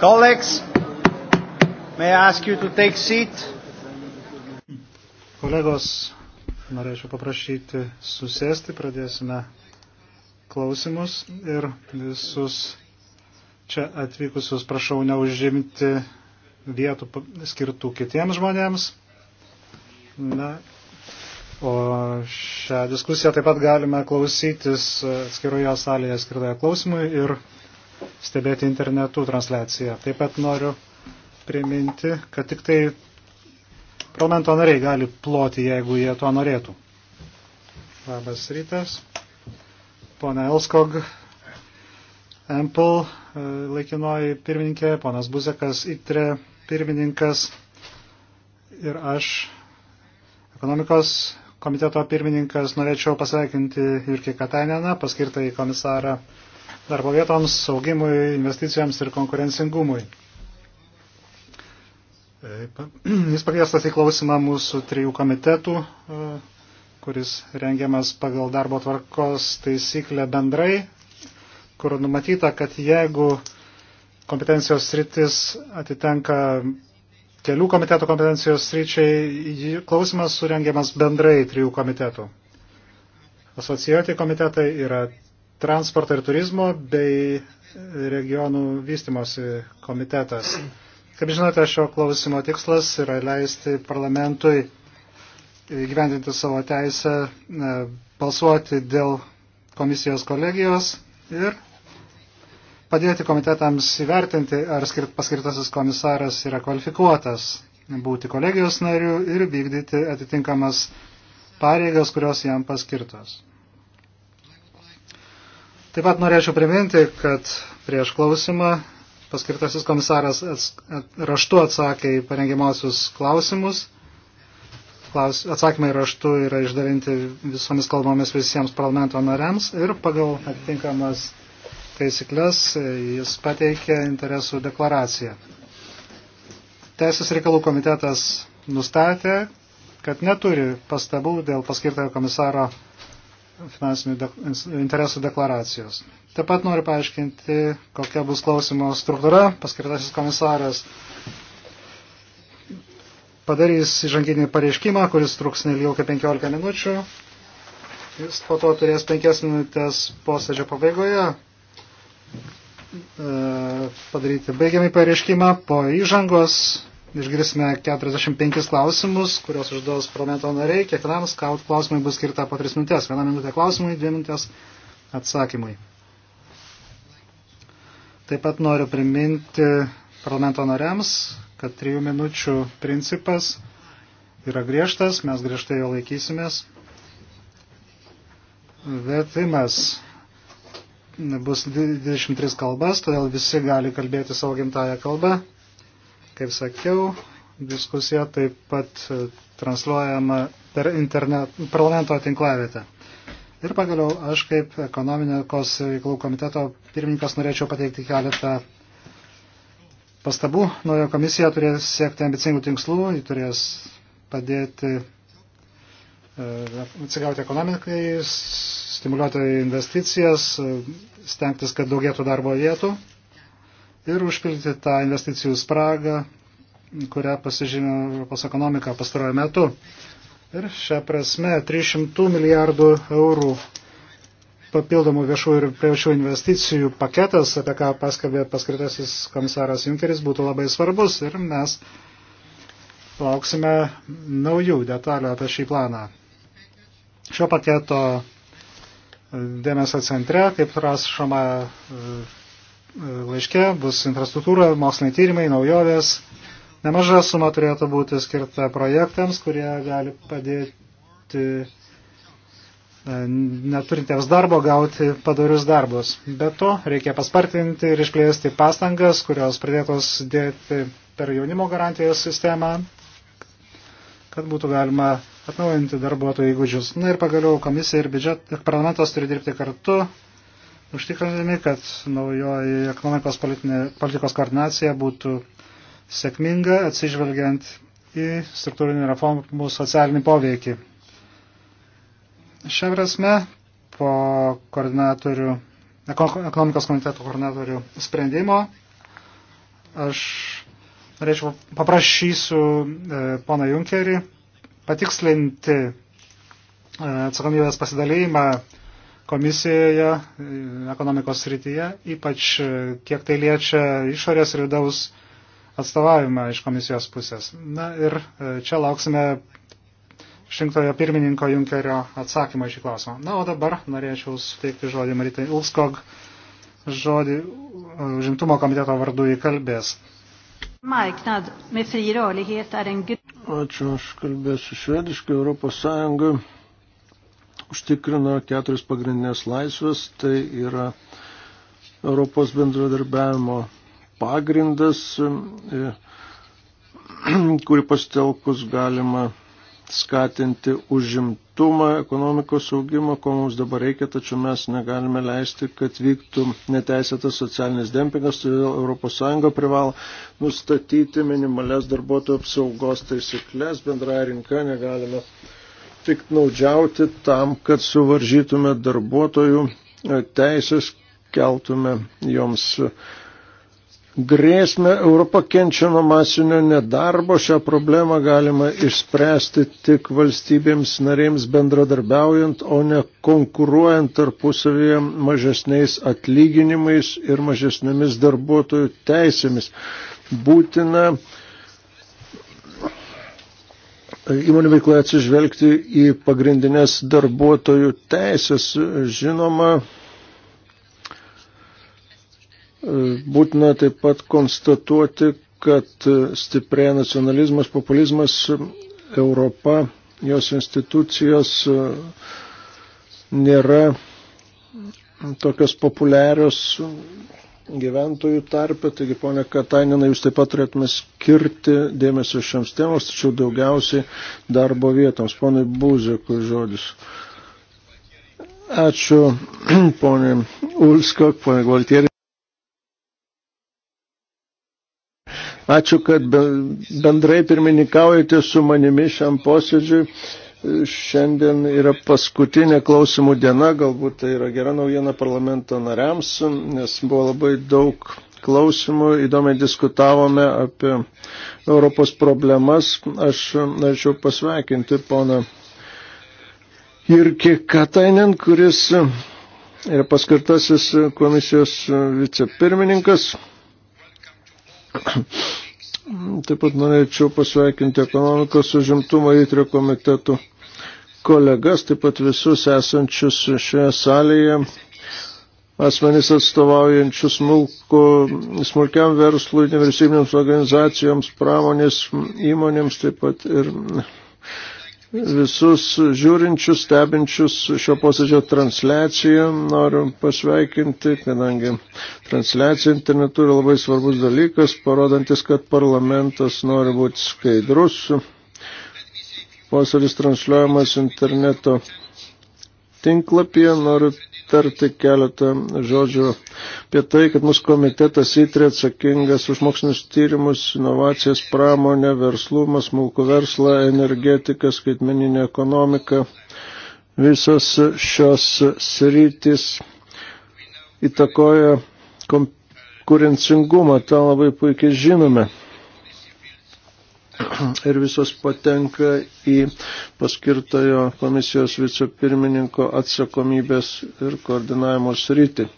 Colleagues, may I ask you to take seat? Kolegos, norėčiau paprašyti susėsti, pradėsime klausimus ir visus čia atvykusius prašau neužimti vietų skirtų kitiems žmonėms. Na, o šią diskusiją taip pat galime klausytis atskiroje salėje skirtoje klausimui ir stebėti internetu transliaciją. Taip pat noriu priminti, kad tik tai parlamento nariai gali ploti, jeigu jie to norėtų. Labas rytas. Pone Elskog, Empel e, laikinoji pirmininkė, ponas Buzekas, ITRE pirmininkas ir aš, ekonomikos komiteto pirmininkas, norėčiau pasveikinti Jurkį Kataneną, paskirtą į komisarą darbo vietoms, saugimui, investicijoms ir konkurencingumui. Jis pakviestas į klausimą mūsų trijų komitetų, kuris rengiamas pagal darbo tvarkos taisyklę bendrai, kur numatyta, kad jeigu kompetencijos sritis atitenka kelių komitetų kompetencijos sričiai, klausimas surengiamas bendrai trijų komitetų. Asocijuoti komitetai yra transporto ir turizmo bei regionų vystimosi komitetas. Kaip žinote, šio klausimo tikslas yra leisti parlamentui gyventinti savo teisę e, balsuoti dėl komisijos kolegijos ir padėti komitetams įvertinti, ar paskirtasis komisaras yra kvalifikuotas būti kolegijos nariu ir vykdyti atitinkamas pareigas, kurios jam paskirtos. Taip pat norėčiau priminti, kad prieš klausimą paskirtasis komisaras raštu atsakė į parengiamosius klausimus. Klaus, atsakymai raštu yra išdalinti visomis kalbomis visiems parlamento nariams ir pagal atitinkamas taisyklės jis pateikė interesų deklaraciją. Teisės reikalų komitetas nustatė, kad neturi pastabų dėl paskirtojo komisaro finansinių dek interesų deklaracijos. Taip pat noriu paaiškinti, kokia bus klausimo struktūra. Paskirtasis komisaras padarys įžanginį pareiškimą, kuris truks nelgiau kaip 15 minučių. Jis po to turės 5 minutės posėdžio pabaigoje e, padaryti baigiamį pareiškimą po įžangos išgirsime 45 klausimus, kuriuos užduos prometo nariai. Kiekvienam skaut klausimui bus skirta po 3 minutės. Vieną minutę klausimui, 2 minutės atsakymui. Taip pat noriu priminti parlamento nariams, kad 3 minučių principas yra griežtas, mes griežtai jo laikysimės. Vertimas bus 23 kalbas, todėl visi gali kalbėti savo gimtają kalbą. Kaip sakiau, diskusija taip pat transliuojama per internet, parlamento tinklavietę. Ir pagaliau aš kaip ekonominės reikalų komiteto pirmininkas norėčiau pateikti keletą pastabų. Nauja komisija turės siekti ambicingų tinkslų, ji turės padėti e, atsigauti ekonomikai, stimuliuoti investicijas, e, stengtis, kad daugėtų darbo vietų ir užpildyti tą investicijų spragą, kurią pasižymė Europos ekonomika pastaruoju metu. Ir šią prasme 300 milijardų eurų papildomų viešų ir privačių investicijų paketas, apie ką paskelbė paskirtasis komisaras Junkeris, būtų labai svarbus ir mes lauksime naujų detalių apie šį planą. Šio paketo dėmesio centre, kaip rašoma laiške bus infrastruktūra, moksliniai tyrimai, naujovės. Nemaža suma turėtų būti skirta projektams, kurie gali padėti e, neturintiems darbo gauti padarius darbus. Be to, reikia paspartinti ir išplėsti pastangas, kurios pradėtos dėti per jaunimo garantijos sistemą, kad būtų galima atnaujinti darbuotojų įgūdžius. Na ir pagaliau komisija ir biudžet, ir parlamentas turi dirbti kartu, užtikrindami, kad naujoji ekonomikos politinė, politikos koordinacija būtų sėkminga atsižvelgiant į struktūrinį reformų socialinį poveikį. Šią prasme, po koordinatorių, ekonomikos komiteto koordinatorių sprendimo, aš norėčiau paprašysiu e, poną Junkerį patikslinti e, atsakomybės pasidalymą komisijoje, ekonomikos srityje, ypač e, kiek tai liečia išorės ir vidaus atstovavimą iš komisijos pusės. Na ir e, čia lauksime šimtojo pirmininko Junkerio atsakymą iš įklausimą. Na, o dabar norėčiau suteikti žodį Maritai Ulskog, žodį e, žimtumo komiteto vardu įkalbės. Ačiū, aš kalbėsiu švediškai Europos Sąjungai užtikrina keturis pagrindinės laisvės, tai yra Europos bendradarbiavimo pagrindas, kurį pastelkus galima skatinti užimtumą, ekonomikos augimą, ko mums dabar reikia, tačiau mes negalime leisti, kad vyktų neteisėtas socialinis dempingas, todėl ES privalo nustatyti minimales darbuotojų apsaugos taisyklės, bendra rinka negalime piknaudžiauti tam, kad suvaržytume darbuotojų teisės, keltume joms grėsmę. Europą kenčia nuo masinio nedarbo. Šią problemą galima išspręsti tik valstybėms narėms bendradarbiaujant, o ne konkuruojant tarpusavėje mažesniais atlyginimais ir mažesnėmis darbuotojų teisėmis. Būtina uh, įmonių veikloje atsižvelgti į pagrindinės darbuotojų teisės. Žinoma, būtina taip pat konstatuoti, kad stiprėja nacionalizmas, populizmas, Europa, jos institucijos nėra tokios populiarios gyventojų tarpe. Taigi, ponia Katainina, jūs taip pat turėtume skirti dėmesio šiams temos, tačiau daugiausiai darbo vietoms. Ponai Būzėkui žodis. Ačiū, ponė Ulskok, ponė Gvaltieri. Ačiū, kad bendrai pirmininkaujate su manimi šiam posėdžiui. Šiandien yra paskutinė klausimų diena, galbūt tai yra gera naujiena parlamento nariams, nes buvo labai daug klausimų, įdomiai diskutavome apie Europos problemas. Aš norėčiau pasveikinti poną Jirki Katainen, kuris yra paskirtasis komisijos vicepirmininkas. Taip pat norėčiau pasveikinti ekonomikos užimtumo įtrio komitetų kolegas, taip pat visus esančius šioje salėje, asmenys atstovaujančius smulku, smulkiam verslui, nevyriausybinėms organizacijoms, pramonės įmonėms, taip pat ir visus žiūrinčius, stebinčius šio posėdžio transliaciją. Noriu pasveikinti, kadangi transliacija internetu yra labai svarbus dalykas, parodantis, kad parlamentas nori būti skaidrus. Posėdis transliuojamas interneto tinklapyje. Noriu tarti keletą žodžių apie tai, kad mūsų komitetas įtrė atsakingas už mokslinius tyrimus, inovacijas, pramonę, verslumą, smulkų verslą, energetiką, skaitmeninę ekonomiką. Visos šios sritys įtakoja konkurencingumą, tą labai puikiai žinome. ir visos patenka į paskirtojo komisijos vicepirmininko atsakomybės ir koordinavimo sritį.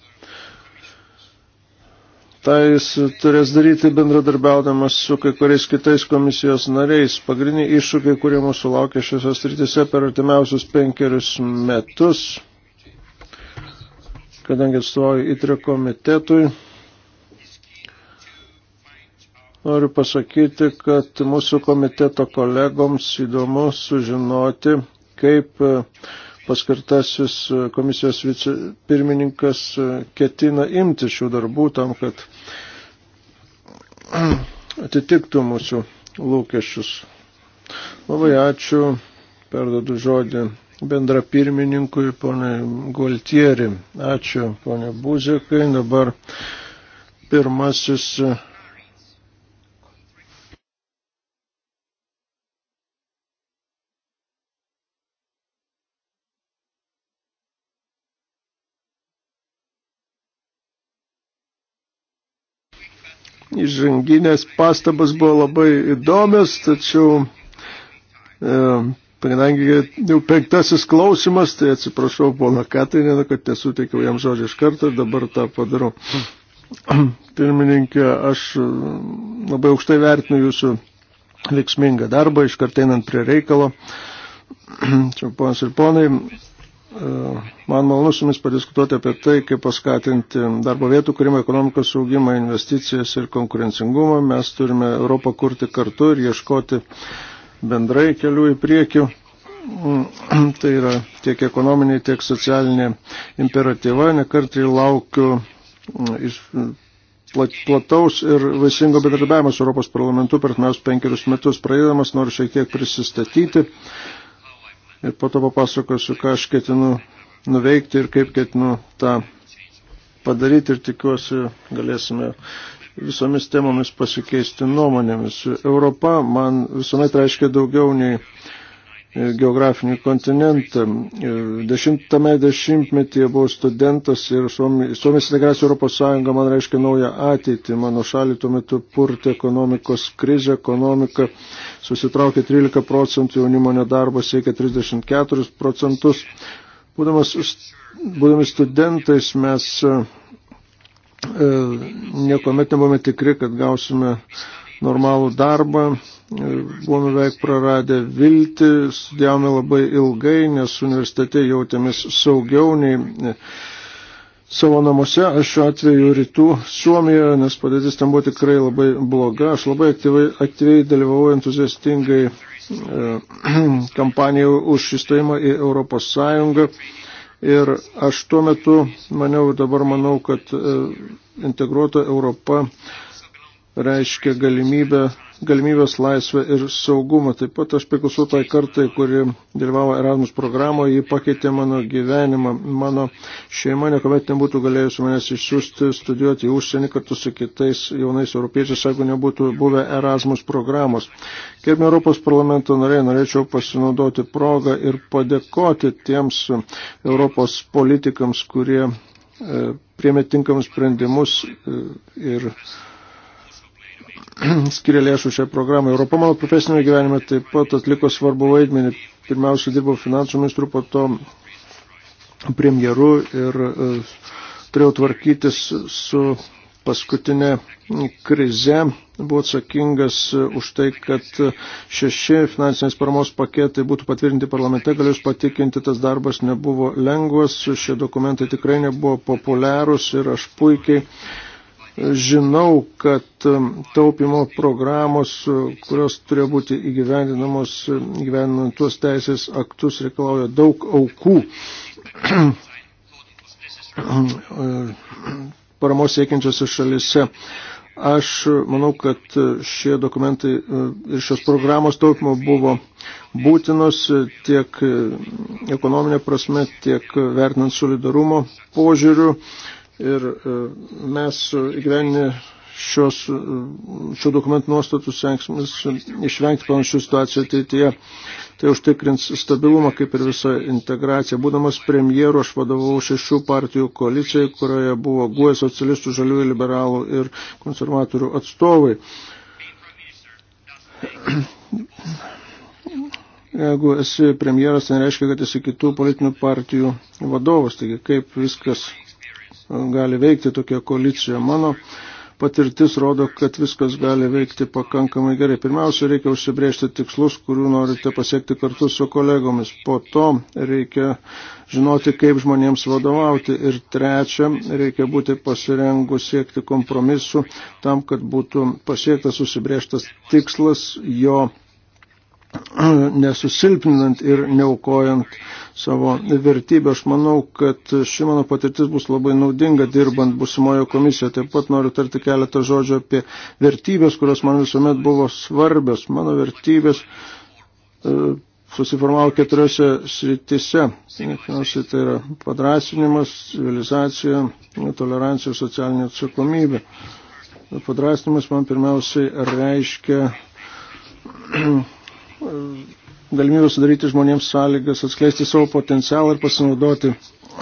Tai jis turės daryti bendradarbiaudamas su kai kuriais kitais komisijos nariais. Pagrindiniai iššūkiai, kurie mūsų laukia šiose sritise per artimiausius penkerius metus, kadangi atstovauju įtrio komitetui, Noriu pasakyti, kad mūsų komiteto kolegoms įdomu sužinoti, kaip e, paskirtasis e, komisijos vicepirmininkas e, ketina imti šių darbų tam, kad atitiktų mūsų lūkesčius. Labai ačiū, perdodu žodį bendra pirmininkui, ponai Gualtieri. Ačiū, ponai Buzekai. Dabar pirmasis įžanginės pastabas buvo labai įdomios, tačiau e, kadangi jau penktasis klausimas, tai atsiprašau pono Katriną, kad nesuteikiau jam žodžią iš karto ir dabar tą padarau. Pirmininkė, aš e, labai aukštai vertinu jūsų veiksmingą darbą, iškarteinant prie reikalo. Čia ponas ir ponai, Man malonu su jumis padiskutuoti apie tai, kaip paskatinti darbo vietų kūrimą, ekonomikos augimą, investicijas ir konkurencingumą. Mes turime Europą kurti kartu ir ieškoti bendrai kelių į priekį. Tai yra tiek ekonominiai, tiek socialinė imperatyva. Nekartai laukiu mm, iš plataus ir vaisingo bendradarbiavimo su Europos parlamentu per mes penkerius metus praeidamas noriu šiek tiek prisistatyti ir po to papasakosiu, ką aš ketinu nuveikti ir kaip ketinu tą padaryti ir tikiuosi galėsime visomis temomis pasikeisti nuomonėmis. Europa man visuomet reiškia daugiau nei geografinį kontinentą. Dešimtame dešimtmetyje buvau studentas ir Suomijos integracija Europos Sąjunga man reiškia naują ateitį. Mano šalį tuo metu purtė ekonomikos krizė, ekonomika susitraukė 13 procentų, jaunimo nedarbo siekia 34 procentus. Būdamas, būdami studentais mes e, niekuomet nebuvome tikri, kad gausime normalų darbą, buvome beveik praradę viltį, studijavome labai ilgai, nes universitete jautėmės saugiau nei savo namuose, aš šiuo atveju rytų Suomijoje, nes padėtis ten buvo tikrai labai bloga. Aš labai aktyviai, aktyviai dalyvau entuziastingai e, kampaniją už įstojimą į Europos Sąjungą. Ir aš tuo metu maniau, dabar manau, kad e, integruota Europa reiškia galimybę, galimybės laisvę ir saugumą. Taip pat aš priklausau tai kartai, kuri dalyvavo Erasmus programoje, ji pakeitė mano gyvenimą. Mano šeima niekuomet nebūtų galėjusi manęs išsiųsti studijuoti į užsienį kartu su kitais jaunais europiečiais, jeigu nebūtų buvę Erasmus programos. Gerbė Europos parlamento nariai, norėčiau pasinaudoti progą ir padėkoti tiems Europos politikams, kurie e, priemė tinkamus sprendimus e, ir skiria lėšų šią programą. Europa mano profesinėme gyvenime taip pat atliko svarbu vaidmenį. Pirmiausia, dirbau finansų ministru, po to premjeru ir e, turėjau tvarkytis su paskutinė krize. Buvau atsakingas e, už tai, kad šeši finansinės paramos paketai būtų patvirtinti parlamente. Galiu jūs patikinti, tas darbas nebuvo lengvas, šie dokumentai tikrai nebuvo populiarūs ir aš puikiai žinau, kad um, taupimo programos, uh, kurios turėjo būti įgyvendinamos, um, įgyvendinant tuos teisės aktus, reikalauja daug aukų. paramos siekiančiose šalise. Aš manau, kad uh, šie dokumentai uh, ir šios programos taupimo buvo būtinos tiek ekonominė prasme, tiek vertinant solidarumo požiūriu. Ir e, mes įgyveninę šios, e, šio dokumentų nuostatų sengsmės išvengti panašių situacijų ateityje. Tai užtikrins stabilumą kaip ir visa integracija. Būdamas premjeru, aš vadovau šešių partijų koalicijai, kurioje buvo guoja socialistų, žaliųjų, liberalų ir konservatorių atstovai. Jeigu esi premjeras, tai reiškia, kad esi kitų politinių partijų vadovas. Taigi kaip viskas gali veikti tokia koalicija. Mano patirtis rodo, kad viskas gali veikti pakankamai gerai. Pirmiausia, reikia užsibriežti tikslus, kurių norite pasiekti kartu su kolegomis. Po to reikia žinoti, kaip žmonėms vadovauti. Ir trečia, reikia būti pasirengus siekti kompromisu tam, kad būtų pasiektas užsibriežtas tikslas, jo nesusilpninant ir neaukojant savo vertybę. Aš manau, kad ši mano patirtis bus labai naudinga dirbant busimojo komisijoje. Taip pat noriu tarti keletą žodžių apie vertybės, kurios man visuomet buvo svarbios. Mano vertybės e, susiformavo keturiose sritise. Pirmiausia, tai yra padrasinimas, civilizacija, tolerancija ir socialinė atsakomybė. Padrasinimas man pirmiausiai reiškia galimybę sudaryti žmonėms sąlygas, atskleisti savo potencialą ir pasinaudoti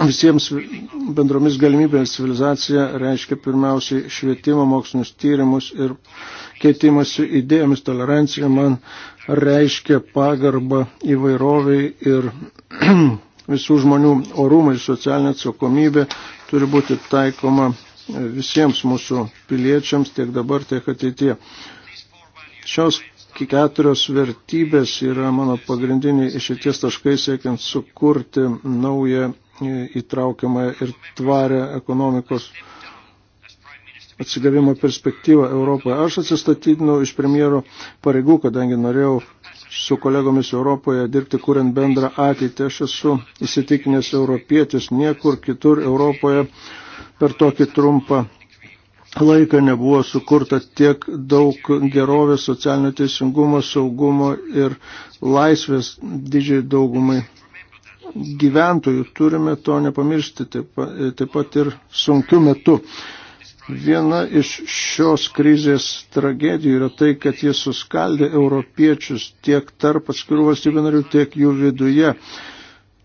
visiems bendromis galimybėmis. Civilizacija reiškia pirmiausiai švietimą, mokslinius tyrimus ir keitimąsi idėjomis. Tolerancija man reiškia pagarbą įvairoviai ir visų žmonių orumai, socialinė atsakomybė turi būti taikoma visiems mūsų piliečiams tiek dabar, tiek ateitie. Šios keturios vertybės yra mano pagrindiniai išėties taškai siekiant sukurti naują e, įtraukiamą ir tvarę ekonomikos atsigavimo perspektyvą Europoje. Aš atsistatydinau iš premjero pareigų, kadangi norėjau su kolegomis Europoje dirbti, kuriant bendrą ateitį. Aš esu įsitikinęs europietis, niekur kitur Europoje per tokį trumpą laiką nebuvo sukurta tiek daug gerovės, socialinio teisingumo, saugumo ir laisvės didžiai daugumai gyventojų. Turime to nepamiršti taip pat ir sunkiu metu. Viena iš šios krizės tragedijų yra tai, kad jis suskaldė europiečius tiek tarp atskirų valstybių narių, tiek jų viduje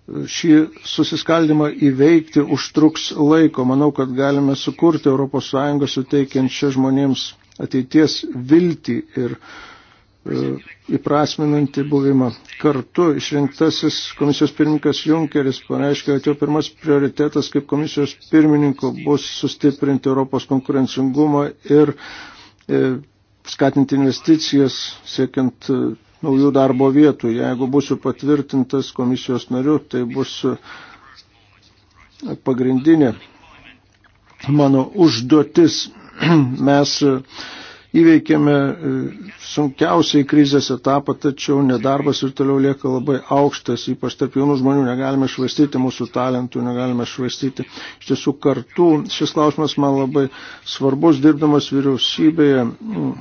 šį susiskaldimą įveikti užtruks laiko. Manau, kad galime sukurti ES suteikiančią žmonėms ateities viltį ir e, įprasminantį buvimą. Kartu išrinktasis komisijos pirmininkas Junkeris pareiškė, kad jo pirmas prioritetas kaip komisijos pirmininko bus sustiprinti Europos konkurencingumą ir e, skatinti investicijas, siekiant e, naujų darbo vietų. Jeigu būsiu patvirtintas komisijos nariu, tai bus pagrindinė mano užduotis. Mes įveikėme sunkiausiai krizės etapą, tačiau nedarbas ir toliau lieka labai aukštas, ypač tarp jaunų žmonių negalime švaistyti mūsų talentų, negalime švaistyti iš tiesų kartų. Šis klausimas man labai svarbus dirbdamas vyriausybėje. Mm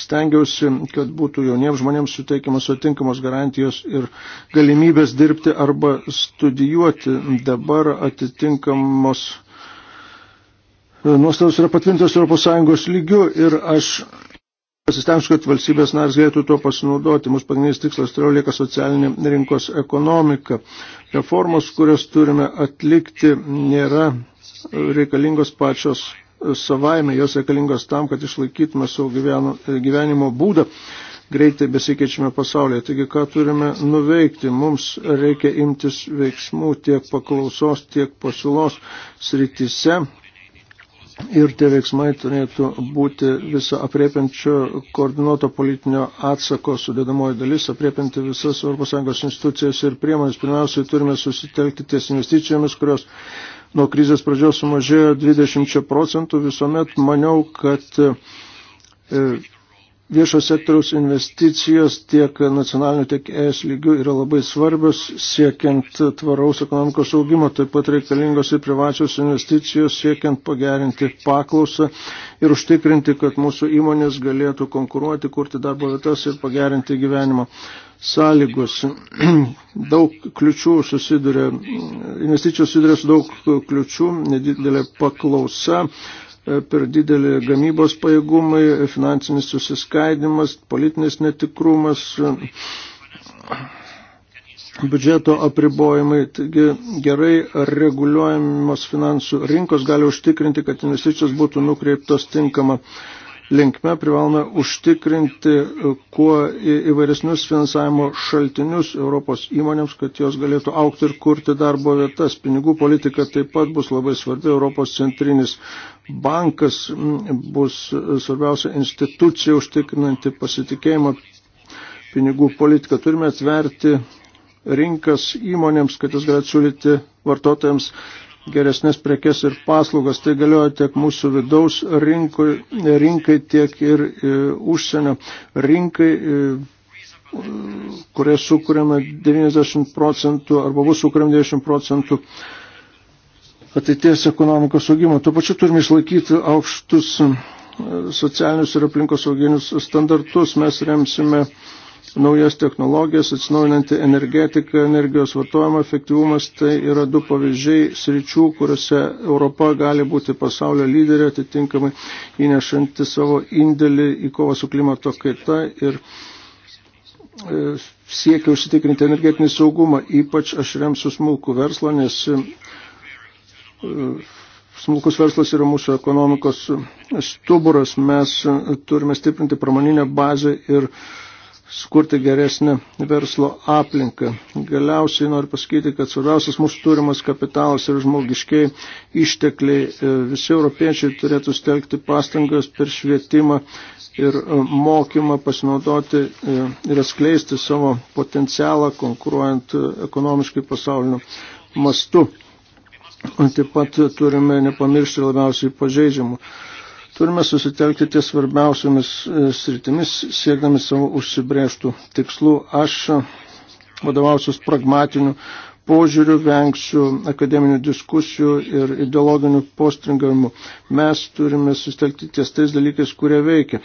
stengiausi, kad būtų jauniems žmonėms suteikiamas atinkamos garantijos ir galimybės dirbti arba studijuoti. Dabar atitinkamos e, nuostatos yra patvirtintos ES lygių ir aš pasistengsiu, kad valstybės nars galėtų tuo pasinaudoti. Mūsų pagrindinis tikslas toliau lieka socialinė rinkos ekonomika. Reformos, kurias turime atlikti, nėra reikalingos pačios savaime, jos reikalingos tam, kad išlaikytume savo gyveno, gyvenimo būdą greitai besikeičiame pasaulyje. Taigi, ką turime nuveikti? Mums reikia imtis veiksmų tiek paklausos, tiek pasiūlos srityse. Ir tie veiksmai turėtų būti viso apriepiančio koordinuoto politinio atsako sudėdamoji dalis, apriepianti visas ES institucijas ir priemonės. Pirmiausiai turime susitelkti ties investicijomis, kurios nuo krizės pradžios sumažėjo 20 procentų, visuomet maniau, kad e, viešo sektoriaus investicijos tiek nacionaliniu, tiek ES lygiu yra labai svarbios siekiant tvaraus ekonomikos augimo, taip pat reikalingos ir privačios investicijos siekiant pagerinti paklausą ir užtikrinti, kad mūsų įmonės galėtų konkuruoti, kurti darbo vietas ir pagerinti gyvenimo sąlygos. Daug kliučių susiduria, investicijos susiduria su daug kliučių, nedidelė paklausa E, per didelį gamybos pajėgumai, finansinis susiskaidimas, politinis netikrumas, e, biudžeto apribojimai. Taigi gerai reguliuojamos finansų rinkos gali užtikrinti, kad investicijos būtų nukreiptos tinkama linkme privalome užtikrinti e, kuo įvairesnius finansavimo šaltinius Europos įmonėms, kad jos galėtų aukti ir kurti darbo vietas. Pinigų politika taip pat bus labai svarbi. Europos centrinis bankas bus svarbiausia institucija užtikrinanti pasitikėjimą pinigų politiką. Turime atverti rinkas įmonėms, kad jis galėtų siūlyti vartotojams geresnės prekes ir paslaugas. Tai galioja tiek mūsų vidaus rinkui, rinkai, tiek ir e, užsienio rinkai, e, kurie sukūrėme 90 procentų arba bus sukūrėme 90 procentų ateities ekonomikos augimo. Tuo pačiu turime išlaikyti aukštus e, socialinius ir aplinkos sauginius standartus. Mes remsime naujas technologijas, atsinaujinanti energetika, energijos vartojimo efektyvumas. Tai yra du pavyzdžiai sričių, kuriuose Europa gali būti pasaulio lyderė, atitinkamai įnešanti savo indėlį į kovą su klimato kaita ir e, siekia užsitikrinti energetinį saugumą. Ypač aš remsiu smulkų verslą, nes smulkus verslas yra mūsų ekonomikos stuburas, mes turime stiprinti pramoninę bazę ir skurti geresnę verslo aplinką. Galiausiai noriu pasakyti, kad svarbiausias mūsų turimas kapitalas ir žmogiškiai ištekliai. Visi europiečiai turėtų stelkti pastangas per švietimą ir mokymą pasinaudoti ir atskleisti savo potencialą konkuruojant ekonomiškai pasaulio mastu. Taip pat turime nepamiršti labiausiai pažeidžiamų. Turime susitelkti ties svarbiausiamis e, sritimis, siekdami savo užsibrėžtų tikslų. Aš vadovausios pragmatiniu požiūriu, vengsiu akademinių diskusijų ir ideologinių postringavimų. Mes turime sustelkti ties tais dalykais, kurie veikia.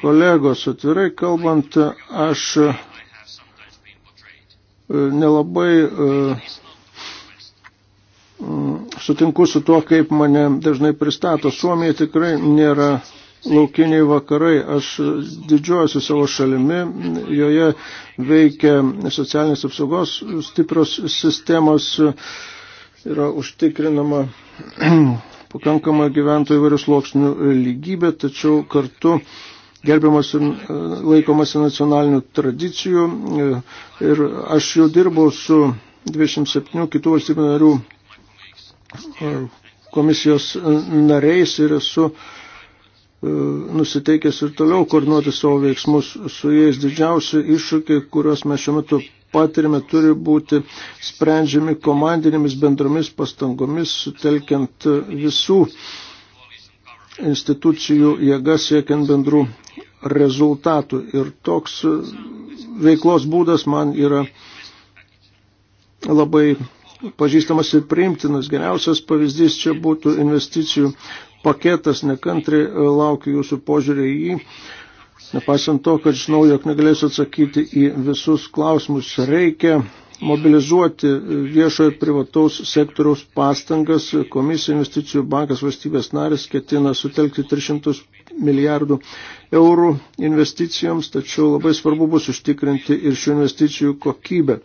Kolegos, atvirai kalbant, aš e, nelabai e, Mm, sutinku su tuo, kaip mane dažnai pristato. Suomija tikrai nėra laukiniai vakarai. Aš didžiuojuosi savo šalimi, joje veikia socialinės apsaugos stipros sistemos, yra užtikrinama pakankama gyventojų įvairių sluoksnių lygybė, tačiau kartu gerbiamas e, laikomasi nacionalinių tradicijų. E, ir aš jau dirbau su 27 kitų valstybių narių komisijos nariais ir esu e, nusiteikęs ir toliau koordinuoti savo veiksmus su jais. Didžiausi iššūkiai, kuriuos mes šiuo metu patirime, turi būti sprendžiami komandinėmis bendromis pastangomis, sutelkiant visų institucijų jėgas siekiant bendrų rezultatų. Ir toks veiklos būdas man yra labai pažįstamas ir priimtinas. Geriausias pavyzdys čia būtų investicijų paketas, nekantrai e, laukiu jūsų požiūrį į jį. Nepaisant to, kad žinau, jog negalėsiu atsakyti į visus klausimus, reikia mobilizuoti viešojo ir privataus sektoriaus pastangas. Komisija investicijų bankas valstybės narės ketina sutelkti 300 milijardų eurų investicijoms, tačiau labai svarbu bus užtikrinti ir šių investicijų kokybę.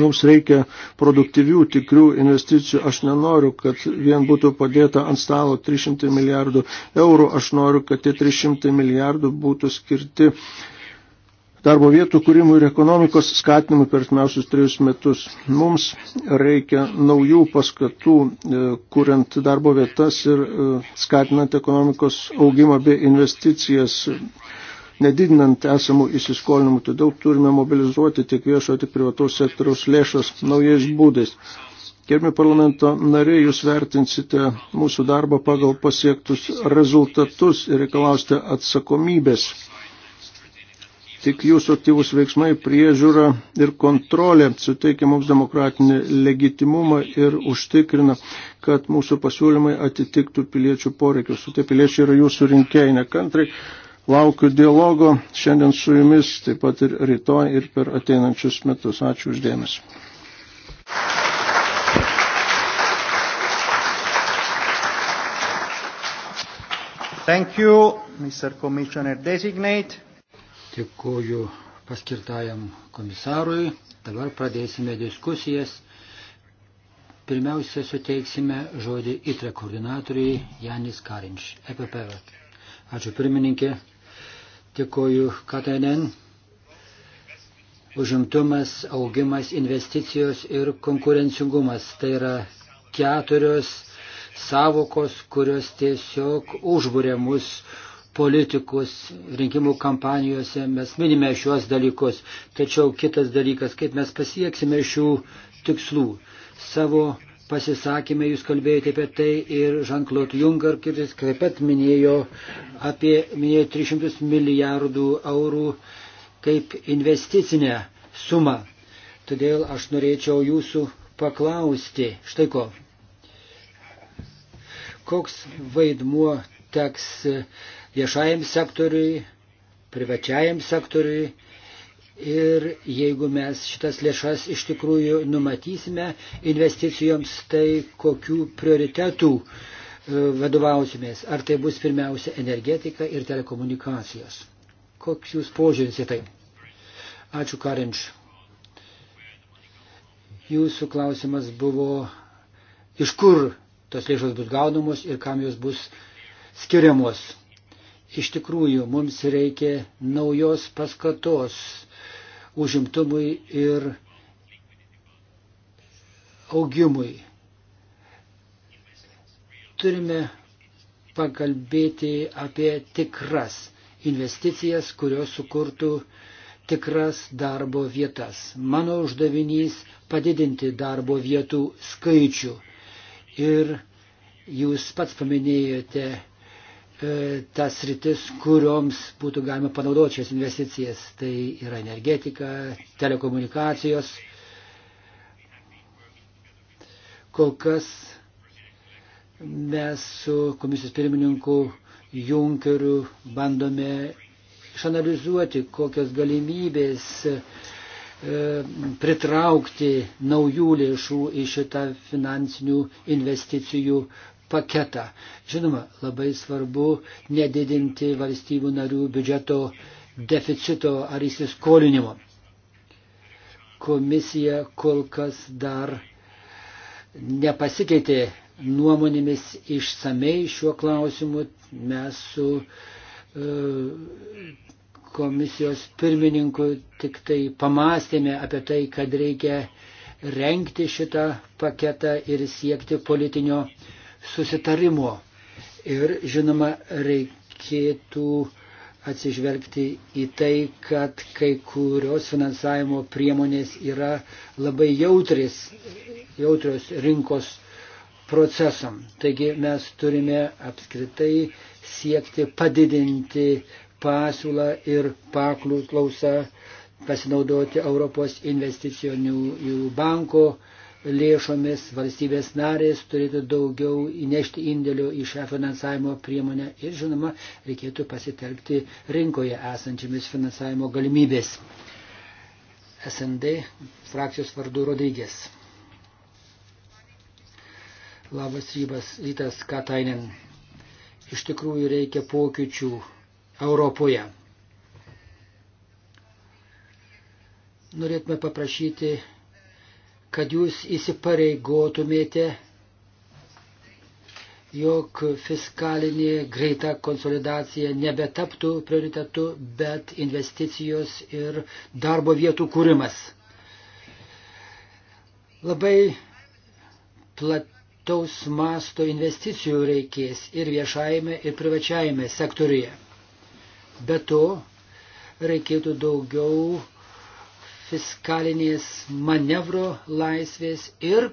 Mums reikia produktyvių, tikrių investicijų. Aš nenoriu, kad vien būtų padėta ant stalo 300 milijardų eurų. Aš noriu, kad tie 300 milijardų būtų skirti darbo vietų kūrimui ir ekonomikos skatinimui per atmiausius trejus metus. Mums reikia naujų paskatų, e, kuriant darbo vietas ir e, skatinant ekonomikos augimą bei investicijas nedidinant esamų įsiskolinimų. Todėl turime mobilizuoti tiek viešo, tiek privataus sektoriaus lėšas naujais būdais. Gerbimi parlamento nariai, jūs vertinsite mūsų darbą pagal pasiektus rezultatus ir reikalausite atsakomybės. Tik jūsų aktyvus veiksmai, priežiūra ir kontrolė suteikia mums demokratinį legitimumą ir užtikrina, kad mūsų pasiūlymai atitiktų piliečių poreikius. O tie piliečiai yra jūsų rinkėjai nekantrai. Laukiu dialogo šiandien su jumis, taip pat ir rytoj ir per ateinančius metus. Ačiū uždėmesi. Thank you, Mr. Commissioner Designate. Dėkuoju paskirtajam komisarui. Dabar pradėsime diskusijas. Pirmiausia, suteiksime žodį ITRE koordinatoriui Janis Karinč, EPP. Ačiū pirmininkė. Dėkuoju, Katainen. Užimtumas, augimas, investicijos ir konkurencingumas. Tai yra keturios savokos, kurios tiesiog užbūrė mus politikus rinkimų kampanijose. Mes minime šiuos dalykus. Tačiau kitas dalykas, kaip mes pasieksime šių tikslų. Savo pasisakymę jūs kalbėjote apie tai ir Jean-Claude Juncker, kuris taip pat minėjo apie minėjo 300 milijardų eurų kaip investicinę sumą. Todėl aš norėčiau jūsų paklausti štai ko. Koks vaidmuo teks viešajam sektoriui, privačiajam sektoriui Ir jeigu mes šitas lėšas iš tikrųjų numatysime investicijoms, tai kokių prioritetų e, vadovausimės? Ar tai bus pirmiausia energetika ir telekomunikacijos? Koks jūs požiūris į tai? Ačiū, Karinč. Jūsų klausimas buvo, iš kur tos lėšos bus gaunamos ir kam jos bus skiriamos. Iš tikrųjų, mums reikia naujos paskatos užimtumui ir augimui. Turime pakalbėti apie tikras investicijas, kurios sukurtų tikras darbo vietas. Mano uždavinys padidinti darbo vietų skaičių. Ir jūs pats paminėjote E, tas rytis, kurioms būtų galima panaudoti šias investicijas. Tai yra energetika, telekomunikacijos. Kol kas mes su komisijos pirmininku Junkeriu bandome išanalizuoti, kokios galimybės e, pritraukti naujų lėšų į šitą finansinių investicijų paketą. Žinoma, labai svarbu nedidinti valstybių narių biudžeto deficito ar įsiskolinimo. Komisija kol kas dar nepasikeitė nuomonėmis išsamei šiuo klausimu. Mes su e, komisijos pirmininku tik tai pamastėme apie tai, kad reikia renkti šitą paketą ir siekti politinio uh, susitarimo. Ir žinoma, reikėtų atsižvelgti į tai, kad kai kurios finansavimo priemonės yra labai jautris, jautrios rinkos procesam. Taigi mes turime apskritai siekti padidinti pasiūlą ir paklausą, pasinaudoti Europos investicijonių banko lėšomis valstybės narės turėtų daugiau įnešti indėlių į šią finansavimo priemonę ir, žinoma, reikėtų pasitelkti rinkoje esančiamis finansavimo galimybės. SND frakcijos vardu Rodrygės. Labas rybas, rytas Katainen. Iš tikrųjų reikia pokyčių Europoje. Norėtume paprašyti kad jūs įsipareigotumėte, jog fiskalinė greita konsolidacija nebetaptų prioritetu, bet investicijos ir darbo vietų kūrimas. Labai plataus masto investicijų reikės ir viešajame, ir privačiajame sektoriuje. Be to, reikėtų daugiau fiskalinės manevro laisvės ir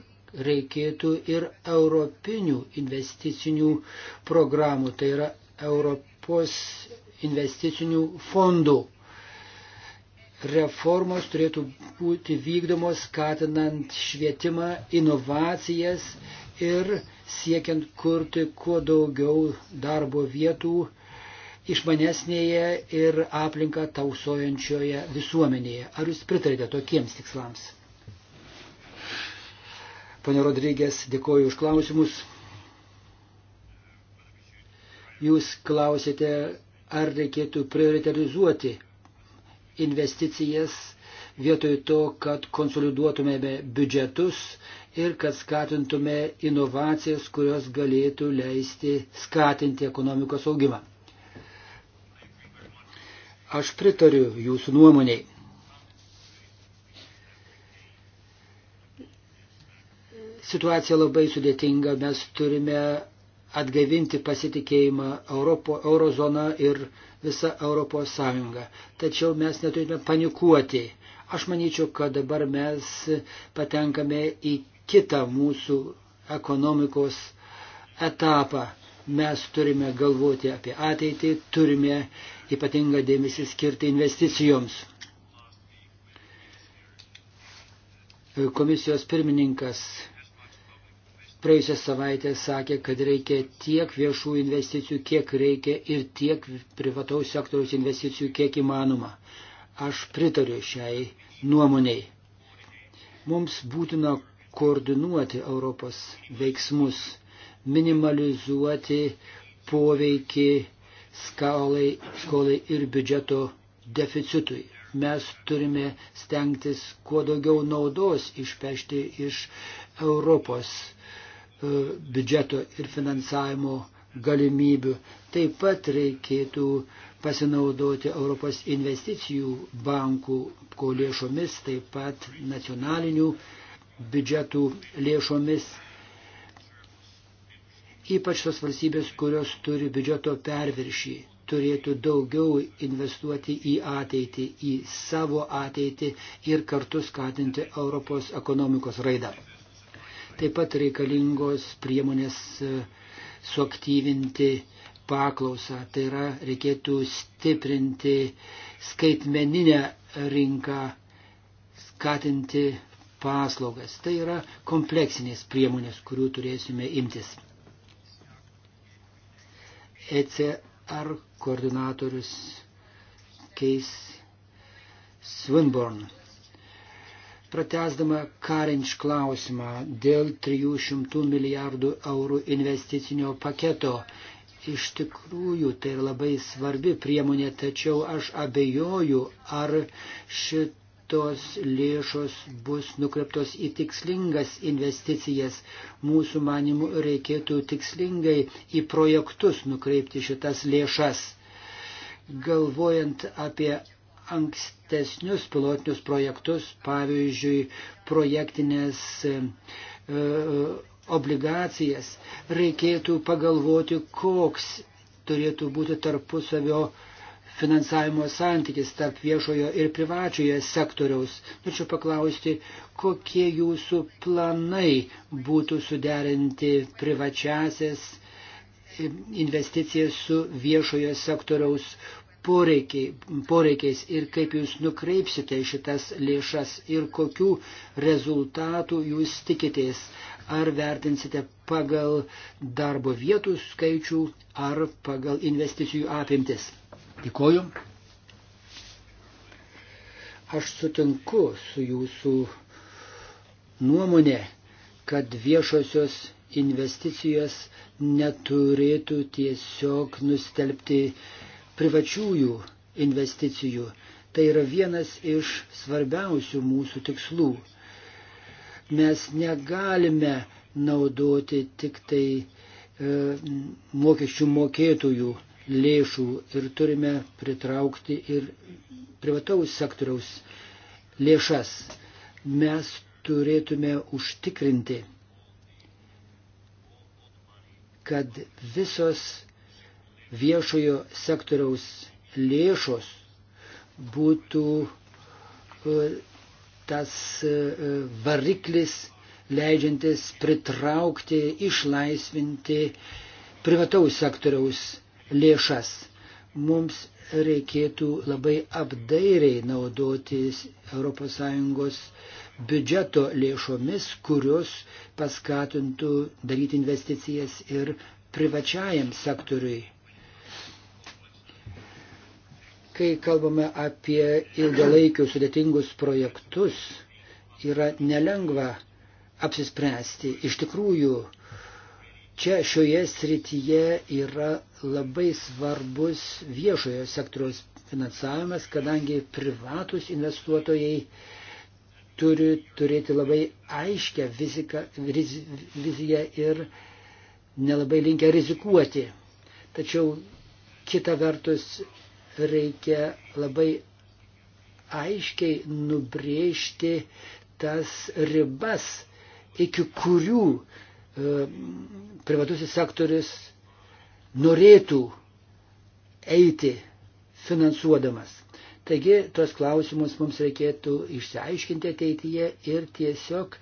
reikėtų ir europinių investicinių programų, tai yra Europos investicinių fondų. Reformos turėtų būti vykdomos skatinant švietimą, inovacijas ir siekiant kurti kuo daugiau darbo vietų išmanesnėje ir aplinką tausojančioje visuomenėje. Ar jūs pritarite tokiems tikslams? Pane Rodrygės, dėkoju už klausimus. Jūs klausėte, ar reikėtų prioritarizuoti investicijas vietoj to, kad konsoliduotumėme biudžetus ir kad skatintume inovacijas, kurios galėtų leisti skatinti ekonomikos augimą. Aš pritariu jūsų nuomoniai. Situacija labai sudėtinga, mes turime atgaivinti pasitikėjimą Europo, Eurozona ir visa Europos Sąjunga. Tačiau mes neturime panikuoti. Aš manyčiau, kad dabar mes patenkame į kitą mūsų ekonomikos etapą. Mes turime galvoti apie ateitį, turime ypatingą dėmesį skirti investicijoms. Komisijos pirmininkas praėjusią savaitę sakė, kad reikia tiek viešų investicijų, kiek reikia ir tiek privataus sektoriaus investicijų, kiek įmanoma. Aš pritariu šiai nuomoniai. Mums būtina koordinuoti Europos veiksmus minimalizuoti poveikį skalai, skolai ir biudžeto deficitui. Mes turime stengtis kuo daugiau naudos išpešti iš Europos e, biudžeto ir finansavimo galimybių. Taip pat reikėtų pasinaudoti Europos investicijų bankų lėšomis, taip pat nacionalinių biudžetų lėšomis Ypač tos valstybės, kurios turi biudžeto perviršį, turėtų daugiau investuoti į ateitį, į savo ateitį ir kartu skatinti Europos ekonomikos raidą. Taip pat reikalingos priemonės e, suaktyvinti paklausą, tai yra reikėtų stiprinti skaitmeninę rinką, skatinti paslaugas. Tai yra kompleksinės priemonės, kurių turėsime imtis. ECR koordinatorius Keis Swinburne. Pratesdama Karinč klausimą dėl 300 milijardų eurų investicinio paketo. Iš tikrųjų, tai yra labai svarbi priemonė, tačiau aš abejoju, ar šit tos lėšos bus nukreiptos į tikslingas investicijas. Mūsų manimų reikėtų tikslingai į projektus nukreipti šitas lėšas. Galvojant apie ankstesnius pilotinius projektus, pavyzdžiui, projektinės e, e obligacijas, reikėtų pagalvoti, koks turėtų būti tarpusavio e, finansavimo santykis tarp viešojo ir privačioje sektoriaus. Norėčiau paklausti, kokie jūsų planai būtų suderinti privačiasias investicijas su viešojo sektoriaus poreikiai, poreikiais ir kaip jūs nukreipsite šitas lėšas ir kokių rezultatų jūs tikitės. Ar vertinsite pagal darbo vietų skaičių ar pagal investicijų apimtis? Dėkoju. Aš sutinku su jūsų nuomonė, kad viešosios investicijos neturėtų tiesiog nustelbti privačiųjų investicijų. Tai yra vienas iš svarbiausių mūsų tikslų. Mes negalime naudoti tik tai e, mokesčių mokėtojų lėšų ir turime pritraukti ir privataus sektoriaus lėšas. Mes turėtume užtikrinti, kad visos viešojo sektoriaus lėšos būtų e, tas e, variklis leidžiantis pritraukti, išlaisvinti privataus sektoriaus lėšas. Mums reikėtų labai apdairiai naudotis ES biudžeto lėšomis, kurios paskatintų daryti investicijas ir privačiajam sektoriui. Kai kalbame apie ilgalaikius sudėtingus projektus, yra nelengva apsispręsti. Iš tikrųjų, Čia šioje srityje yra labai svarbus viešojo sektoriaus finansavimas, kadangi privatus investuotojai turi turėti labai aiškę viziką, riz, viziją ir nelabai linkę rizikuoti. Tačiau kita vertus reikia labai aiškiai nubrėžti tas ribas, iki kurių E, privatusis sektorius norėtų eiti finansuodamas. Taigi, tos klausimus mums reikėtų išsiaiškinti ateityje ir tiesiog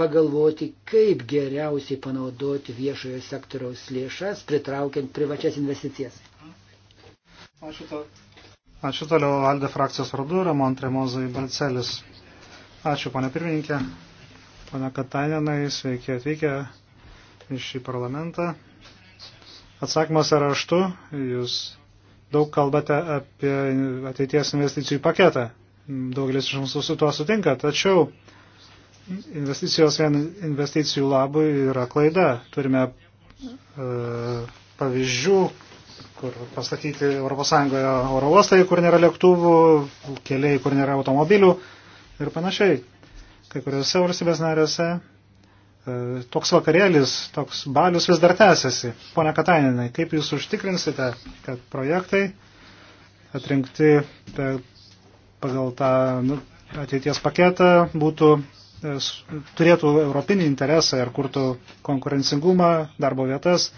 pagalvoti, kaip geriausiai panaudoti viešojo sektoriaus lėšas, pritraukiant privačias investicijas. Ačiū, to. Ačiū toliau, Alde frakcijos vardu, Ramon Tremozai Balcelis. Ačiū, pane pirmininkė, pane Katainenai, sveiki atvykę į šį parlamentą. Atsakymuose raštu jūs daug kalbate apie ateities investicijų paketą. Daugelis iš mūsų su tuo sutinka, tačiau investicijos vien investicijų labui yra klaida. Turime e, pavyzdžių, kur pastatyti ES oro uostai, kur nėra lėktuvų, keliai, kur nėra automobilių ir panašiai. Kai kuriuose valstybės narėse E, toks vakarėlis, toks balius vis dar tęsiasi. Pone Kataninai, kaip jūs užtikrinsite, kad projektai atrinkti pagal tą nu, ateities paketą būtų e, turėtų europinį interesą ir kurtų konkurencingumą, darbo vietas.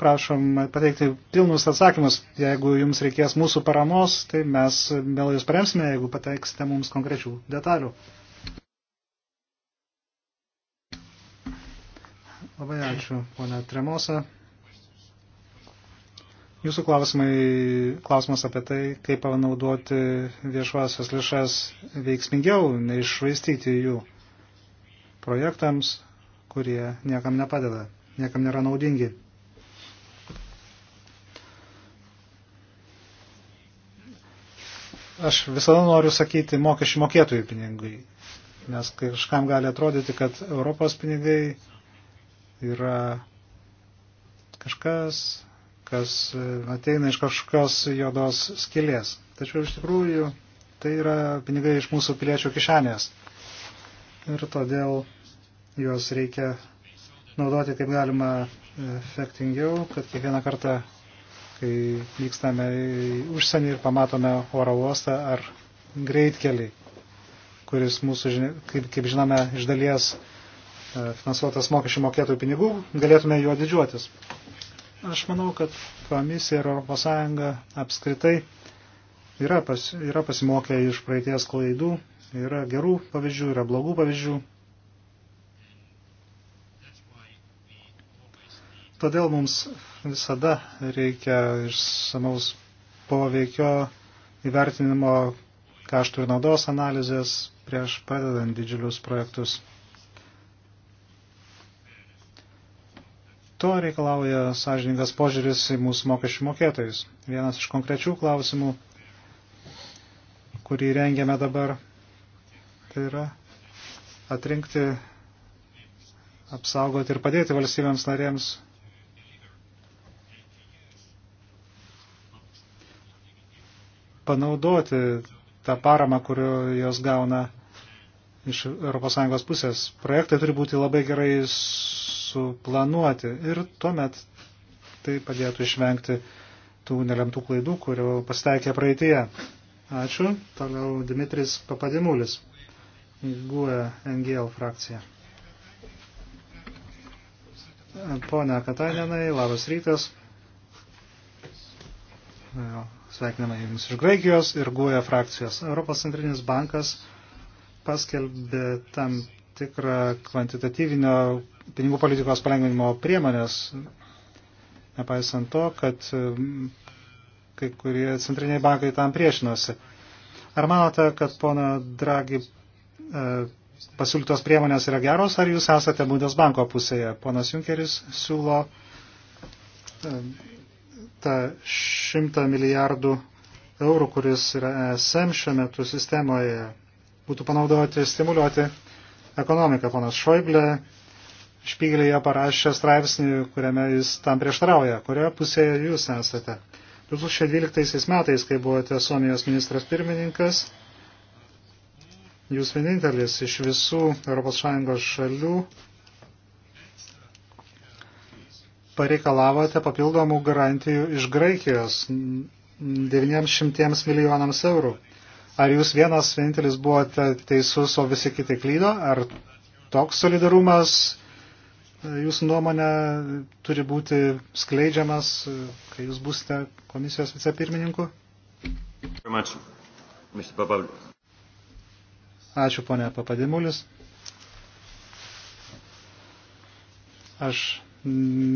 Prašom pateikti pilnus atsakymus. Jeigu jums reikės mūsų paramos, tai mes vėl jūs paremsime, jeigu pateiksite mums konkrečių detalių. Labai ačiū, ponia Tremosa. Jūsų klausimai, klausimas apie tai, kaip panaudoti viešuosios lėšas veiksmingiau, neišvaistyti jų projektams, kurie niekam nepadeda, niekam nėra naudingi. Aš visada noriu sakyti mokesčių mokėtojų pinigai, nes kažkam gali atrodyti, kad Europos pinigai yra kažkas, kas ateina iš kažkokios juodos skilės. Tačiau iš tikrųjų tai yra pinigai iš mūsų piliečių kišenės. Ir todėl juos reikia naudoti kaip galima efektingiau, kad kiekvieną kartą, kai vykstame į užsienį ir pamatome oro uostą ar greitkelį, kuris mūsų, kaip, kaip žinome, iš dalies E, finansuotas mokesčių mokėtojų pinigų, galėtume juo didžiuotis. Aš manau, kad komisija ir ES apskritai yra, pas, yra pasimokę iš praeities klaidų, yra gerų pavyzdžių, yra blogų pavyzdžių. Todėl mums visada reikia išsamaus poveikio įvertinimo kaštų ir naudos analizės prieš pradedant didžiulius projektus. To reikalauja sąžininkas požiūris į mūsų mokesčių mokėtojus. Vienas iš konkrečių klausimų, kurį rengiame dabar, tai yra atrinkti, apsaugoti ir padėti valstybėms narėms panaudoti tą paramą, kurio jos gauna iš ES pusės. Projektai turi būti labai gerai suplanuoti ir tuomet tai padėtų išvengti tų nelemtų klaidų, kurių pasitaikė praeitie. Ačiū. Toliau Dimitris Papadimulis, GUE NGL frakcija. Pone Katainenai, labas rytas. Sveikiname Jums iš Graikijos ir GUE frakcijos. Europos centrinis bankas paskelbė tam tikrą kvantitatyvinio pinigų politikos palengvinimo priemonės, nepaisant to, kad kai kurie centriniai bankai tam priešinosi. Ar manote, kad pono Dragi e, pasiūlytos priemonės yra geros, ar jūs esate Bundesbanko pusėje? Ponas Junkeris siūlo e, tą šimtą milijardų eurų, kuris yra ESM šiuo metu sistemoje, būtų panaudoti stimuliuoti ekonomiką. Ponas Šoiblė Špygelėje parašė straipsnį, kuriame jis tam prieštarauja. Kurioje pusėje jūs esate? 2012 metais, kai buvote Suomijos ministras pirmininkas, jūs vienintelis iš visų ES šalių pareikalavote papildomų garantijų iš Graikijos 900 milijonams eurų. Ar jūs vienas vienintelis buvote teisus, o visi kiti klydo? Ar toks solidarumas e, jūsų nuomonė turi būti skleidžiamas, e, kai jūs būsite komisijos vicepirmininku? Ačiū, ponė Papadimulis. Aš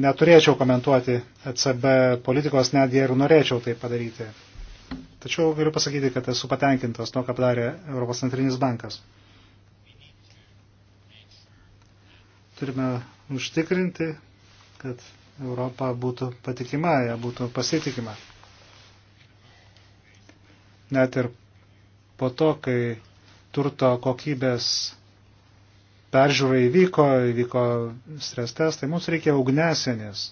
neturėčiau komentuoti ECB politikos, net jei ir norėčiau tai padaryti. Tačiau galiu pasakyti, kad esu patenkintas to, ką padarė Europos centrinis bankas. Turime užtikrinti, kad Europa būtų patikima, ją būtų pasitikima. Net ir po to, kai turto kokybės peržiūra įvyko, įvyko stres testai, mums reikia ugnesienės,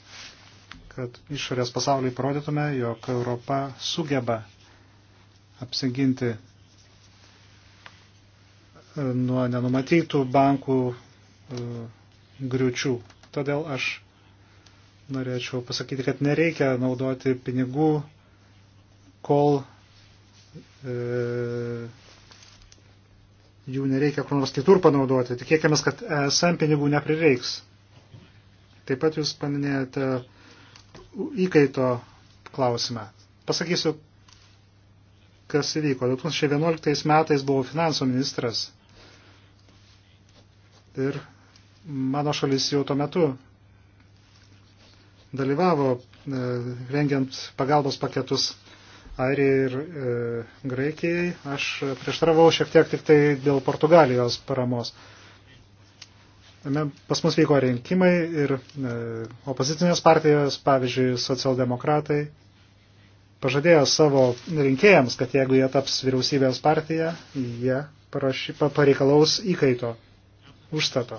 kad išorės pasauliai parodytume, jog Europa sugeba apsiginti e, nuo nenumatytų bankų e, griučių. Todėl aš norėčiau pasakyti, kad nereikia naudoti pinigų, kol e, jų nereikia kur nors kitur panaudoti. Tikėkime, kad ESM pinigų neprireiks. Taip pat jūs paminėjote įkaito klausimą. Pasakysiu kas įvyko. 2011 metais buvau finansų ministras. Ir mano šalis jau tuo metu dalyvavo e, rengiant pagalbos paketus Airijai ir e, Graikijai. Aš prieštaravau šiek tiek tik tai dėl Portugalijos paramos. Pas mus vyko rinkimai ir e, opozicinės partijos, pavyzdžiui, socialdemokratai pažadėjo savo rinkėjams, kad jeigu jie taps vyriausybės partija, jie paraši, pareikalaus įkaito užstato.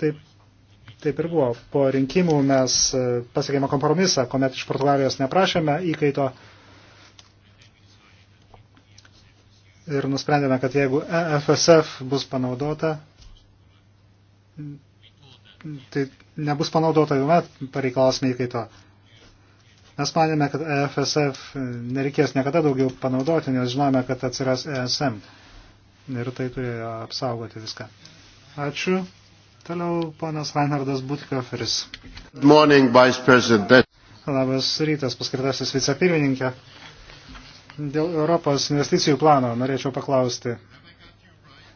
Taip, taip ir buvo. Po rinkimų mes e, pasiekėme kompromisą, kuomet iš Portugalijos neprašėme įkaito ir nusprendėme, kad jeigu EFSF bus panaudota, tai nebus panaudota jau met, pareikalasime įkaito. Mes manėme, kad EFSF nereikės niekada daugiau panaudoti, nes žinome, kad atsiras ESM. Ir tai turėjo apsaugoti viską. Ačiū. Toliau ponas Reinhardas Butkoferis. Labas rytas, paskirtasis vicepirmininkė. Dėl Europos investicijų plano norėčiau paklausti.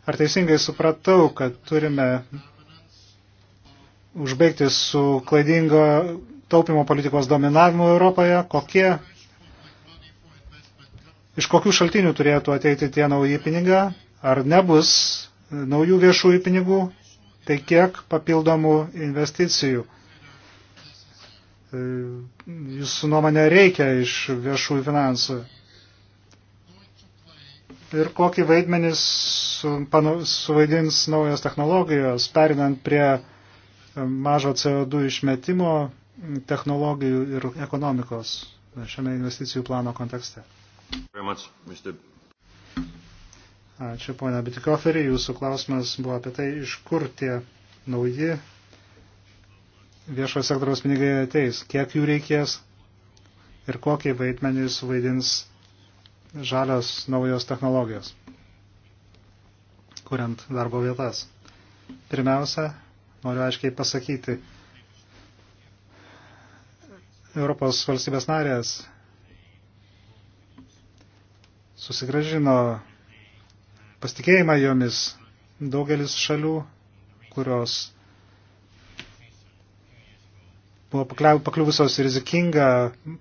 Ar teisingai supratau, kad turime užbaigti su klaidingo taupimo politikos dominavimu Europoje, kokie, iš kokių šaltinių turėtų ateiti tie nauji pinigai, ar nebus naujų viešųjų pinigų, tai kiek papildomų investicijų. Jūsų nuomonė reikia iš viešųjų finansų. Ir kokį vaidmenį suvaidins naujos technologijos, perinant prie mažo CO2 išmetimo technologijų ir ekonomikos šiame investicijų plano kontekste. Ačiū, ponia Bitikoferi, jūsų klausimas buvo apie tai, iš kur tie nauji viešo sektoriaus pinigai ateis, kiek jų reikės ir kokį vaidmenį suvaidins žalios naujos technologijos, kuriant darbo vietas. Pirmiausia, noriu aiškiai pasakyti, Europos valstybės narės susigražino pasitikėjimą jomis daugelis šalių, kurios buvo pakliuvusios rizikingą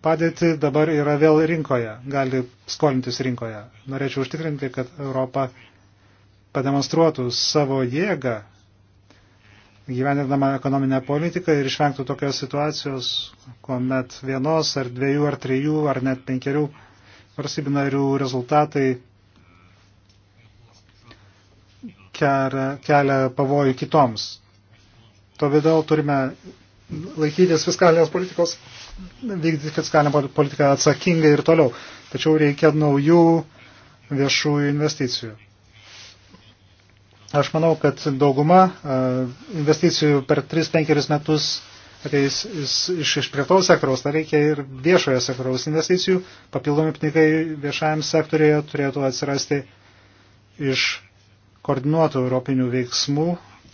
padėtį, dabar yra vėl rinkoje, gali skolintis rinkoje. Norėčiau užtikrinti, kad Europa pademonstruotų savo jėgą gyvenindama ekonominę politiką ir išvengtų tokios situacijos, kuomet vienos ar dviejų ar trijų ar net penkerių varsybių narių rezultatai kelia pavojų kitoms. Todėl turime laikytis fiskalinės politikos, vykdyti fiskalinę politiką atsakingai ir toliau. Tačiau reikia naujų viešųjų investicijų. Aš manau, kad dauguma e, investicijų per 3-5 metus ateis iš, iš privataus sektoriaus, tai reikia ir viešojo sektoriaus investicijų. Papildomi pinigai viešajam sektorėje turėtų atsirasti iš koordinuotų europinių veiksmų,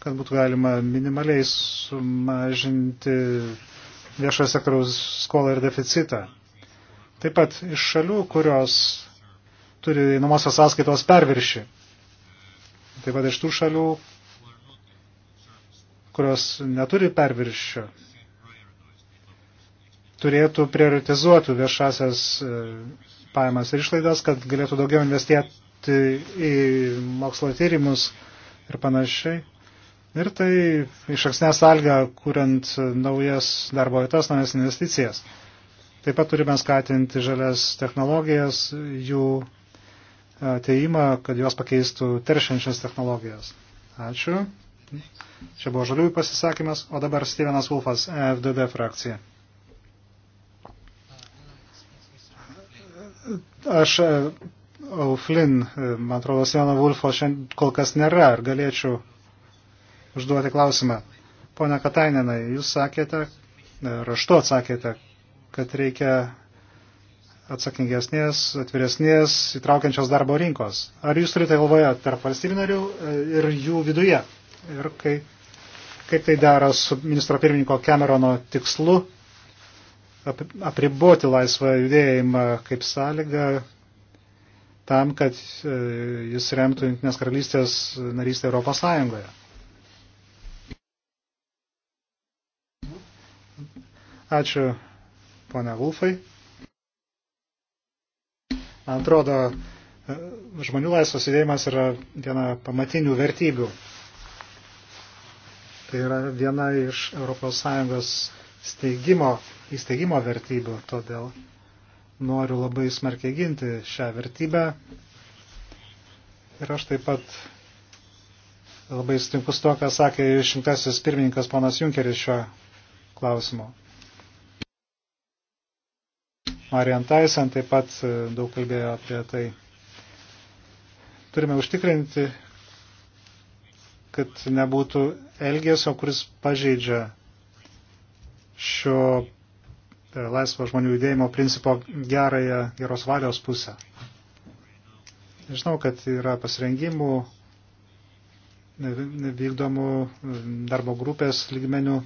kad būtų galima minimaliai sumažinti viešojo sektoriaus skolą ir deficitą. Taip pat iš šalių, kurios turi namosios sąskaitos perviršį taip pat iš tų šalių, kurios neturi perviršio, turėtų prioritizuoti viešasias e, pajamas ir išlaidas, kad galėtų daugiau investėti į mokslo tyrimus ir panašiai. Ir tai iš aksnės alga, kuriant naujas darbo vietas, naujas investicijas. Taip pat turime skatinti žalias technologijas, jų ateimą, kad jos pakeistų teršiančias technologijas. Ačiū. Čia buvo žaliųjų pasisakymas, o dabar Stevenas Wolfas, FDD frakcija. Aš, Auflin, e, e, man atrodo, Steveno Wolfo šiandien kol kas nėra, ar galėčiau užduoti klausimą. Pone Katainenai, jūs sakėte, e, raštu atsakėte, kad reikia atsakingesnės, atviresnės, įtraukiančios darbo rinkos. Ar jūs turite galvoje tarp valstybių narių e, ir jų viduje? Ir kai, kaip tai dera su ministro pirmininko Camerono tikslu apriboti laisvą judėjimą kaip sąlygą tam, kad e, jis remtų Junktinės karalystės narystę Europos Sąjungoje. Ačiū, ponia Vulfai. Man atrodo, e, žmonių laisvas judėjimas yra viena pamatinių vertybių. Tai yra viena iš ES steigimo, įsteigimo vertybių, todėl noriu labai smarkiai ginti šią vertybę. Ir aš taip pat labai sutinku su to, ką sakė išrinktasis pirmininkas ponas Junkeris šiuo klausimu. Marian Tyson taip pat e, daug kalbėjo apie tai. Turime užtikrinti, kad nebūtų elgesio, kuris pažeidžia šio e, laisvo žmonių judėjimo principo gerąją geros valios pusę. Žinau, kad yra pasirengimų vykdomų e, darbo grupės lygmenių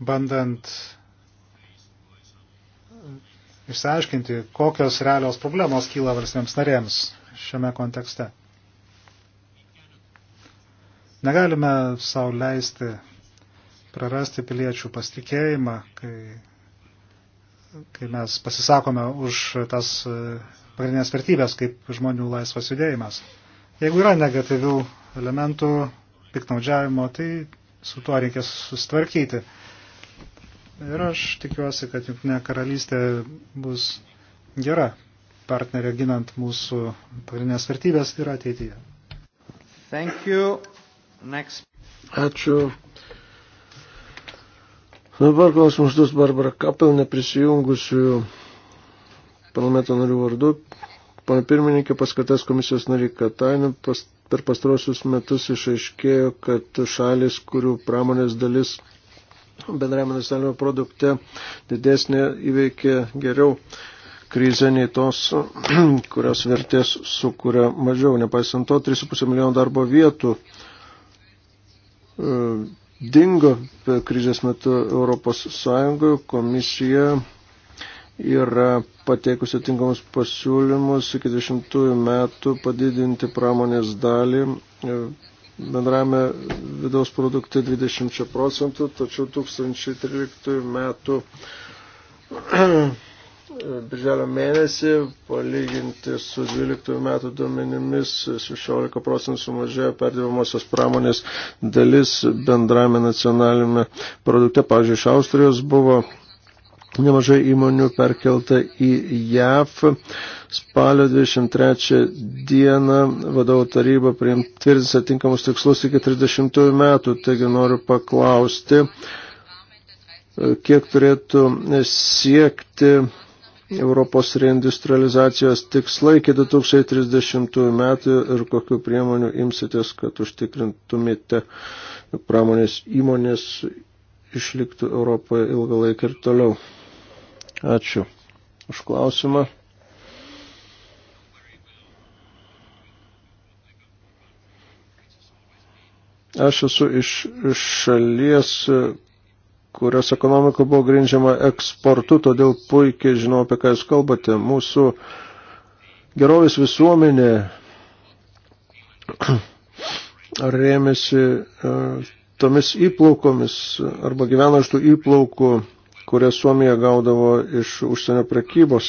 bandant išsiaiškinti, kokios realios problemos kyla valstybėms narėms šiame kontekste. Negalime savo leisti prarasti piliečių pasitikėjimą, kai, kai mes pasisakome už tas pagrindinės vertybės, kaip žmonių laisvas judėjimas. Jeigu yra negatyvių elementų, piknaudžiavimo, tai su tuo reikia sustvarkyti. Ir aš tikiuosi, kad Junktinė karalystė bus gera partnerė ginant mūsų pagrindinės vertybės ir ateityje. Thank you. Next. Ačiū. Dabar klausimus dus Barbara Kapel, neprisijungusių parlamento narių vardu. Pana pirmininkė, paskatas komisijos nariai Katainė pas, per pastrosius metus išaiškėjo, kad šalis, kurių pramonės dalis bendrajame nacionalinėme produkte didesnė įveikė geriau krizę nei tos, kurios vertės sukuria mažiau. Nepaisant to, 3,5 milijono darbo vietų e, dingo krizės metu Europos Sąjungoje. Komisija yra pateikusi tinkamus pasiūlymus iki 20 metų padidinti pramonės dalį e, bendrame vidaus produkte 20 procentų, tačiau 2013 metų birželio mėnesį, palyginti su 12 metų duomenimis, 16 procentų sumažėjo perdirbamosios pramonės dalis bendrame nacionalinėme produkte. Pavyzdžiui, iš Austrijos buvo nemažai įmonių perkelta į JAV. Spalio 23 dieną vadovų taryba tvirtins atinkamus tikslus iki 30 metų, taigi noriu paklausti, kiek turėtų siekti Europos reindustrializacijos tikslai iki 2030 metų ir kokiu priemonių imsitės, kad užtikrintumėte pramonės įmonės išliktų Europoje ilgą laiką ir toliau. Ačiū už klausimą. Aš esu iš, iš šalies, kurios ekonomika buvo grindžiama eksportu, todėl puikiai žinau, apie ką jūs kalbate. Mūsų gerovės visuomenė rėmėsi e, tomis įplaukomis arba gyveno iš tų įplaukų kurią Suomija gaudavo iš užsienio prekybos.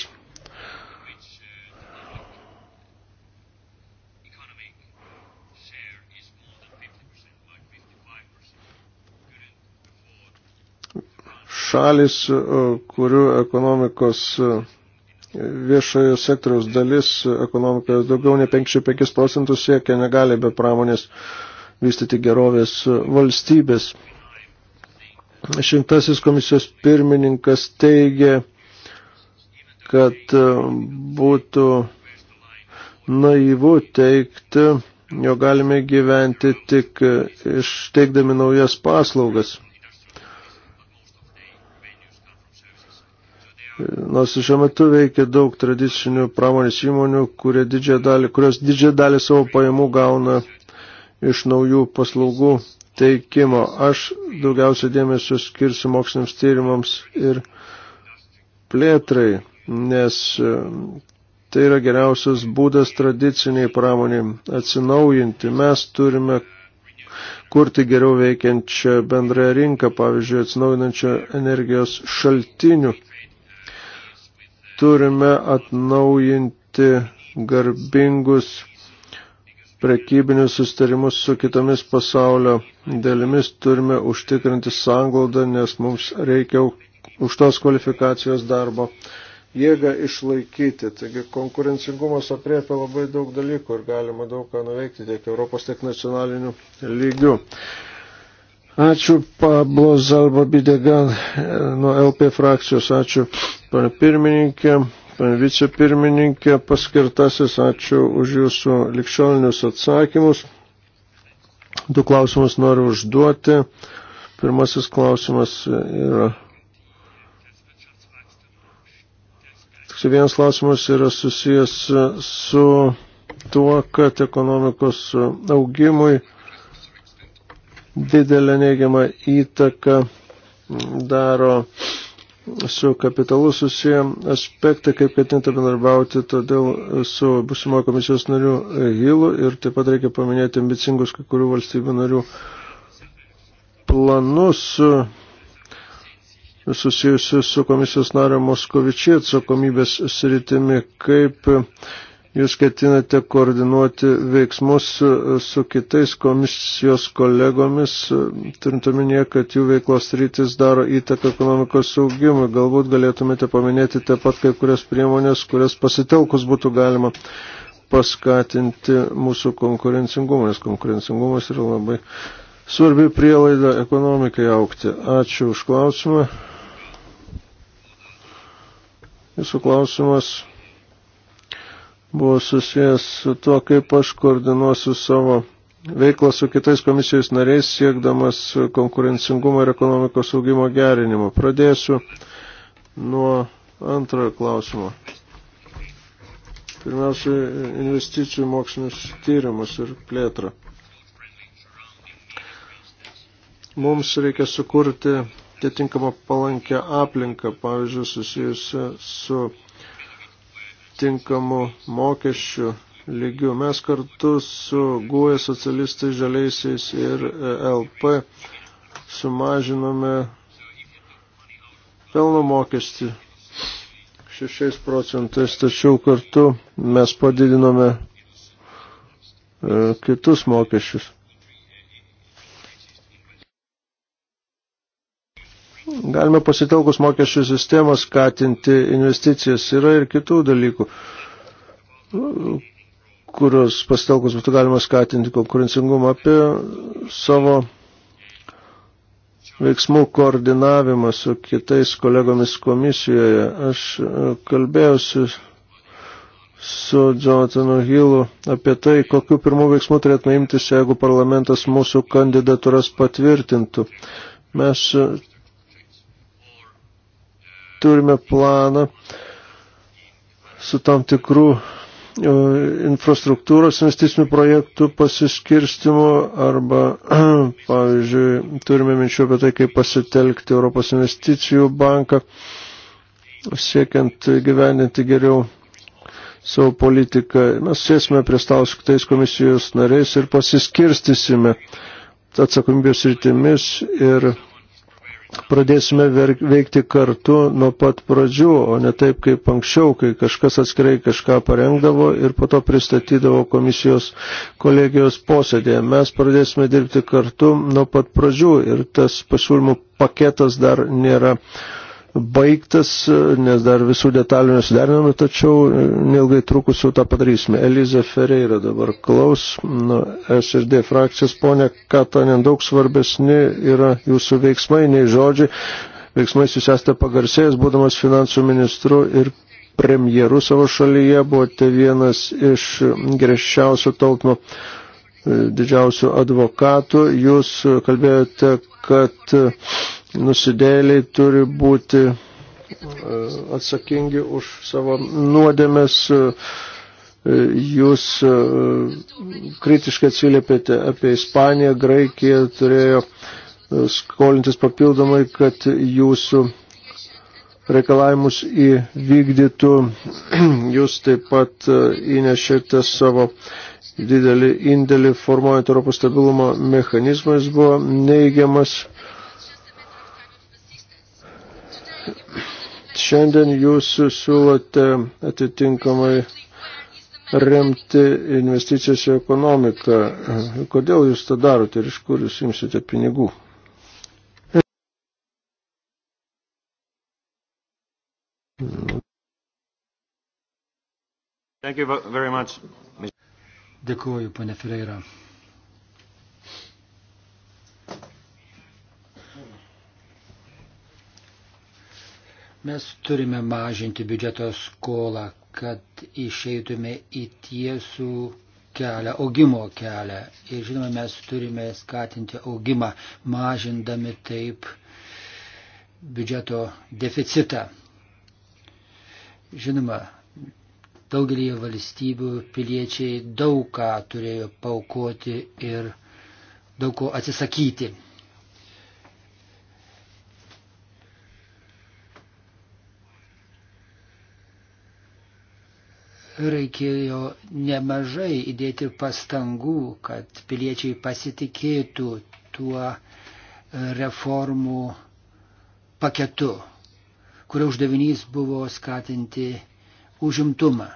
Šalis, kurių ekonomikos viešojo sektoriaus dalis ekonomikos daugiau nei 55 procentus siekia, negali be pramonės vystyti gerovės valstybės. Šimtasis komisijos pirmininkas teigė, kad e, būtų naivu teikti, jo galime gyventi tik išteikdami naujas paslaugas. Nors šiuo metu veikia daug tradicinių pramonės įmonių, kurie didžią dalį, kurios didžią dalį savo pajamų gauna iš naujų paslaugų teikimo. Aš daugiausia dėmesio skirsiu moksliniams tyrimams ir plėtrai, nes e, tai yra geriausias būdas tradiciniai pramoniai atsinaujinti. Mes turime kurti geriau veikiančią bendrąją rinką, pavyzdžiui, atsinaujinančią energijos šaltinių. Turime atnaujinti garbingus prekybinius sustarimus su kitomis pasaulio dalimis turime užtikrinti sanglaudą, nes mums reikia už tos kvalifikacijos darbo jėgą išlaikyti. Taigi konkurencingumas apriepia labai daug dalykų ir galima daug ką nuveikti tiek Europos, tiek nacionaliniu lygiu. Ačiū Pablo Zalba Bidegan e, nuo LP frakcijos. Ačiū, pana pirmininkė. Pane vicepirmininkė, paskirtasis, ačiū už jūsų likščiolinius atsakymus. Du klausimus noriu užduoti. Pirmasis klausimas yra. Tiksliau vienas klausimas yra susijęs su tuo, kad ekonomikos augimui didelę neigiamą įtaką daro uh, su kapitalu susiję aspektai, kaip ketinta bendarbiauti, todėl su busimo komisijos nariu Hilu ir taip pat reikia paminėti ambicingus kai kurių valstybių narių planus susijusius su komisijos nario Moskovičiai atsakomybės sritimi, kaip jūs ketinate koordinuoti veiksmus e, su kitais komisijos kolegomis, e, turint omenyje, kad jų veiklos rytis daro įtaką ekonomikos saugimui. Galbūt galėtumėte paminėti taip pat kai kurias priemonės, kurias pasitelkus būtų galima paskatinti mūsų konkurencingumą, nes konkurencingumas yra labai svarbi prielaida ekonomikai aukti. Ačiū už klausimą. Jūsų klausimas buvo susijęs su tuo, kaip aš koordinuosiu savo veiklą su kitais komisijos nariais, siekdamas konkurencingumo ir ekonomikos augimo gerinimo. Pradėsiu nuo antrojo klausimo. Pirmiausia, investicijų mokslinius tyrimus ir plėtrą. Mums reikia sukurti atitinkamą palankę aplinką, pavyzdžiui, susijusią su atitinkamų mokesčių lygių. Mes kartu su GUE socialistais žaliaisiais ir e, LP sumažinome pelno mokestį 6 procentais, tačiau kartu mes padidinome e, kitus mokesčius. Galime pasitelkus mokesčių sistemą skatinti investicijas. Yra ir kitų dalykų, kurios pasitelkus būtų galima skatinti konkurencingumą apie savo veiksmų koordinavimą su kitais kolegomis komisijoje. Aš e, kalbėjausi su Jonathanu Hillu apie tai, kokiu pirmų veiksmų turėtume imtis, jeigu parlamentas mūsų kandidatūras patvirtintų. Mes e, turime planą su tam tikrų e, infrastruktūros investicinių projektų pasiskirstimo arba, pavyzdžiui, turime minčių apie tai, kaip pasitelkti Europos investicijų banką, siekiant gyveninti geriau savo politiką. Mes sėsime prie stalo su kitais komisijos nariais ir pasiskirstysime atsakomybės rytimis ir pradėsime veikti kartu nuo pat pradžių, o ne taip kaip anksčiau, kai kažkas atskirai kažką parengdavo ir po to pristatydavo komisijos kolegijos posėdėje. Mes pradėsime dirbti kartu nuo pat pradžių ir tas pasiūlymų paketas dar nėra uh, baigtas, nes dar visų detalių nesuderiname, tačiau neilgai trukus jau tą padarysime. Eliza Ferreira dabar klaus, nu, SRD frakcijas, ponė Katanen, daug svarbesni yra jūsų veiksmai, nei žodžiai. Veiksmais jūs esate pagarsėjęs, būdamas finansų ministru ir premjeru savo šalyje, buvote vienas iš greščiausių tautmo e, didžiausių advokatų. Jūs kalbėjote, kad nusidėliai turi būti e, atsakingi už savo nuodėmes. E, jūs e, kritiškai atsiliepėte apie Ispaniją, Graikiją turėjo skolintis papildomai, kad jūsų reikalavimus įvykdytų. Jūs taip pat įnešėte savo didelį indėlį formuojant Europos stabilumo mechanizmą, jis buvo neigiamas Šiandien jūs siūlote atitinkamai remti investicijas į ekonomiką. Kodėl jūs tą darote ir iš kur jūs imsite pinigų? Dėkuoju, pane Freira. Mes turime mažinti biudžeto skolą, kad išeitume į tiesų kelią, augimo kelią. Ir žinoma, mes turime skatinti augimą, mažindami taip biudžeto deficitą. Žinoma, daugelį valstybių piliečiai daug ką turėjo paukoti ir daug ko atsisakyti. reikėjo nemažai įdėti pastangų, kad piliečiai pasitikėtų tuo e, reformų paketu, kurio uždavinys buvo skatinti užimtumą.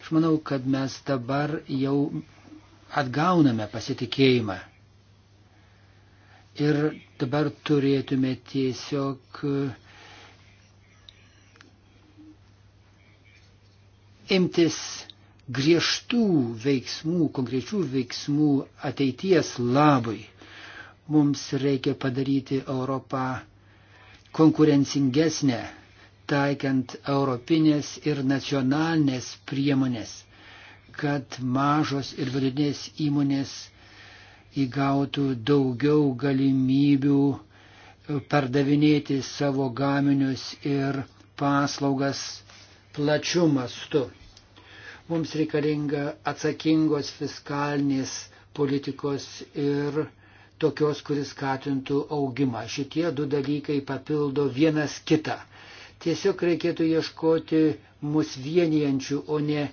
Aš manau, kad mes dabar jau atgauname pasitikėjimą. Ir dabar turėtume tiesiog uh, imtis griežtų veiksmų, konkrečių veiksmų ateities labui. Mums reikia padaryti Europą konkurencingesnę, taikant europinės ir nacionalinės priemonės, kad mažos ir vidutinės įmonės įgautų daugiau galimybių pardavinėti savo gaminius ir paslaugas plačiu mastu. Mums reikalinga atsakingos fiskalinės politikos ir tokios, kuris skatintų augimą. Šitie du dalykai papildo vienas kitą. Tiesiog reikėtų ieškoti mus vienijančių, o ne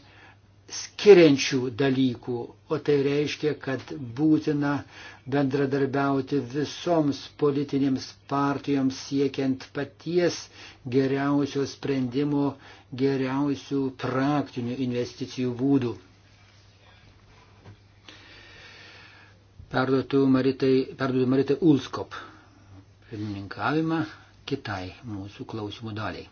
skiriančių dalykų, o tai reiškia, kad būtina bendradarbiauti visoms politinėms partijoms siekiant paties geriausio sprendimo, geriausių praktinių investicijų būdų. Perduotų Maritai, perduotų Maritai Ulskop pirmininkavimą kitai mūsų klausimų daliai.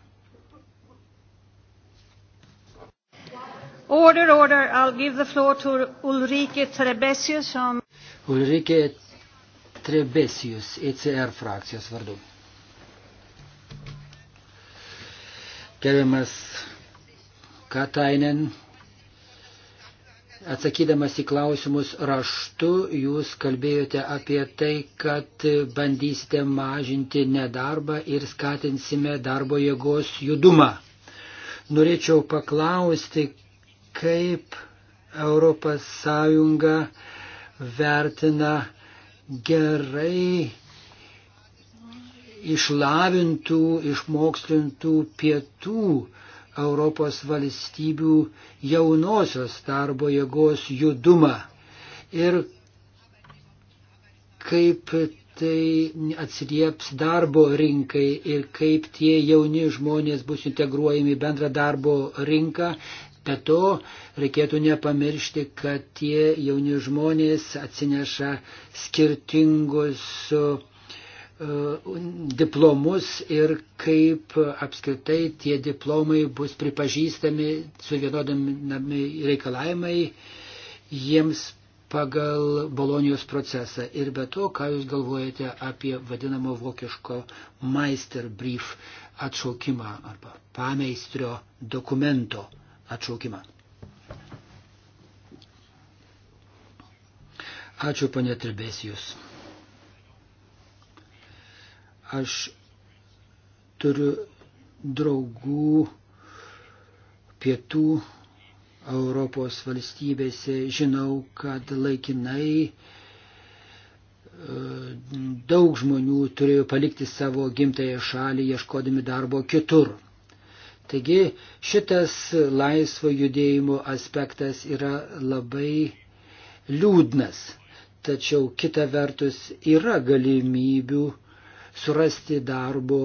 Order, order. I'll give the floor to Ulrike Trebesius. On... Ulrike Trebesius, ECR frakcijos vardu. Gerbiamas Katainen, atsakydamas į klausimus raštu, jūs kalbėjote apie tai, kad bandysite mažinti nedarbą ir skatinsime darbo jėgos judumą. Norėčiau paklausti, kaip ES vertina gerai išlavintų, išmokslintų pietų Europos valstybių jaunosios darbo jėgos judumą ir kaip tai atsilieps darbo rinkai ir kaip tie jauni žmonės bus integruojami į bendrą darbo rinką Be to, reikėtų nepamiršti, kad tie jauni žmonės atsineša skirtingus uh, diplomus ir kaip apskritai tie diplomai bus pripažįstami su vienodami reikalavimai jiems pagal Bolonijos procesą. Ir be to, ką Jūs galvojate apie vadinamo vokiško Meisterbrief atšaukimą arba pameistrio dokumento atšaukimą. Ačiū, ponė Trebesijus. Aš turiu draugų pietų Europos valstybėse. Žinau, kad laikinai e, daug žmonių turėjo palikti savo gimtąją šalį, ieškodami darbo kitur. Taigi šitas laisvo judėjimo aspektas yra labai liūdnas. Tačiau kita vertus yra galimybių surasti darbo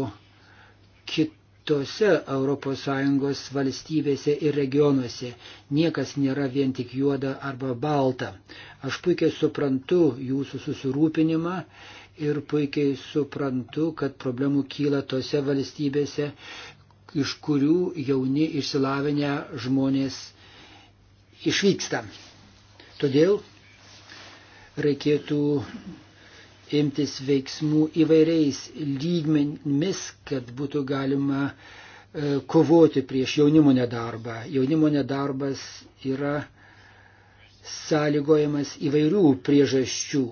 kitose ES valstybėse ir regionuose. Niekas nėra vien tik juoda arba balta. Aš puikiai suprantu jūsų susirūpinimą ir puikiai suprantu, kad problemų kyla tose valstybėse, iš kurių jauni išsilavinę žmonės išvyksta. Todėl reikėtų imtis veiksmų įvairiais lygmenimis, kad būtų galima e, kovoti prieš jaunimo nedarbą. Jaunimo nedarbas yra sąlygojamas įvairių priežasčių.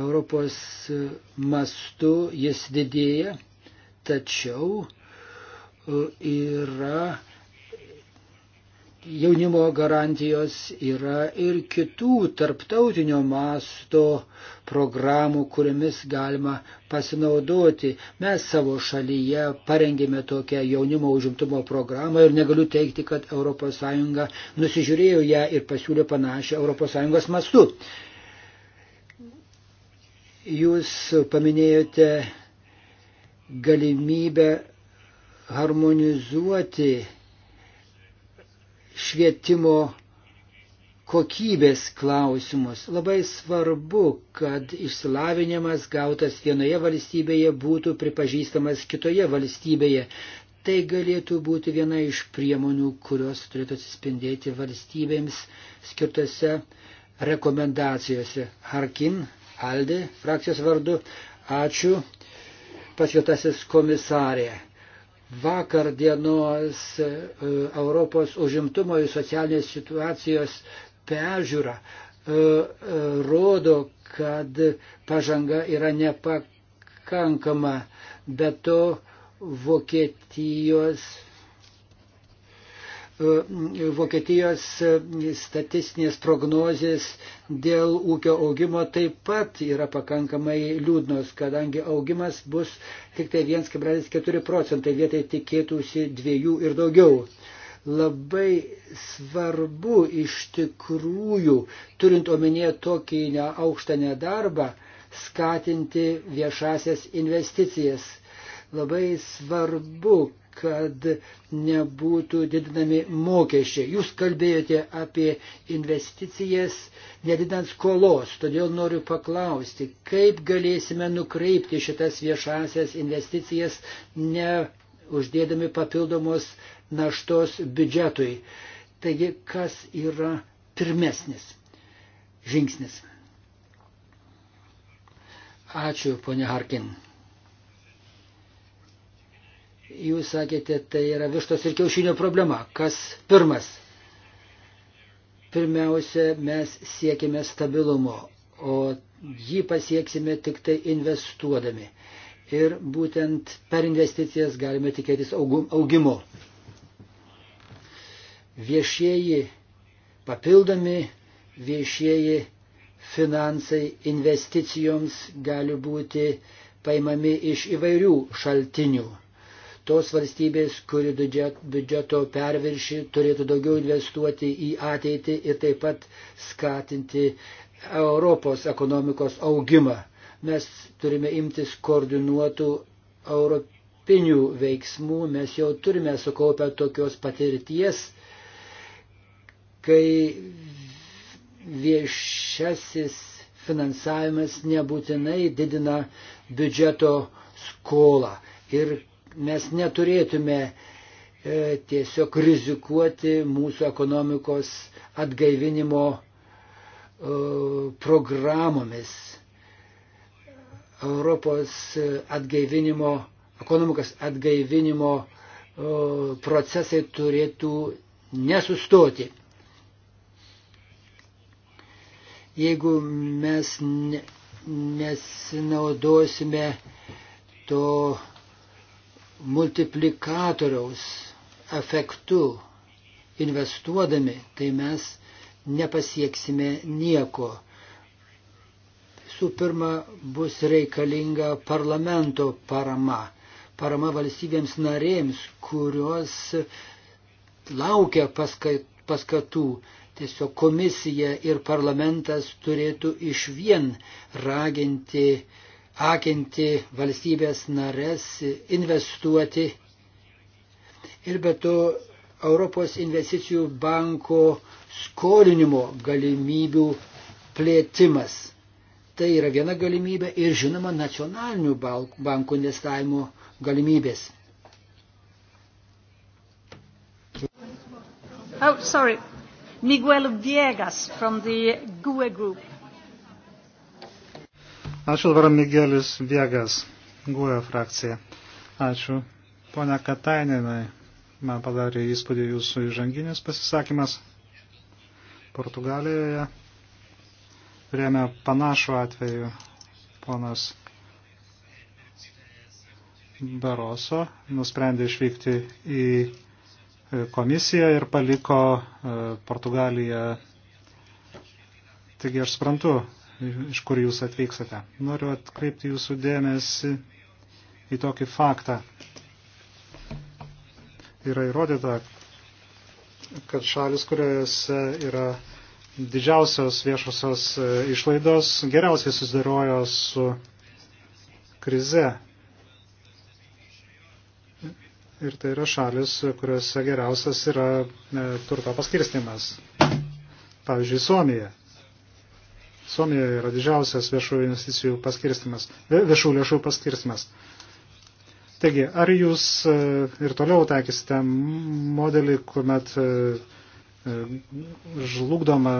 Europos mastu jis didėja, tačiau yra jaunimo garantijos, yra ir kitų tarptautinio masto programų, kuriamis galima pasinaudoti. Mes savo šalyje parengėme tokią jaunimo užimtumo programą ir negaliu teikti, kad ES nusižiūrėjo ją ir pasiūlė panašią ES mastu. Jūs paminėjote galimybę harmonizuoti švietimo kokybės klausimus. Labai svarbu, kad išsilavinimas gautas vienoje valstybėje būtų pripažįstamas kitoje valstybėje. Tai galėtų būti viena iš priemonių, kurios turėtų atsispindėti valstybėms skirtose rekomendacijose. Harkin, Aldi, frakcijos vardu, ačiū, paskirtasis komisarė vakar dienos e, Europos užimtumo ir socialinės situacijos pežiūra e, e, rodo, kad pažanga yra nepakankama, bet to Vokietijos E, Vokietijos e, statistinės prognozės dėl ūkio augimo taip pat yra pakankamai liūdnos, kadangi augimas bus tik tai 1,4 procentai, vietai tikėtųsi dviejų ir daugiau. Labai svarbu iš tikrųjų, turint omenyje tokį aukštą nedarbą, skatinti viešasias investicijas Labai svarbu, kad nebūtų didinami mokesčiai. Jūs kalbėjote apie investicijas, nedidant skolos, todėl noriu paklausti, kaip galėsime nukreipti šitas viešasias investicijas, neuždėdami papildomos naštos biudžetui. Taigi, kas yra pirmesnis žingsnis? Ačiū, ponia Harkin. Jūs sakėte, tai yra vištos ir kiaušinio problema. Kas pirmas? Pirmiausia, mes siekime stabilumo, o jį pasieksime tik tai investuodami. Ir būtent per investicijas galime tikėtis augimo. Viešieji papildomi, viešieji finansai investicijoms gali būti paimami iš įvairių šaltinių Tos valstybės, kuri biudžeto perviršį turėtų daugiau investuoti į ateitį ir taip pat skatinti Europos ekonomikos augimą. Mes turime imtis koordinuotų europinių veiksmų, mes jau turime sukaupę tokios patirties, kai viešasis finansavimas nebūtinai didina biudžeto skolą. Ir mes neturėtume e, tiesiog rizikuoti mūsų ekonomikos atgaivinimo e, programomis. Europos atgaivinimo, ekonomikos atgaivinimo e, procesai turėtų nesustoti. Jeigu mes nesinaudosime to multiplikatoriaus efektu investuodami, tai mes nepasieksime nieko. Visų pirma, bus reikalinga parlamento parama, parama valstybėms narėms, kurios laukia paskat, paskatų. Tiesiog komisija ir parlamentas turėtų iš vien raginti uh, akinti valstybės narės investuoti. Ir be to Europos investicijų banko skolinimo galimybių plėtimas. Tai yra viena galimybė ir žinoma nacionalinių bankų investavimo galimybės. Oh, sorry. Miguel Viegas from the GUE group. Ačiū dabar Miguelis Viegas, Guoja frakcija. Ačiū. Pone Katainenai, man padarė įspūdį jūsų įžanginis pasisakymas Portugalijoje. Turėjome panašų atveju ponas Baroso nusprendė išvykti į e, komisiją ir paliko e, Portugaliją. Taigi aš suprantu, iš kur jūs atvykstate. Noriu atkreipti jūsų dėmesį į tokį faktą. Yra įrodyta, kad šalis, kuriuose yra didžiausios viešosios e, išlaidos, geriausiai susidarojo su krize. Ir tai yra šalis, kuriuose geriausias yra e, turto paskirstimas. Pavyzdžiui, Suomija. Suomijoje yra didžiausias viešųjų investicijų paskirstimas, viešų lėšų paskirstimas. Taigi, ar jūs e, ir toliau taikysite modelį, kuomet e, e, žlugdoma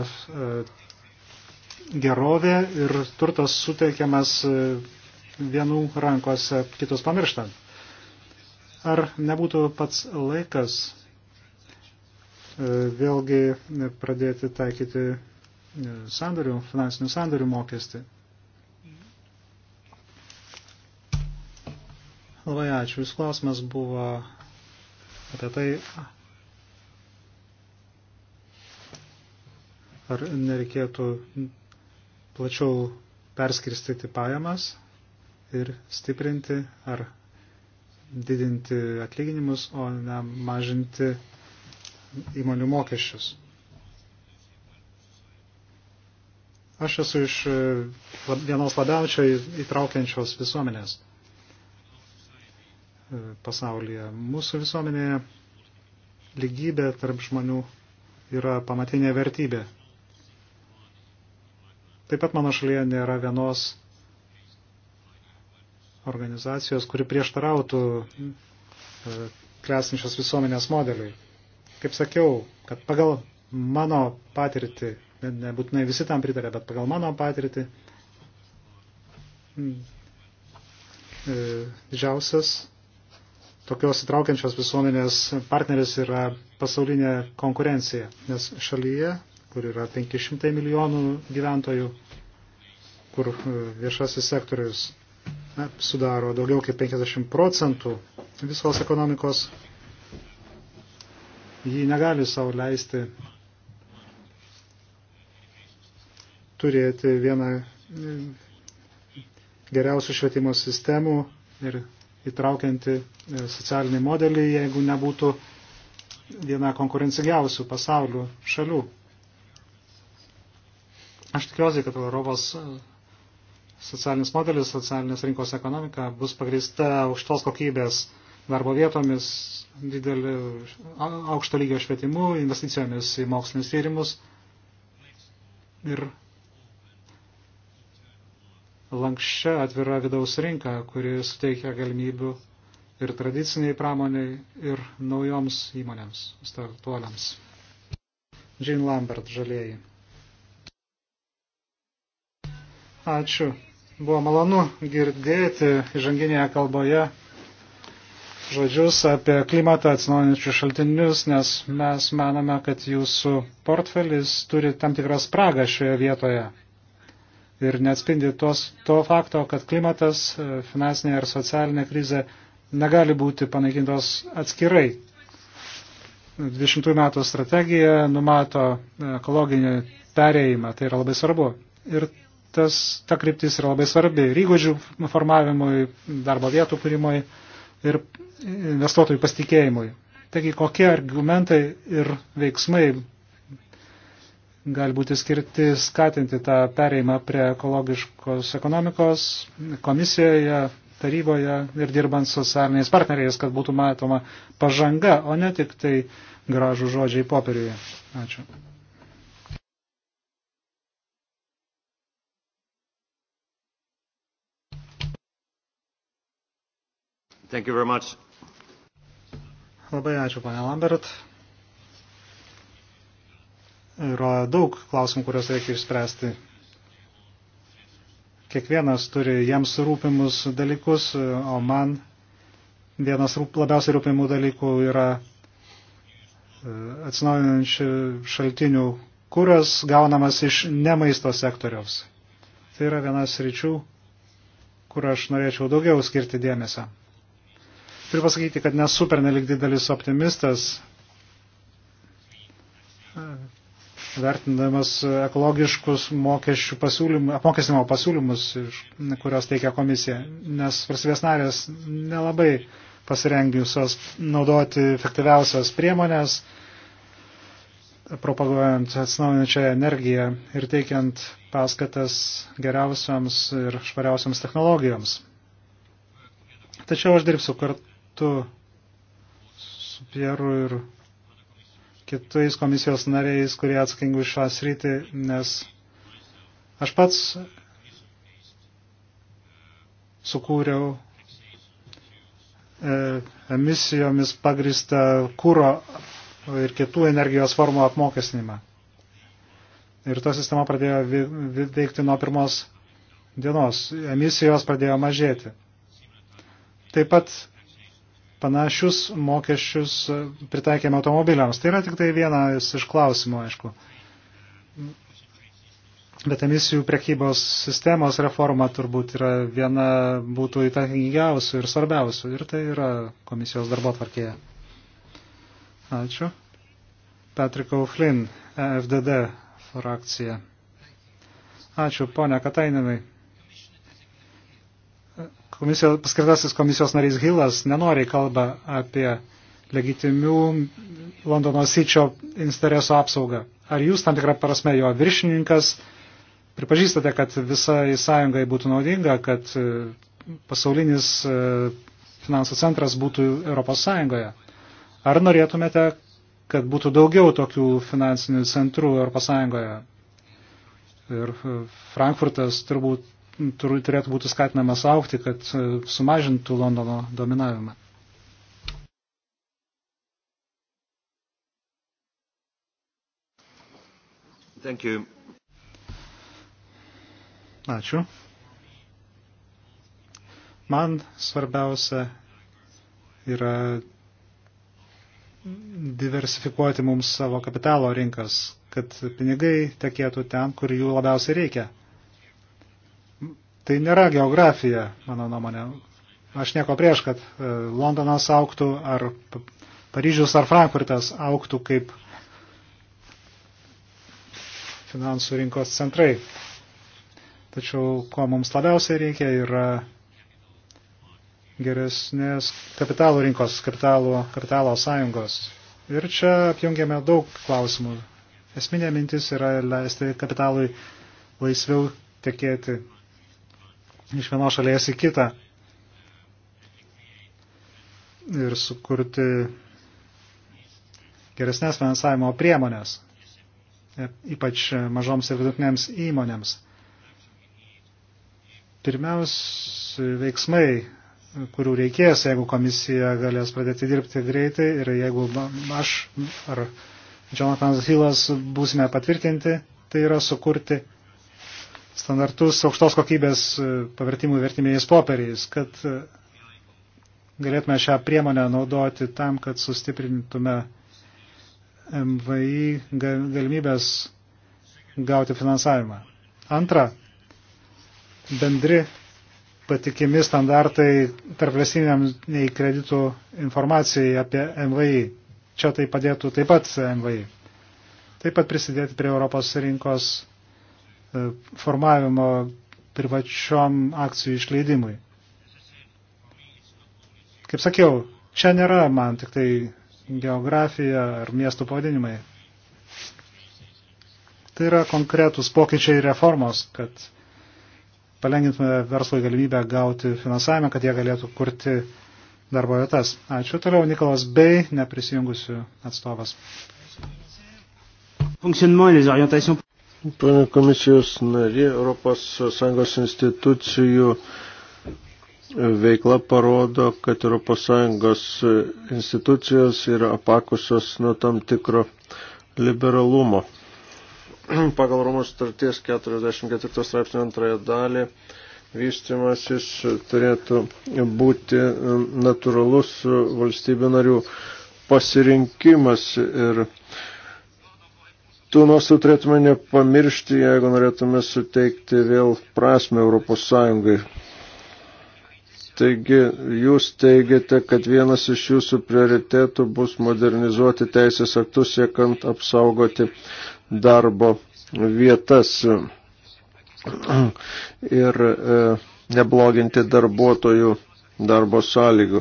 gerovė ir turtas suteikiamas vienų rankose, kitus pamirštant? Ar nebūtų pats laikas vėlgi pradėti taikyti sandarių, finansinių sandarių mokestį. Labai ačiū. Jūsų klausimas buvo apie tai, ar nereikėtų plačiau perskirstyti pajamas ir stiprinti ar didinti atlyginimus, o ne mažinti įmonių mokesčius. Aš esu iš e, vienos labiausiai įtraukiančios visuomenės e, pasaulyje. Mūsų visuomenėje lygybė tarp žmonių yra pamatinė vertybė. Taip pat mano šalyje nėra vienos organizacijos, kuri prieštarautų e, klesinčios visuomenės modeliui. Kaip sakiau, kad pagal mano patirtį nebūtinai visi tam pritarė, bet pagal mano patirtį hmm, e, didžiausias tokios įtraukiančios visuomenės partneris yra pasaulinė konkurencija, nes šalyje, kur yra 500 milijonų gyventojų, kur e, viešasis sektorius na, sudaro daugiau kaip 50 procentų visos ekonomikos, jį negali savo leisti turėti vieną mm, geriausių švietimo sistemų ir įtraukianti e, socialinį modelį, jeigu nebūtų viena konkurencingiausių pasaulio šalių. Aš tikiuosi, kad Europos e, socialinis modelis, socialinės rinkos ekonomika bus pagrįsta aukštos kokybės darbo vietomis, dideliu aukšto lygio švietimu, investicijomis į mokslinius tyrimus ir lankščia atvira vidaus rinka, kuri suteikia galimybių ir tradiciniai pramoniai, ir naujoms įmonėms, startuoliams. Jean Lambert, žalieji. Ačiū. Buvo malonu girdėti įžanginėje kalboje žodžius apie klimatą atsinaujinančius šaltinius, nes mes manome, kad jūsų portfelis turi tam tikrą spragą šioje vietoje ir neatspindi tos, to fakto, kad klimatas, e, finansinė ir socialinė krizė negali būti panaikintos atskirai. 20 metų strategija numato e, ekologinį perėjimą, tai yra labai svarbu. Ir tas, ta kryptis yra labai svarbi ir įgūdžių formavimui, darbo vietų kūrimui ir investuotojų pasitikėjimui. Taigi kokie argumentai ir veiksmai gali būti skirti skatinti tą pereimą prie ekologiškos ekonomikos komisijoje, taryboje ir dirbant socialiniais partneriais, kad būtų matoma pažanga, o ne tik tai gražų žodžiai popieriuje. Ačiū. Thank you very much. Labai ačiū, pane Lambert yra daug klausimų, kuriuos reikia išspręsti. Kiekvienas turi jiems rūpimus dalykus, o man vienas rūp, labiausiai rūpimų dalykų yra e, atsinaujinančių šaltinių kuras gaunamas iš nemaisto sektoriaus. Tai yra vienas ryčių, kur aš norėčiau daugiau skirti dėmesio. Turiu pasakyti, kad nesu pernelik didelis optimistas vertindamas ekologiškus mokesčių pasiūlymų, apmokestinimo pasiūlymus, iš, kurios teikia komisija, nes valstybės narės nelabai pasirengiusios naudoti efektyviausias priemonės, propaguojant atsinaujinančią energiją ir teikiant paskatas geriausiams ir švariausiams technologijoms. Tačiau aš dirbsiu kartu su Pieru ir kitais komisijos nariais, kurie atsakingi už šią sritį, nes aš pats sukūriau e, emisijomis pagristą kūro ir kitų energijos formų apmokestinimą. Ir ta sistema pradėjo veikti nuo pirmos dienos. Emisijos pradėjo mažėti. Taip pat panašius mokesčius pritaikėme automobiliams. Tai yra tik tai vienas iš klausimų, aišku. Bet emisijų prekybos sistemos reforma turbūt yra viena būtų įtakingiausių ir svarbiausių. Ir tai yra komisijos darbo tvarkėje. Ačiū. Patrick O'Flynn, e FDD frakcija. Ačiū, ponia Kataininai. Komisijos, paskirtasis komisijos narys Hilas nenori kalba apie legitimių Londono sičio interesų apsaugą. Ar jūs tam tikrą prasme jo viršininkas pripažįstate, kad visai sąjungai būtų naudinga, kad e, pasaulinis e, finansų centras būtų Europos Sąjungoje? Ar norėtumėte, kad būtų daugiau tokių finansinių centrų Europos Sąjungoje? Ir e, Frankfurtas turbūt turėtų būti skatinamas aukti, kad e, sumažintų Londono dominavimą. Thank you. Ačiū. Man svarbiausia yra diversifikuoti mums savo kapitalo rinkas, kad pinigai tekėtų ten, kur jų labiausiai reikia. Tai nėra geografija, mano nuomonė. Aš nieko prieš, kad e, Londonas auktų ar Paryžius ar Frankfurtas auktų kaip finansų rinkos centrai. Tačiau ko mums labiausiai reikia yra geresnės kapitalo rinkos, kapitalo, kapitalo sąjungos. Ir čia apjungiame daug klausimų. Esminė mintis yra leisti kapitalui laisviau tekėti iš vienos šalies į kitą ir sukurti geresnės finansavimo priemonės, ypač mažoms ir vidutinėms įmonėms. Pirmiausia, veiksmai, kurių reikės, jeigu komisija galės pradėti dirbti greitai ir jeigu aš ar Jonathan Hillas būsime patvirtinti, tai yra sukurti standartus aukštos kokybės e, pavertimų vertimėjais popieriais, kad e, galėtume šią priemonę naudoti tam, kad sustiprintume MVI galimybės gauti finansavimą. Antra, bendri patikimi standartai tarplėsiniai kreditų informacijai apie MVI. Čia tai padėtų taip pat MVI. Taip pat prisidėti prie Europos rinkos E, formavimo privačiom akcijų išleidimui. Kaip sakiau, čia nėra man tik tai geografija ar miestų pavadinimai. Tai yra konkretus pokyčiai reformos, kad palengvintume verslui galimybę gauti finansavimą, kad jie galėtų kurti darbo vietas. Ačiū toliau, Nikolas Bey, neprisijungusių atstovas. Pane komisijos nari, ES institucijų veikla parodo, kad ES institucijos yra apakusios nuo tam tikro liberalumo. Pagal Romos starties 44 straipsnio antrąją dalį vystimasis turėtų būti natūralus valstybių narių pasirinkimas ir Tų nuostatų turėtume nepamiršti, jeigu norėtume suteikti vėl prasme Europos Sąjungai. Taigi, jūs teigiate, kad vienas iš jūsų prioritėtų bus modernizuoti teisės aktus, siekant apsaugoti darbo vietas ir e, nebloginti darbuotojų darbo sąlygų.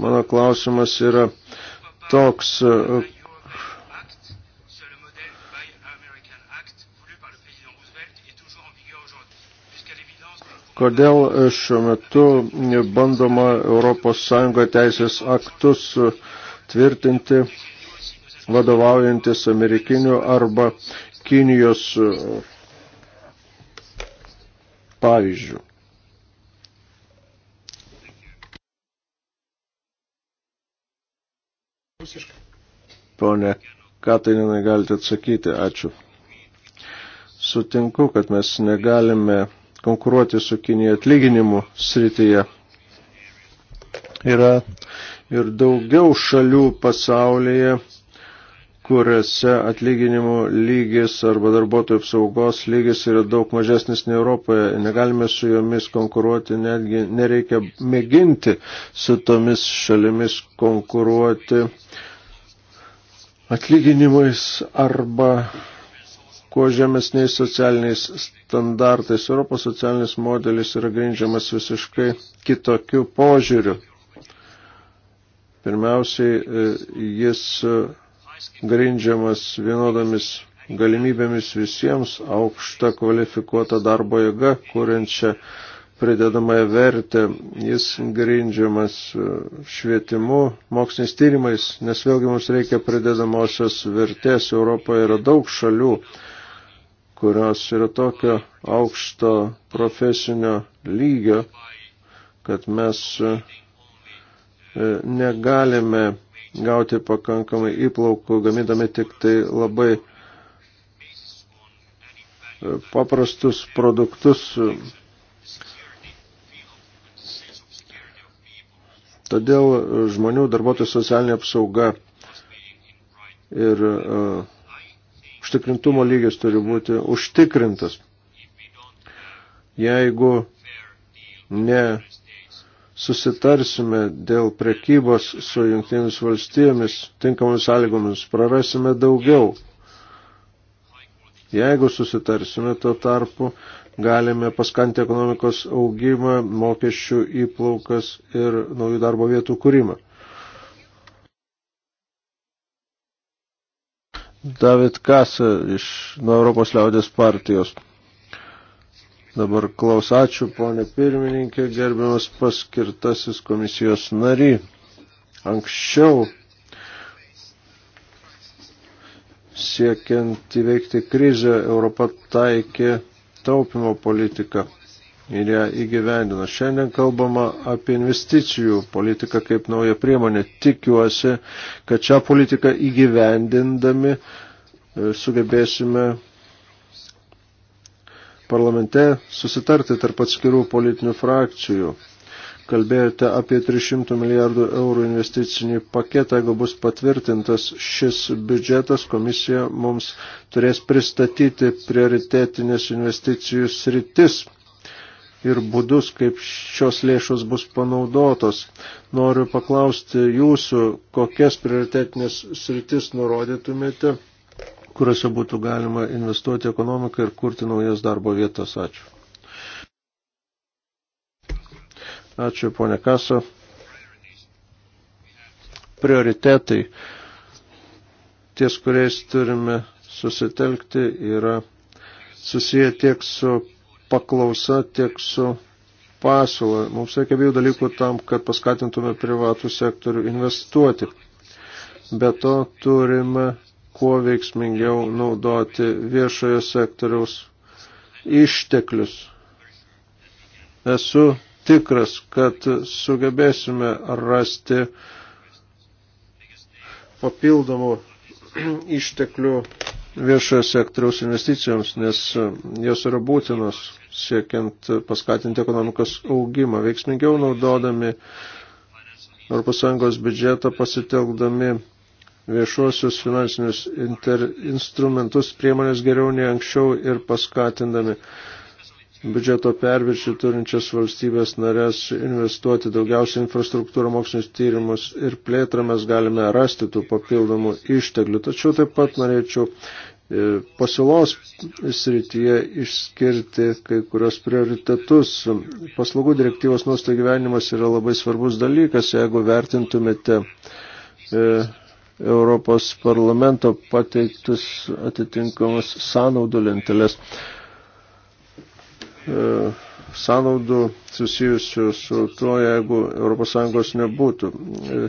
Mano klausimas yra toks, Kodėl e, šiuo metu bandoma ES teisės aktus e, tvirtinti vadovaujantis amerikinių arba Kinijos e, pavyzdžių? Pone Katainenai galite atsakyti, ačiū. Sutinku, kad mes negalime konkuruoti su Kinija atlyginimų srityje. Yra ir daugiau šalių pasaulyje, kuriuose atlyginimų lygis arba darbuotojų apsaugos lygis yra daug mažesnis nei Europoje. Negalime su jomis konkuruoti, netgi nereikia mėginti su tomis šalimis konkuruoti atlyginimais arba kuo žemesniais socialiniais standartais. Europos socialinis modelis yra grindžiamas visiškai kitokiu požiūriu. Pirmiausiai, e, jis e, grindžiamas vienodomis galimybėmis visiems aukšta kvalifikuota darbo jėga, kuriančia pridedamąją vertę. Jis grindžiamas e, švietimu, moksliniais tyrimais, nes vėlgi mums reikia pridedamosios vertės. Europoje yra daug šalių, kurios yra tokio aukšto profesinio lygio, kad mes e, negalime gauti pakankamai įplaukų, gamindami tik tai labai e, paprastus produktus. Todėl žmonių darbuotojų socialinė apsauga ir uh, užtikrintumo lygis turi būti užtikrintas. Jeigu ne susitarsime dėl prekybos su jungtinėmis valstijomis tinkamomis sąlygomis, prarasime daugiau. Jeigu susitarsime tuo tarpu, galime paskanti ekonomikos augimą, mokesčių įplaukas ir naujų darbo vietų kūrimą. David Kasa iš nuo Europos liaudės partijos. Dabar klaus ačiū, ponė pirmininkė, gerbiamas paskirtasis komisijos nary. Anksčiau siekiant įveikti krizę, Europa taikė taupimo politiką ir ją įgyvendina. Šiandien kalbama apie investicijų politiką kaip naują priemonę. Tikiuosi, kad šią politiką įgyvendindami e, sugebėsime parlamente susitarti tarp atskirų politinių frakcijų. Kalbėjote apie 300 milijardų eurų investicinį paketą, jeigu bus patvirtintas šis biudžetas, komisija mums turės pristatyti prioritetinės investicijų sritis ir būdus, kaip šios lėšos bus panaudotos. Noriu paklausti jūsų, kokias prioritetinės sritis nurodytumėte, kuriuose būtų galima investuoti ekonomiką ir kurti naujas darbo vietas. Ačiū. Ačiū, ponė Kaso. Prioritetai, ties kuriais turime susitelkti, yra susiję tiek su paklausa, tiek su pasiūla. Mums reikia abiejų dalykų tam, kad paskatintume privatų sektorių investuoti. Be to turime kuo veiksmingiau naudoti viešojo sektoriaus išteklius. Esu tikras, kad sugebėsime rasti papildomų išteklių viešojo sektoriaus investicijoms, nes e, jos yra būtinos siekiant paskatinti ekonomikos augimą, veiksmingiau naudodami ES biudžetą pasitelkdami viešuosius finansinius inter, instrumentus priemonės geriau nei anksčiau ir paskatindami biudžeto perviršį turinčias valstybės narės investuoti daugiausiai infrastruktūrą, mokslinius tyrimus ir plėtrą mes galime rasti tų papildomų išteklių. Tačiau taip pat norėčiau e, pasiūlos srityje išskirti kai kurios prioritetus. Paslaugų direktyvos nuosto gyvenimas yra labai svarbus dalykas, jeigu vertintumėte e, Europos parlamento pateiktus atitinkamas sąnaudų lentelės. E, sąnaudų susijusių su tuo, jeigu ES nebūtų. E,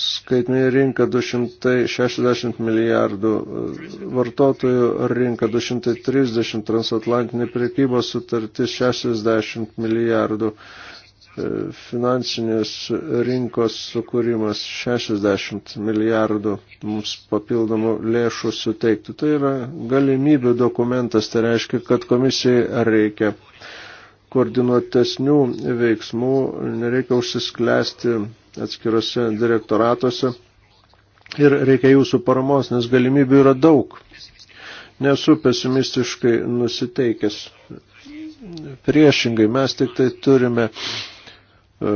Skaitminė rinka 260 milijardų, e, vartotojų rinka 230, transatlantinė priekybos sutartis 60 milijardų finansinės rinkos sukūrimas 60 milijardų mums papildomų lėšų suteiktų. Tai yra galimybių dokumentas, tai reiškia, kad komisijai reikia koordinuotesnių veiksmų, nereikia užsisklęsti atskirose direktoratuose ir reikia jūsų paramos, nes galimybių yra daug. Nesu pesimistiškai nusiteikęs. Priešingai, mes tik tai turime uh, E,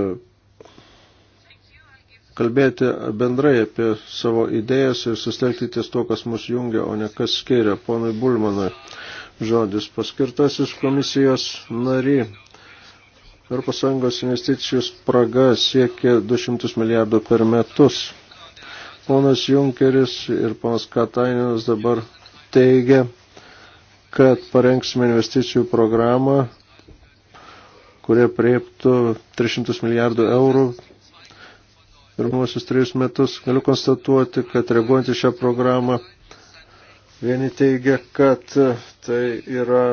kalbėti bendrai apie savo idėjas ir sustelkti ties to, kas mus jungia, o ne kas skiria. Ponui Bulmanui žodis paskirtasis komisijos nary. Europos Sąjungos investicijų spraga siekia 200 milijardų per metus. Ponas Junkeris ir ponas Katainas dabar teigia, kad parengsime investicijų programą kurie prieiptų 300 milijardų eurų pirmuosius trejus metus. Galiu konstatuoti, kad reaguojant į šią programą, vieni teigia, kad tai yra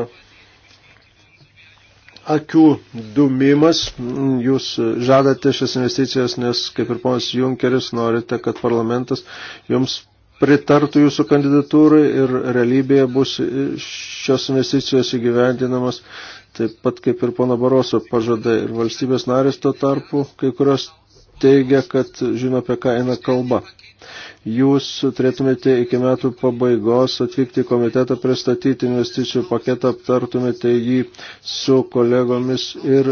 akių dumimas. Jūs žadate šias investicijas, nes, kaip ir ponas Junkeris, norite, kad parlamentas jums pritartų jūsų kandidatūrai ir realybėje bus šios investicijos įgyvendinamos taip pat kaip ir pono Baroso pažadai. Ir valstybės narės tuo tarpu kai kurios teigia, kad žino apie ką eina kalba jūs turėtumėte iki metų pabaigos atvykti į komitetą, pristatyti investicijų paketą, aptartumėte jį su kolegomis ir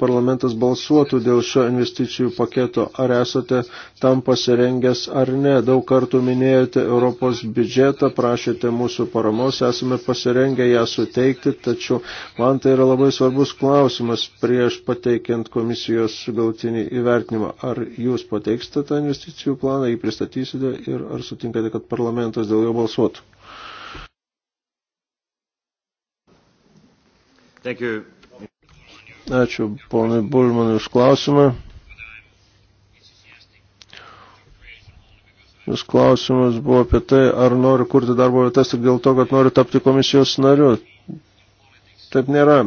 parlamentas balsuotų dėl šio investicijų paketo. Ar esate tam pasirengęs ar ne? Daug kartų minėjote Europos biudžetą, prašėte mūsų paramos, esame pasirengę ją suteikti, tačiau man tai yra labai svarbus klausimas prieš pateikiant komisijos gautinį įvertinimą. Ar jūs pateiksite tą investicijų planą, jį pristatysite? svarstysite ir ar sutinkate, kad parlamentas dėl jo balsuotų? Thank you. Ačiū ponui Bulmanui už klausimą. Jūs klausimas buvo apie tai, ar noriu kurti darbo vietas tik dėl to, kad noriu tapti komisijos nariu. Taip nėra.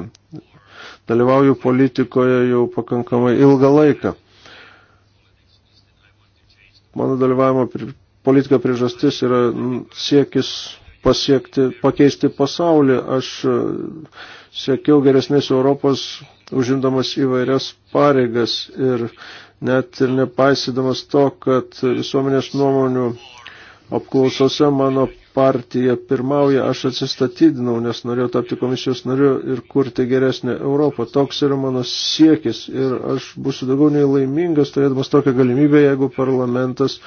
Dalyvauju politikoje jau pakankamai ilgą laiką. Mano dalyvavimo politika priežastis yra siekis pasiekti, pakeisti pasaulį. Aš e, siekiau geresnės Europos, užimdamas įvairias pareigas ir net ir nepaisydamas to, kad visuomenės nuomonių apklausose mano partija pirmauja, aš atsistatydinau, nes norėjau tapti komisijos nariu ir kurti geresnę Europą. Toks yra mano siekis ir aš būsiu daugiau nei laimingas, turėdamas tokią galimybę, jeigu parlamentas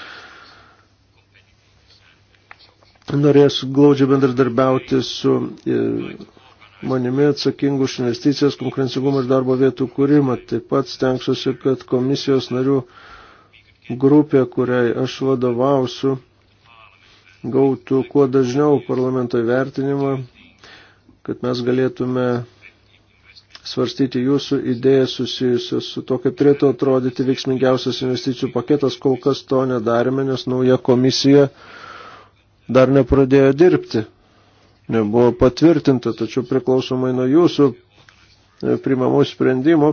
norės glaudžiai bendradarbiauti su e, manimi atsakingu už investicijas, konkurencingumą ir darbo vietų kūrimą. Taip pat stengsiuosi, kad komisijos narių grupė, kuriai aš vadovausiu, gautų kuo dažniau parlamento įvertinimą, kad mes galėtume svarstyti jūsų idėją susijusią su to, kaip turėtų atrodyti veiksmingiausias investicijų paketas, kol kas to nedarėme, nes nauja komisija dar nepradėjo dirbti. Nebuvo patvirtinta, tačiau priklausomai nuo jūsų e, primamų sprendimų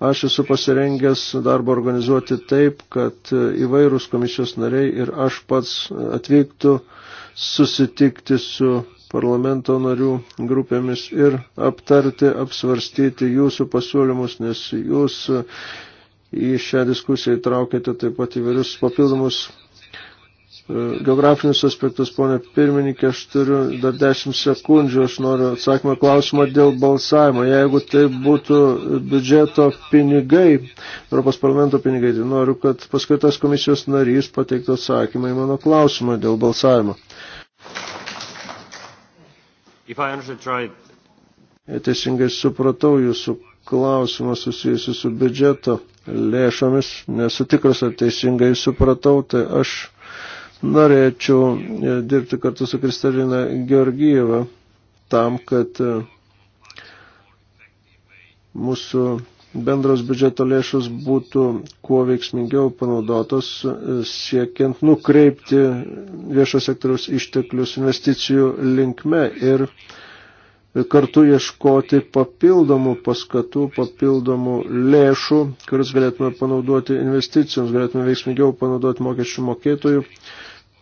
Aš esu pasirengęs darbą organizuoti taip, kad įvairūs komisijos nariai ir aš pats atvyktų susitikti su parlamento narių grupėmis ir aptarti, apsvarstyti jūsų pasiūlymus, nes jūs į šią diskusiją įtraukite taip pat įvairius papildomus geografinius aspektus, ponė pirmininkė, aš turiu dar 10 sekundžių, aš noriu atsakymą klausimą dėl balsavimo. Jeigu tai būtų biudžeto pinigai, Europos parlamento pinigai, tai noriu, kad paskaitas komisijos narys pateiktų atsakymą į mano klausimą dėl balsavimo. Jei teisingai supratau jūsų klausimą susijusiu su biudžeto lėšomis, nesu tikras, ar teisingai supratau, tai aš norėčiau e, dirbti kartu su Kristalina Georgijeva tam, kad e, mūsų bendros biudžeto lėšos būtų kuo veiksmingiau panaudotos, e, siekiant nukreipti viešo sektoriaus išteklius investicijų linkme ir kartu ieškoti papildomų paskatų, papildomų lėšų, kuris galėtume panaudoti investicijoms, galėtume veiksmingiau panaudoti mokesčių mokėtojų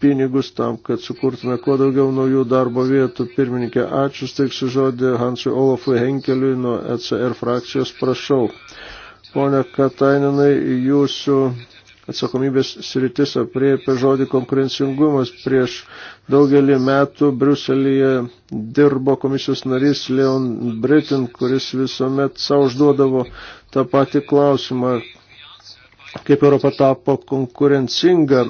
pinigus tam, kad sukurtume kuo daugiau naujų darbo vietų. Pirmininkė, ačiū, steiksiu žodį Hansui Olafui Henkeliui nuo ECR frakcijos, prašau. Pone Katainenai, jūsų atsakomybės sritis apriepia žodį konkurencingumas. Prieš daugelį metų Bruselėje dirbo komisijos narys Leon Britin, kuris visuomet savo užduodavo tą patį klausimą, kaip Europa tapo konkurencinga.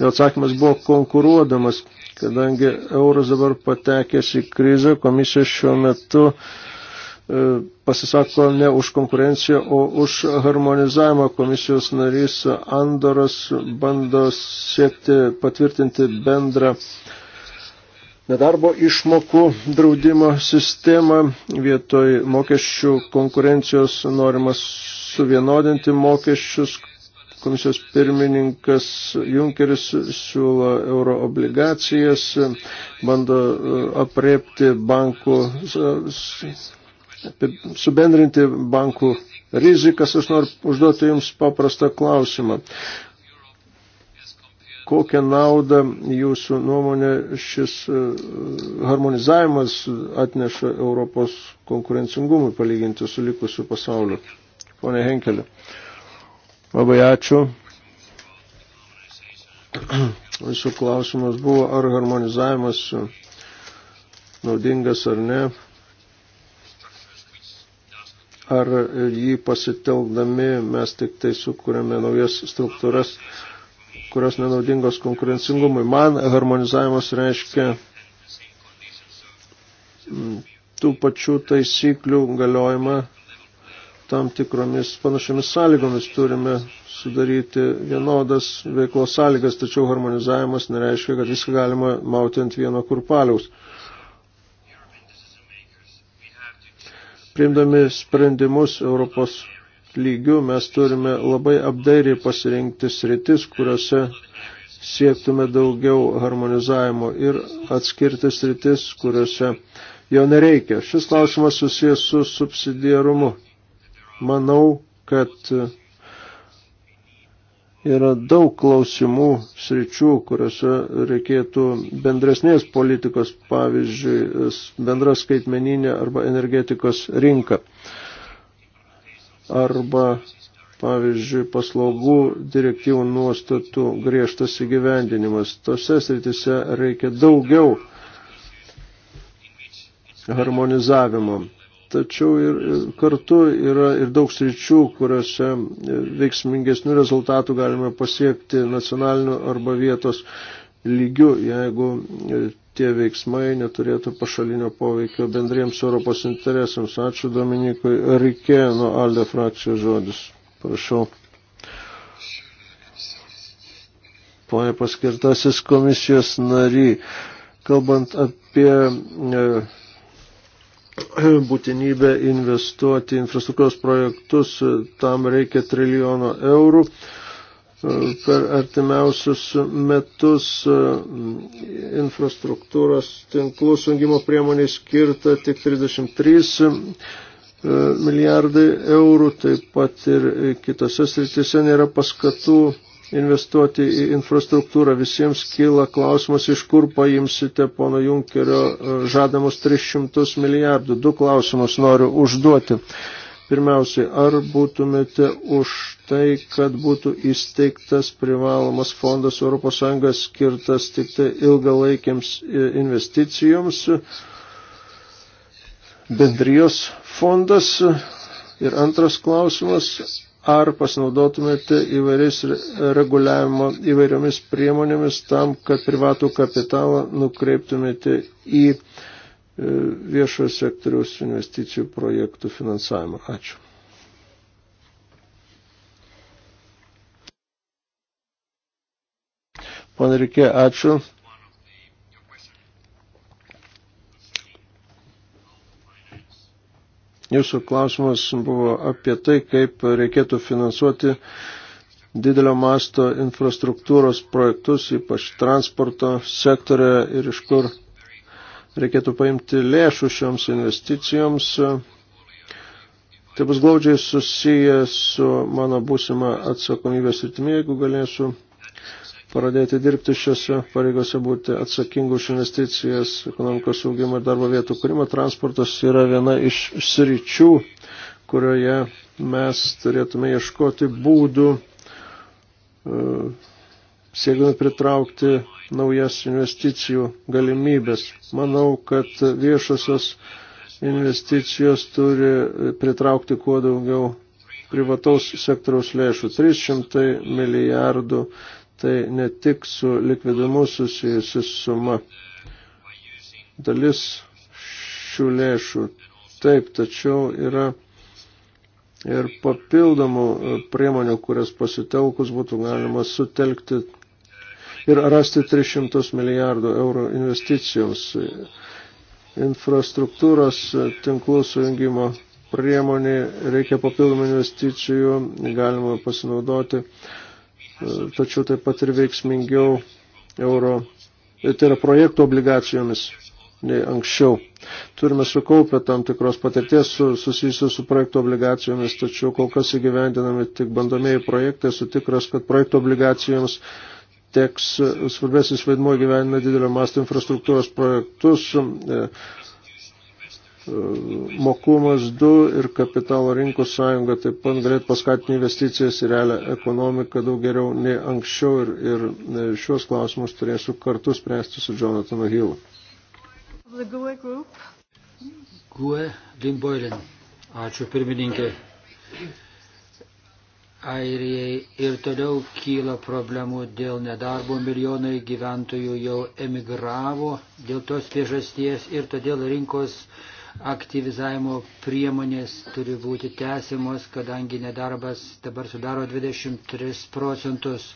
Ir atsakymas buvo konkuruodamas, kadangi euras dabar patekęs į krizę, komisija šiuo metu e, pasisako ne už konkurenciją, o už harmonizavimą. Komisijos narys Andoras bando siekti patvirtinti bendrą nedarbo išmokų draudimo sistemą vietoj mokesčių konkurencijos norimas suvienodinti mokesčius. Komisijos pirmininkas Junkeris siūlo euro obligacijas, bando e, apriepti bankų, e, subendrinti bankų rizikas. Aš noriu užduoti Jums paprastą klausimą kokią naudą jūsų nuomonė šis e, harmonizavimas atneša Europos konkurencingumui palyginti su likusiu pasauliu ponė Henkelė. Labai ačiū. Visų klausimas buvo, ar harmonizavimas naudingas ar ne. Ar jį pasitelkdami mes tik tai sukūrėme naujas struktūras, kurios nenaudingos konkurencingumui. Man harmonizavimas reiškia tų pačių taisyklių galiojimą tam tikromis panašiomis sąlygomis turime sudaryti vienodas veiklos sąlygas, tačiau harmonizavimas nereiškia, kad viską galima mauti ant vieno kurpaliaus. Priimdami sprendimus Europos lygių mes turime labai apdairiai pasirinkti sritis, kuriuose siektume daugiau harmonizavimo ir atskirti sritis, kuriuose jo nereikia. Šis klausimas susijęs su subsidiarumu. Manau, kad yra daug klausimų sričių, kuriuose reikėtų bendresnės politikos, pavyzdžiui, bendra skaitmeninė arba energetikos rinka. Arba, pavyzdžiui, paslaugų direktyvų nuostatų griežtas įgyvendinimas. Tose sritise reikia daugiau harmonizavimo tačiau ir kartu yra ir daug sričių, kuriuose e, veiksmingesnių rezultatų galime pasiekti nacionaliniu arba vietos lygiu, jeigu e, tie veiksmai neturėtų pašalinio poveikio bendriems Europos interesams. Ačiū Dominikui Rikė nuo Alde frakcijos žodis. Prašau. Pone paskirtasis komisijos nary, kalbant apie e, būtinybę investuoti infrastruktūros projektus, tam reikia trilijono eurų. Per artimiausius metus mm, infrastruktūros tinklų sungimo priemoniai skirta tik 33 e, milijardai eurų, taip pat ir kitose srityse nėra paskatų investuoti į infrastruktūrą. Visiems kyla klausimas, iš kur paimsite pono Junkerio e, žadamus 300 milijardų. Du klausimus noriu užduoti. Pirmiausiai, ar būtumėte už tai, kad būtų įsteigtas privalomas fondas ES skirtas tik tai ilgalaikiams e, investicijoms, bendrijos fondas? Ir antras klausimas, ar pasinaudotumėte įvairiais reguliavimo įvairiomis priemonėmis tam, kad privatų kapitalą nukreiptumėte į e, viešojo sektoriaus investicijų projektų finansavimą. Ačiū. Pan Rikė, ačiū. Jūsų klausimas buvo apie tai, kaip reikėtų finansuoti didelio masto infrastruktūros projektus, ypač transporto sektorė ir iš kur reikėtų paimti lėšų šioms investicijoms. Tai bus glaudžiai susiję su mano būsima atsakomybės rytimi, jeigu galėsiu pradėti dirbti šiuose pareigose, būti atsakingų už investicijas, ekonomikos augimą ir darbo vietų kūrimą. Transportas yra viena iš sričių, kurioje mes turėtume ieškoti būdų e, siekdami pritraukti naujas investicijų galimybės. Manau, kad viešosios investicijos turi pritraukti kuo daugiau privataus sektoriaus lėšų. 300 milijardų tai ne tik su likvidumu susijusi suma. Dalis šių lėšų taip, tačiau yra ir papildomų priemonių, kurias pasitelkus būtų galima sutelkti ir rasti 300 milijardų eurų investicijoms infrastruktūros tinklų sujungimo priemonė, reikia papildomų investicijų, galima pasinaudoti tačiau taip pat ir veiksmingiau euro, tai yra projektų obligacijomis nei anksčiau. Turime sukaupę tam tikros patirties su, susijusios su projektų obligacijomis, tačiau kol kas įgyvendinami tik bandomieji projektai, esu tikras, kad projektų obligacijoms teks svarbesnis vaidmuo gyvenime didelio masto infrastruktūros projektus. E, E, mokumas 2 ir kapitalo rinkų sąjunga taip pat galėtų paskatinti investicijas į realią ekonomiką daug geriau nei anksčiau ir, ir e, šios klausimus turėsiu kartu spręsti su Jonathanu Hillu. Gue Limboilin. E Ačiū pirmininkė. Airijai ir toliau kyla problemų dėl nedarbo, milijonai gyventojų jau emigravo dėl tos priežasties ir todėl rinkos uh, aktyvizavimo priemonės turi būti tęsimos, kadangi nedarbas dabar sudaro 23 procentus.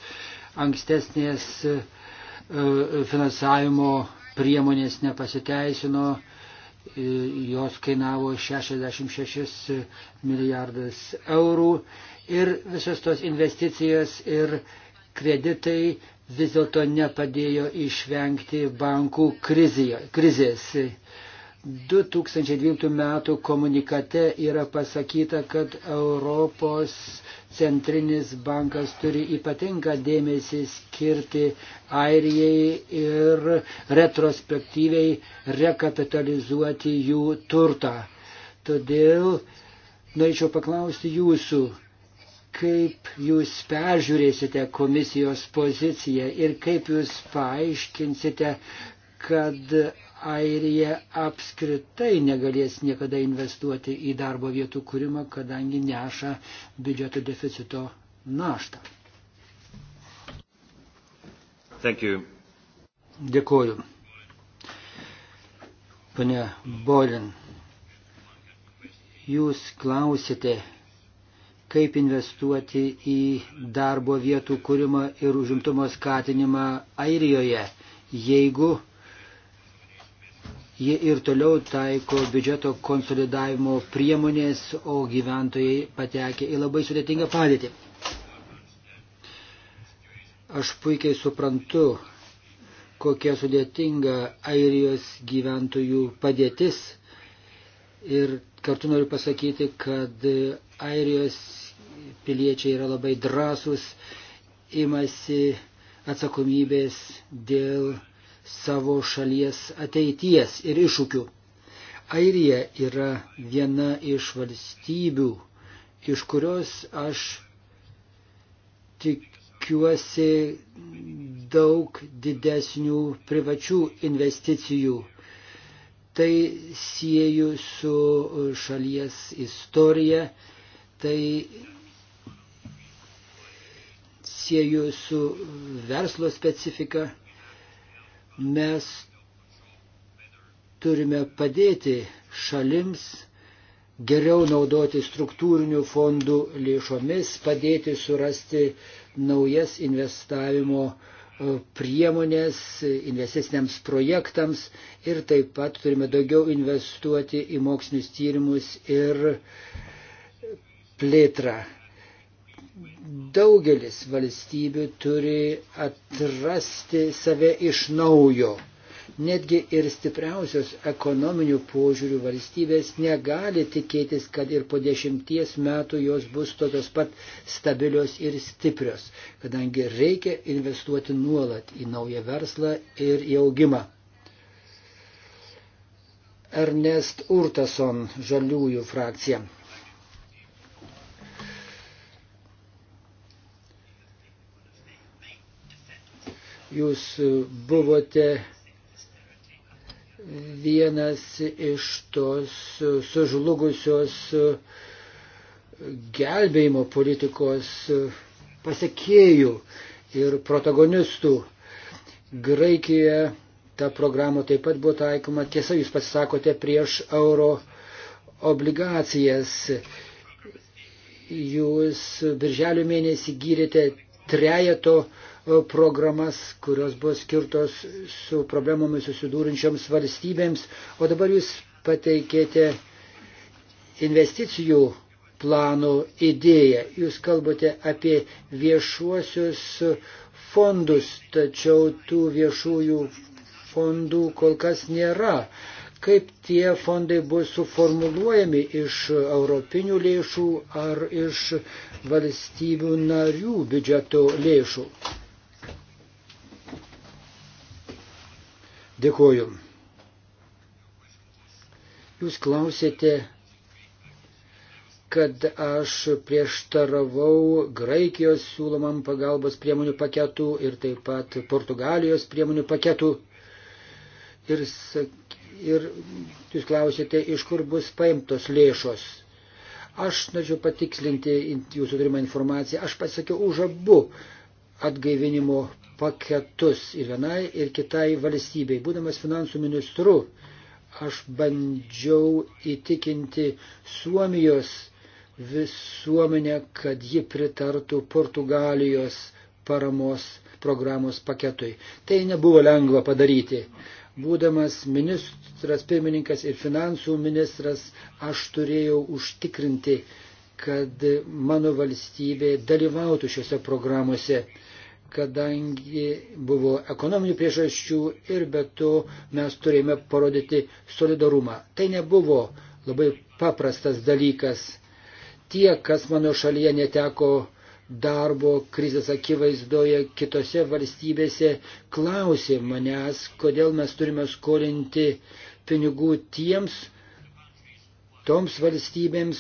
Ankstesnės e, finansavimo priemonės nepasiteisino, e, jos kainavo 66 milijardus eurų ir visos tos investicijos ir kreditai vis dėlto nepadėjo išvengti bankų krizės. 2012 metų komunikate yra pasakyta, kad Europos centrinis bankas turi ypatingą dėmesį skirti Airijai ir retrospektyviai rekapitalizuoti jų turtą. Todėl norėčiau paklausti jūsų, kaip jūs peržiūrėsite komisijos poziciją ir kaip jūs paaiškinsite, kad Airija apskritai negalės niekada investuoti į darbo vietų kūrimą, kadangi neša biudžeto deficito naštą. Thank you. Dėkuoju. Pane Bolin, jūs klausite, kaip investuoti į darbo vietų kūrimą ir užimtumo skatinimą Airijoje, jeigu Ji ir toliau taiko biudžeto konsolidavimo priemonės, o gyventojai patekė į labai sudėtingą padėtį. Aš puikiai suprantu, kokia sudėtinga Airijos gyventojų padėtis. Ir kartu noriu pasakyti, kad Airijos piliečiai yra labai drąsūs, imasi atsakomybės dėl savo šalies ateities ir iššūkių. Airija yra viena iš valstybių, iš kurios aš tikiuosi daug didesnių privačių investicijų. Tai sieju su šalies istorija, tai sieju su verslo specifika. Mes turime padėti šalims geriau naudoti struktūrinių fondų lėšomis, padėti surasti naujas investavimo e, priemonės investiciniams projektams ir taip pat turime daugiau investuoti į mokslinius tyrimus ir plėtrą daugelis valstybių turi atrasti save iš naujo. Netgi ir stipriausios ekonominių požiūrių valstybės negali tikėtis, kad ir po dešimties metų jos bus tokios pat stabilios ir stiprios, kadangi reikia investuoti nuolat į naują verslą ir į augimą. Ernest Urtason, žaliųjų frakcija. Jūs buvote vienas iš tos sužlugusios gelbėjimo politikos pasiekėjų ir protagonistų. Graikijoje ta programa taip pat buvo taikoma. Tiesa, jūs pasisakote prieš euro obligacijas. Jūs birželio mėnesį gyrėte trejeto programas, kurios buvo skirtos su problemomis susidūrinčioms valstybėms. O dabar jūs pateikėte investicijų plano idėją. Jūs kalbate apie viešuosius fondus, tačiau tų viešųjų fondų kol kas nėra. Kaip tie fondai bus suformuluojami iš europinių lėšų ar iš valstybių narių biudžeto lėšų? Dėkuoju. Jūs klausėte, kad aš prieštaravau Graikijos siūlomam pagalbos priemonių paketų ir taip pat Portugalijos priemonių paketų. Ir, ir jūs klausėte, iš kur bus paimtos lėšos. Aš norėčiau patikslinti jūsų turimą informaciją. Aš pasakiau už abu atgaivinimo paketus ir vienai, ir kitai valstybei. Būdamas finansų ministru, aš bandžiau įtikinti Suomijos visuomenę, kad ji pritartų Portugalijos paramos programos paketui. Tai nebuvo lengva padaryti. Būdamas ministras pirmininkas ir finansų ministras, aš turėjau užtikrinti, kad mano valstybė dalyvautų šiuose programuose kadangi buvo ekonominių priežasčių ir be to mes turėjome parodyti solidarumą. Tai nebuvo labai paprastas dalykas. Tie, kas mano šalyje neteko darbo krizės akivaizdoje kitose valstybėse, klausė manęs, kodėl mes turime skolinti pinigų tiems, toms valstybėms,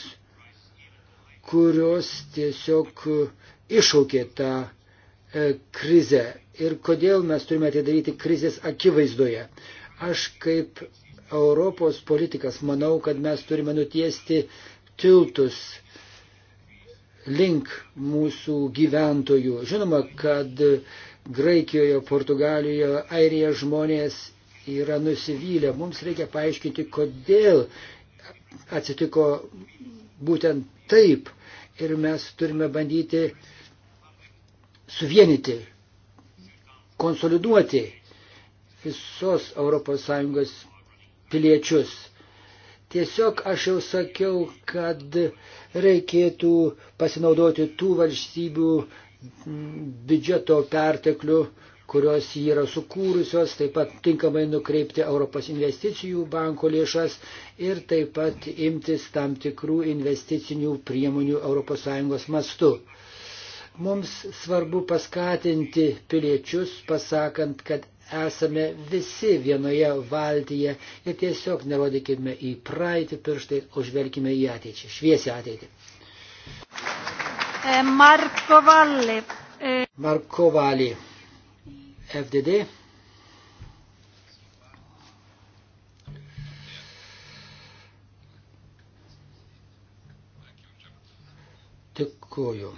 kurios tiesiog iššaukė tą E, krizę ir kodėl mes turime tai daryti krizės akivaizdoje. Aš kaip Europos politikas manau, kad mes turime nutiesti tiltus link mūsų gyventojų. Žinoma, kad Graikijoje, Portugalijoje, Airijoje žmonės yra nusivylę. Mums reikia paaiškinti, kodėl atsitiko būtent taip. Ir mes turime bandyti uh, suvienyti, konsoliduoti visos ES piliečius. Tiesiog aš jau sakiau, kad reikėtų pasinaudoti tų valstybių biudžeto perteklių, kurios jį yra sukūrusios, taip pat tinkamai nukreipti Europos investicijų banko lėšas ir taip pat imtis tam tikrų investicinių priemonių ES mastu. Mums svarbu paskatinti piliečius, pasakant, kad esame visi vienoje valtyje ir tiesiog nerodykime į praeitį pirštai, o žvelgime į ateitį, šviesią ateitį. E, Marko Valli. E. Marko Valli. FDD. Dėkuoju.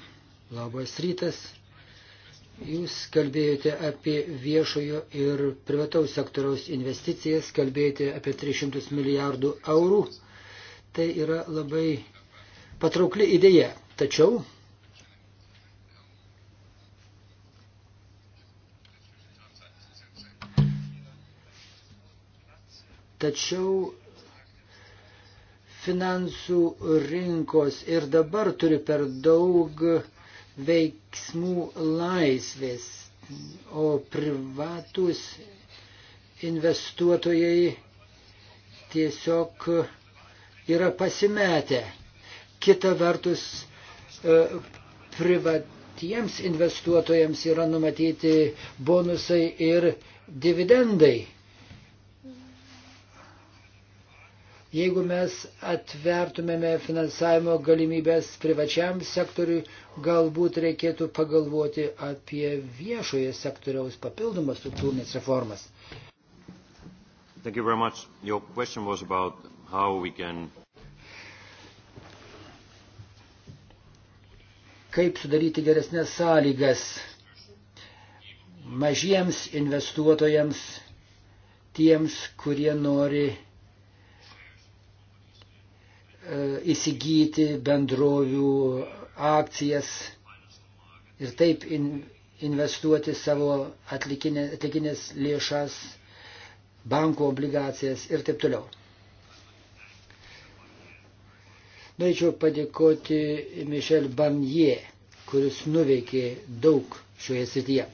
Labas rytas. Jūs kalbėjote apie viešojo ir privataus sektoriaus investicijas, kalbėjote apie 300 milijardų eurų. Tai yra labai patraukli idėja. Tačiau Tačiau finansų rinkos ir dabar turi per daug uh, veiksmų laisvės, o privatus investuotojai tiesiog yra pasimetę. Kita vertus, e, privatiems investuotojams yra numatyti bonusai ir dividendai. Jeigu mes atvertumėme finansavimo galimybės privačiam sektoriui, galbūt reikėtų pagalvoti apie viešoje sektoriaus papildomas struktūrinės reformas. You can... Kaip sudaryti geresnės sąlygas mažiems investuotojams, tiems, kurie nori E, įsigyti bendrovių akcijas ir taip in, investuoti savo atlikinė, atlikinės lėšas, bankų obligacijas ir taip toliau. Norėčiau padėkoti Mišel Banje, kuris nuveikė daug šioje srityje.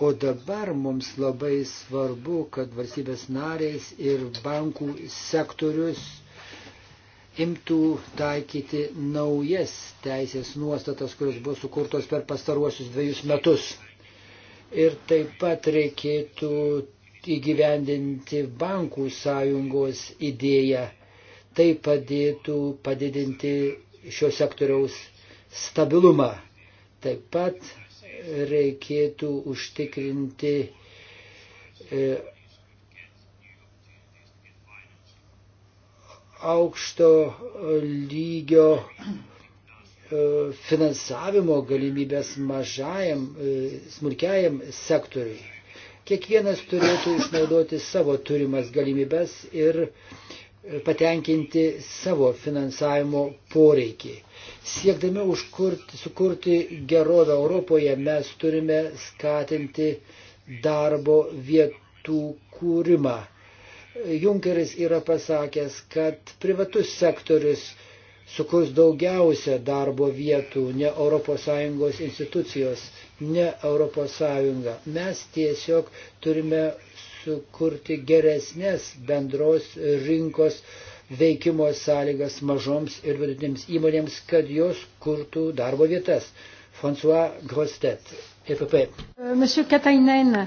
O dabar mums labai svarbu, kad valstybės narės ir bankų sektorius imtų taikyti naujas teisės nuostatas, kurios buvo sukurtos per pastaruosius dviejus metus. Ir taip pat reikėtų įgyvendinti bankų sąjungos idėją. Tai padėtų padidinti šio sektoriaus stabilumą. Taip pat reikėtų užtikrinti e, aukšto lygio e, finansavimo galimybės mažajam, e, smulkiajam sektoriui. Kiekvienas turėtų išnaudoti savo turimas galimybės ir patenkinti savo finansavimo poreikį. Siekdami užkurti, sukurti gerovę Europoje mes turime skatinti darbo vietų kūrimą Junkeris yra pasakęs, kad privatus sektorius sukurs daugiausia darbo vietų, ne ES institucijos, ne ES. Mes tiesiog turime sukurti geresnės bendros rinkos veikimo sąlygas mažoms ir vidutinėms įmonėms, kad jos kurtų darbo vietas. François Grostet, EPP. Euh, Monsieur Katainen,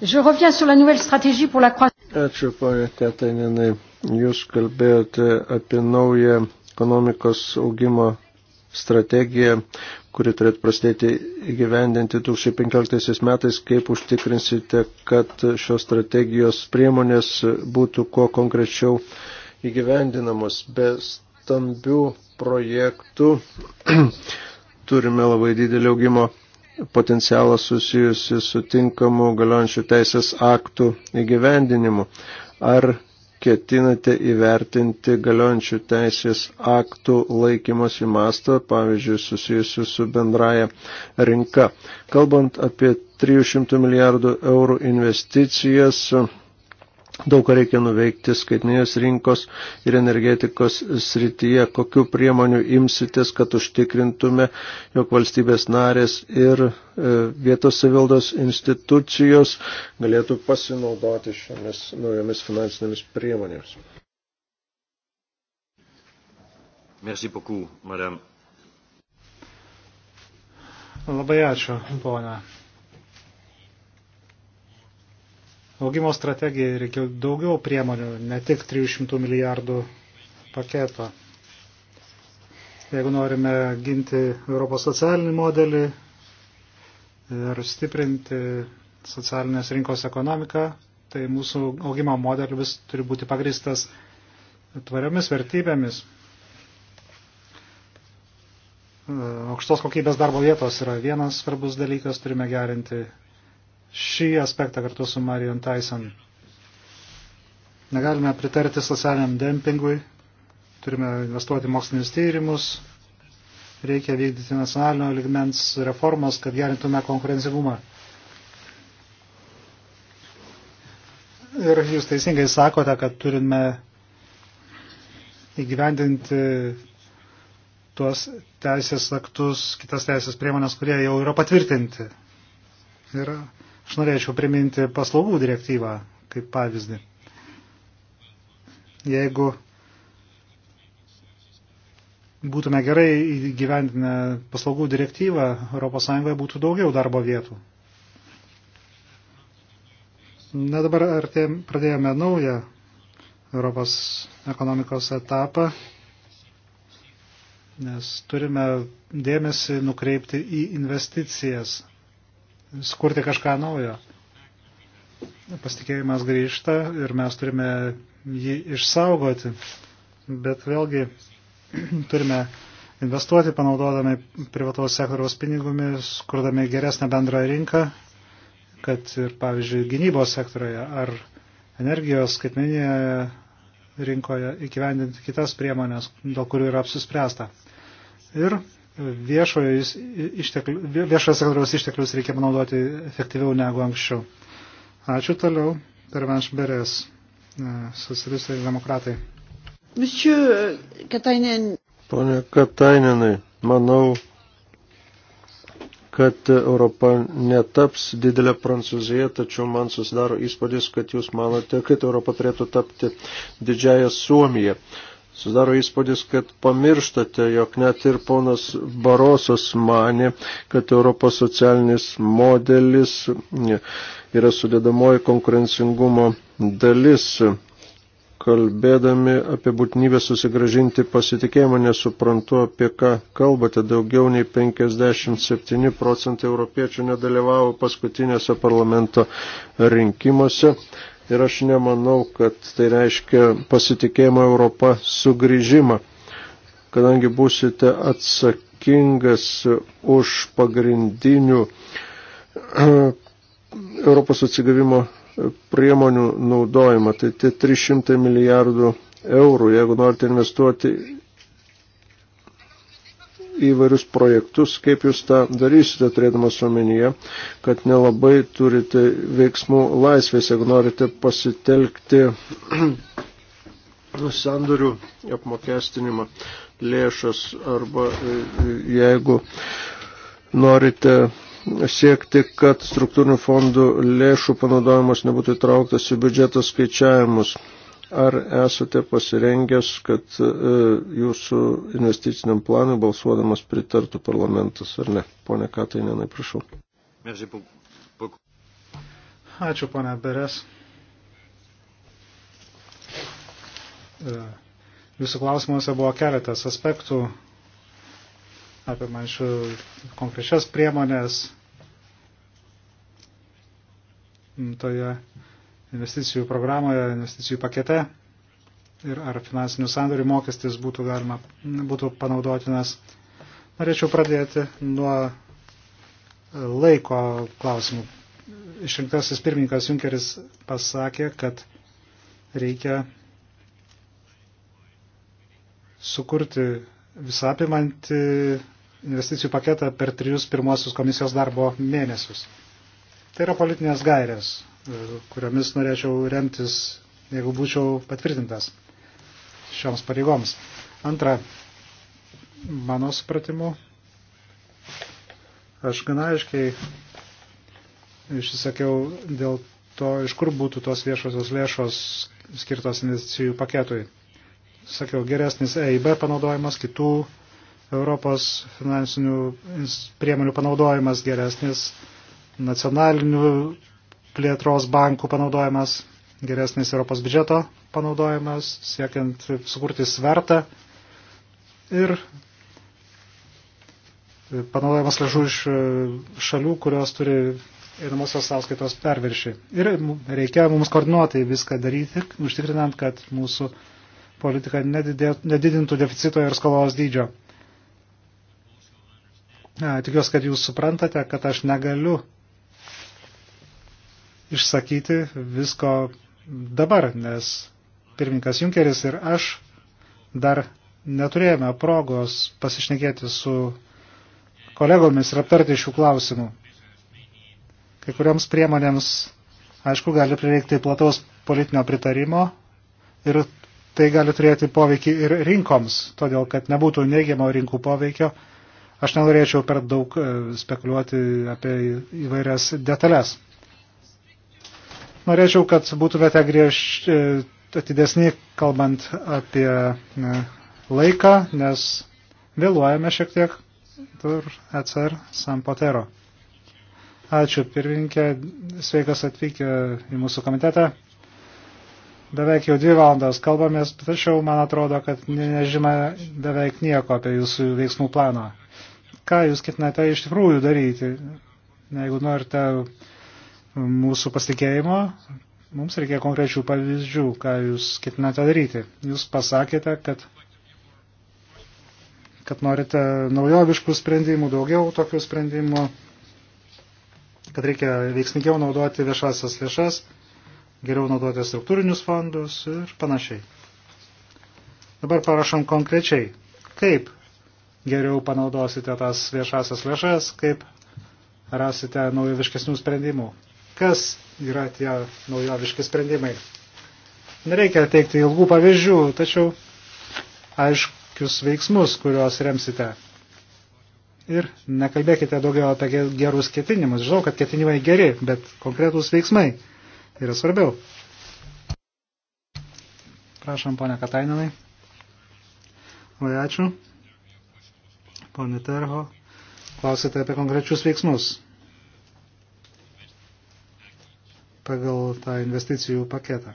je reviens sur la nouvelle stratégie pour la croissance. Ačiū, ponė Tetaninai. Jūs kalbėjote apie naują ekonomikos augimo strategiją, kuri turėtų prasidėti įgyvendinti 2015 metais, kaip užtikrinsite, kad šios strategijos priemonės būtų kuo konkrečiau įgyvendinamos. Be stambių projektų turime labai didelį augimo potencialą susijusi su tinkamu galiojančių teisės aktų įgyvendinimu. Ar ketinate įvertinti galiojančių teisės aktų laikymosi mastą, pavyzdžiui, susijusiu su bendraja rinka. Kalbant apie 300 milijardų eurų investicijas, daug ką reikia nuveikti skaitminės rinkos ir energetikos srityje, kokiu priemonių imsitės, kad užtikrintume, jog valstybės narės ir e, vietos savildos institucijos galėtų pasinaudoti šiomis naujomis finansinėmis priemonėmis. Merci beaucoup, madame. Labai ačiū, ponia. Augimo strategijai reikia daugiau priemonių, ne tik 300 milijardų paketo. Jeigu norime ginti Europos socialinį modelį ir stiprinti socialinės rinkos ekonomiką, tai mūsų augimo modelis turi būti pagristas tvariomis vertybėmis. Aukštos kokybės darbo vietos yra vienas svarbus dalykas, turime gerinti šį aspektą kartu su Marion Tyson. Negalime pritarti socialiniam dempingui, turime investuoti mokslinius tyrimus, reikia vykdyti nacionalinio ligmens reformas, kad gerintume konkurencingumą. Ir jūs teisingai sakote, kad turime įgyvendinti tuos teisės aktus, kitas teisės priemonės, kurie jau yra patvirtinti. Ir Aš norėčiau priminti paslaugų direktyvą kaip pavyzdį. Jeigu būtume gerai įgyvendinę paslaugų direktyvą, ES būtų daugiau darbo vietų. Na dabar artėm, pradėjome naują Europos ekonomikos etapą, nes turime dėmesį nukreipti į investicijas skurti kažką naujo. Pasitikėjimas grįžta ir mes turime jį išsaugoti, bet vėlgi turime investuoti, panaudodami privataus sektoriaus pinigumis, kurdami geresnę bendrą rinką, kad ir, pavyzdžiui, gynybos sektorioje ar energijos skaitmeninėje rinkoje įgyvendinti kitas priemonės, dėl kurių yra apsispręsta. Ir viešojo išteklių, viešojo sektoriaus išteklius reikia panaudoti efektyviau negu anksčiau. Ačiū toliau. Pervenš Berės, e, socialistai ir demokratai. Monsieur e, Katainen. Pone Katainenai, manau, kad Europa netaps didelė Prancūzija, tačiau man susidaro įspūdis, kad jūs manote, kad Europa turėtų tapti didžiąją Suomiją. Uh, Susidaro įspūdis, kad pamirštate, jog net ir ponas Barosas mane, kad Europos socialinis modelis yra sudėdamoji konkurencingumo dalis. Kalbėdami apie būtinybę susigražinti pasitikėjimą, nesuprantu, apie ką kalbate. Daugiau nei 57 procentai europiečių nedalyvavo paskutinėse parlamento rinkimuose ir aš nemanau, kad tai reiškia pasitikėjimo Europą sugrįžimą, kadangi būsite atsakingas už pagrindinių Europos atsigavimo priemonių naudojimą. Tai tie 300 milijardų eurų, jeigu norite investuoti įvairius projektus, kaip jūs tą darysite, turėdamas omenyje, kad nelabai turite veiksmų laisvės, jeigu norite pasitelkti sandorių apmokestinimą lėšas arba e, jeigu norite siekti, kad struktūrinių fondų lėšų panaudojimas nebūtų įtrauktas į biudžeto skaičiavimus. Ar esate pasirengęs, kad e, jūsų investiciniam planui balsuodamas pritartų parlamentas, ar ne? Pone Katainenai, prašau. Ačiū, pone Beres. E, jūsų klausimuose buvo keletas aspektų apie manšių konkrečias priemonės toje investicijų programoje, investicijų pakete ir ar finansinių sandorių mokestis būtų, galima, būtų panaudotinas. Norėčiau pradėti nuo laiko klausimų. Išrinktasis pirmininkas Junkeris pasakė, kad reikia sukurti visapimantį investicijų paketą per trijus pirmosius komisijos darbo mėnesius. Tai yra politinės gairės, kuriomis norėčiau remtis, jeigu būčiau patvirtintas šioms pareigoms. Antra, mano supratimu, aš gana aiškiai išsisakiau dėl to, iš kur būtų tos viešosios lėšos skirtos investicijų paketui. Sakiau, geresnis EIB panaudojimas, kitų Europos finansinių priemonių panaudojimas, geresnis nacionalinių plėtros bankų panaudojimas, geresnis Europos biudžeto panaudojimas, siekiant sukurti svertą ir panaudojimas lėšų iš e, šalių, kurios turi einamosios sąskaitos perviršį. Ir reikia mums koordinuotai viską daryti, užtikrinant, kad mūsų politika nedidintų deficito ir skolos dydžio. Tikiuosi, kad jūs suprantate, kad aš negaliu išsakyti visko dabar, nes pirmininkas Junkeris ir aš dar neturėjome progos pasišnekėti su kolegomis ir aptarti šių klausimų. Kai kurioms priemonėms, aišku, gali prireikti plataus politinio pritarimo ir tai gali turėti poveikį ir rinkoms, todėl kad nebūtų neigiamo rinkų poveikio. Aš nenorėčiau per daug e, spekuliuoti apie įvairias detalės. Norėčiau, kad būtumėte griež e, atidesni, kalbant apie e, laiką, nes vėluojame šiek tiek. Tur ECR Sampotero. Ačiū pirmininkė, sveikas atvykę į mūsų komitetą. Beveik jau dvi valandas kalbamės, tačiau man atrodo, kad nežinome beveik nieko apie jūsų veiksmų planą. Ką jūs ketinate iš tikrųjų daryti, jeigu norite mūsų pasitikėjimo, mums reikia konkrečių pavyzdžių, ką jūs ketinate daryti. Jūs pasakėte, kad, kad norite naujoviškų sprendimų, daugiau tokių sprendimų, kad reikia veiksmingiau naudoti viešasias lėšas, geriau naudoti struktūrinius fondus ir panašiai. Dabar parašom konkrečiai, kaip geriau panaudosite tas viešasias lėšas, kaip rasite naujoviškesnių sprendimų kas yra tie naujoviški sprendimai. Nereikia teikti ilgų pavyzdžių, tačiau aiškius veiksmus, kuriuos remsite. Ir nekalbėkite daugiau apie gerus ketinimus. Žinau, kad ketinimai geri, bet konkretūs veiksmai yra svarbiau. Prašom, ponia Katainanai. Labai ačiū. Pone Terho, klausite apie konkrečius veiksmus. pagal tą investicijų paketą.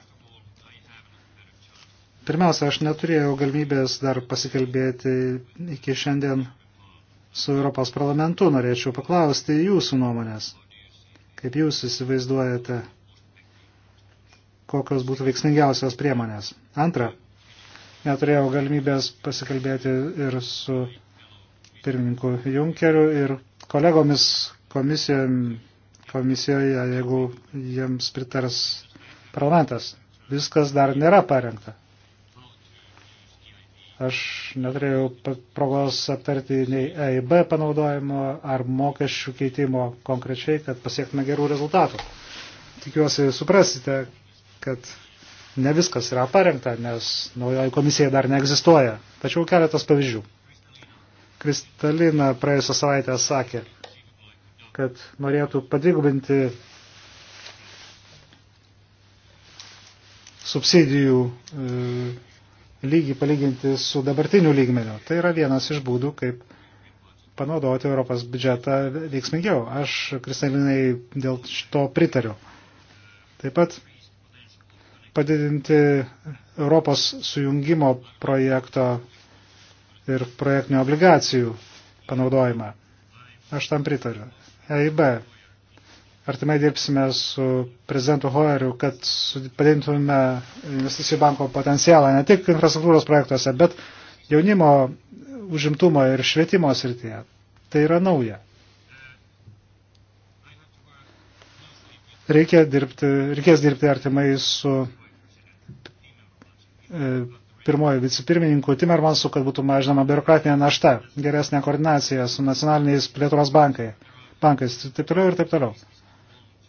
Pirmiausia, aš neturėjau galimybės dar pasikalbėti iki šiandien su Europos parlamentu. Norėčiau paklausti jūsų nuomonės. Kaip jūs įsivaizduojate, kokios būtų veiksmingiausios priemonės. Antra, neturėjau galimybės pasikalbėti ir su pirmininku Junkeriu ir kolegomis komisijomis komisijoje, jeigu jiems pritars parlamentas. Viskas dar nėra parengta. Aš neturėjau progos aptarti nei EIB panaudojimo ar mokesčių keitimo konkrečiai, kad pasiektume gerų rezultatų. Tikiuosi suprasite, kad ne viskas yra parengta, nes naujoji komisija dar neegzistuoja. Tačiau keletas pavyzdžių. Kristalina praėjusią savaitę sakė, kad norėtų padvigubinti subsidijų e, lygį palyginti su dabartiniu lygmeniu. Tai yra vienas iš būdų, kaip panaudoti Europos biudžetą veiksmingiau. Aš, Kristalinai, dėl to pritariu. Taip pat padidinti Europos sujungimo projekto ir projektinių obligacijų panaudojimą. Aš tam pritariu. EIB. Artimai dirbsime su prezidentu Hoeriu, kad padidintume investicijų banko potencialą ne tik infrastruktūros projektuose, bet jaunimo užimtumo ir švietimo srityje. Tai yra nauja. Reikia dirbti, reikės dirbti artimai su e, pirmoju vicepirmininku Timermansu, kad būtų mažinama biurokratinė našta, geresnė koordinacija su nacionaliniais plėtros bankai bankais, taip toliau ir taip toliau.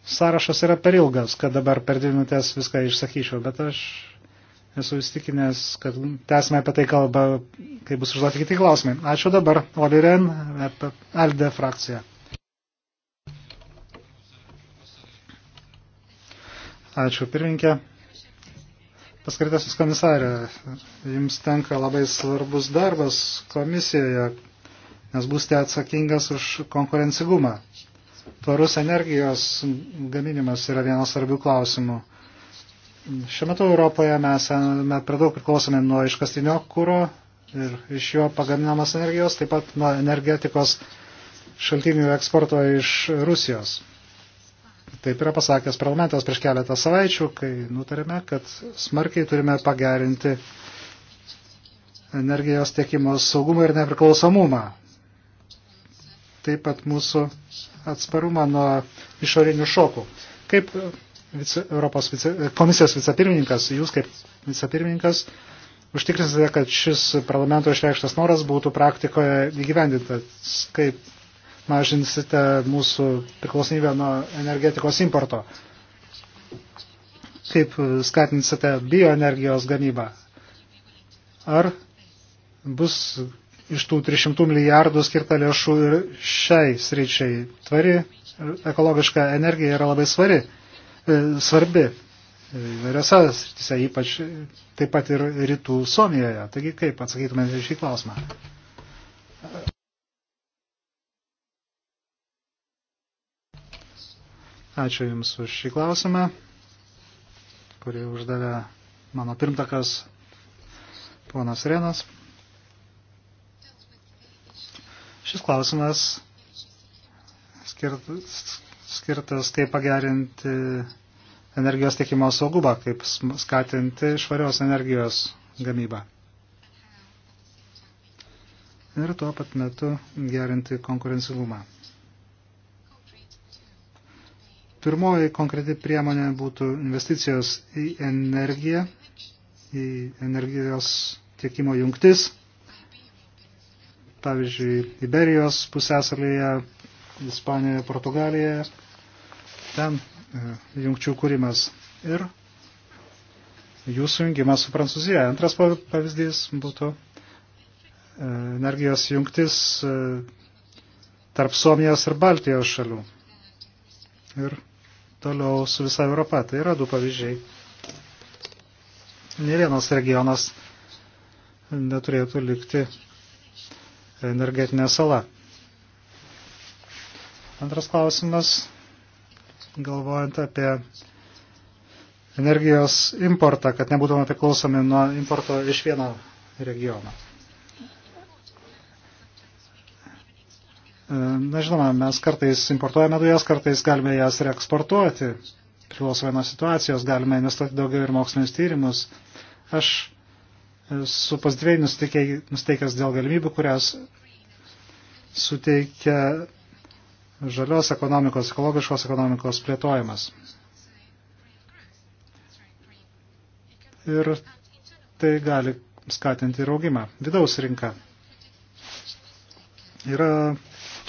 Sąrašas yra per ilgas, kad dabar per dvi minutės viską išsakyčiau, bet aš esu įstikinęs, kad tęsime apie tai kalbą, kai bus užduoti kiti klausimai. Ačiū dabar, Oli Ren, Alde frakcija. Ačiū pirminkė. Paskirtasis komisarė, jums tenka labai svarbus darbas komisijoje, nes būsite atsakingas už konkurencigumą. Tvarus energijos gaminimas yra vienas svarbių klausimų. Šiuo metu Europoje mes per daug priklausome nuo iškastinio kūro ir iš jo pagaminamos energijos, taip pat nuo energetikos šaltinių eksporto iš Rusijos. Taip yra pasakęs parlamentas prieš keletą savaičių, kai nutarėme, kad smarkiai turime pagerinti energijos tiekimo saugumą ir nepriklausomumą taip pat mūsų atsparumą nuo išorinių šokų. Kaip vice, Europos vice, komisijos vicepirmininkas, jūs kaip vicepirmininkas, užtikrinsite, kad šis parlamento išreikštas noras būtų praktikoje įgyvendintas, kaip mažinsite mūsų priklausomybę nuo energetikos importo, kaip skatinsite bioenergijos gamybą. Ar bus iš tų 300 milijardų skirta lėšų ir šiai sričiai. Tvari ekologiška energija yra labai svari, e, svarbi e, įvairiose srityse, ypač e, taip pat ir rytų Suomijoje. Taigi kaip atsakytumėte šį klausimą? Ačiū Jums už šį klausimą, kurį uždavė mano pirmtakas ponas Renas. Šis klausimas skirtas, skirtas kaip pagerinti energijos tiekimo saugumą, kaip skatinti švarios energijos gamybą. Ir tuo pat metu gerinti konkurencingumą. Pirmoji konkreti priemonė būtų investicijos į energiją, į energijos tiekimo jungtis pavyzdžiui, Iberijos pusėsalyje, Ispanijoje, Portugalijoje, ten e, jungčių kūrimas ir jų sujungimas su Prancūzija. Antras pavyzdys būtų e, energijos jungtis e, tarp Suomijos ir Baltijos šalių. Ir toliau su visa Europa. Tai yra du pavyzdžiai. Ne vienas regionas neturėtų likti energetinė sala. Antras klausimas, galvojant apie energijos importą, kad nebūtume priklausomi nuo importo iš vieno regiono. E, na žinoma, mes kartais importuojame dujas, kartais galime jas reeksportuoti. Priklausomai nuo situacijos galime investuoti daugiau ir mokslinius tyrimus. Aš su pozityviai nusteikęs dėl galimybių, kurias suteikia žalios ekonomikos, ekologiškos ekonomikos plėtojimas. Ir tai gali skatinti ir augimą. Vidaus rinka. Yra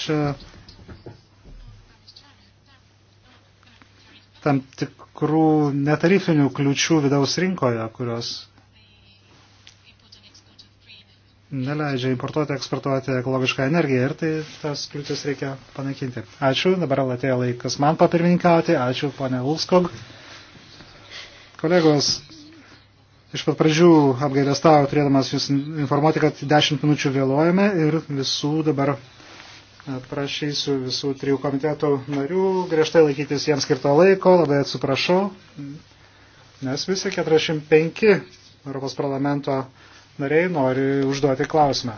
čia tam tikrų netarifinių kliučių vidaus rinkoje, kurios neleidžia importuoti, eksportuoti ekologišką energiją ir tai tas kliūtis reikia panaikinti. Ačiū, dabar atėjo laikas man papirmininkauti, ačiū ponė Ulskog. Kolegos, iš pat pradžių apgailestavo, turėdamas jūs informuoti, kad 10 minučių vėluojame ir visų dabar e, prašysiu visų trijų komitetų narių griežtai laikytis jiems skirto laiko, labai atsiprašau, nes visi 45 Europos parlamento nariai nori užduoti klausimą.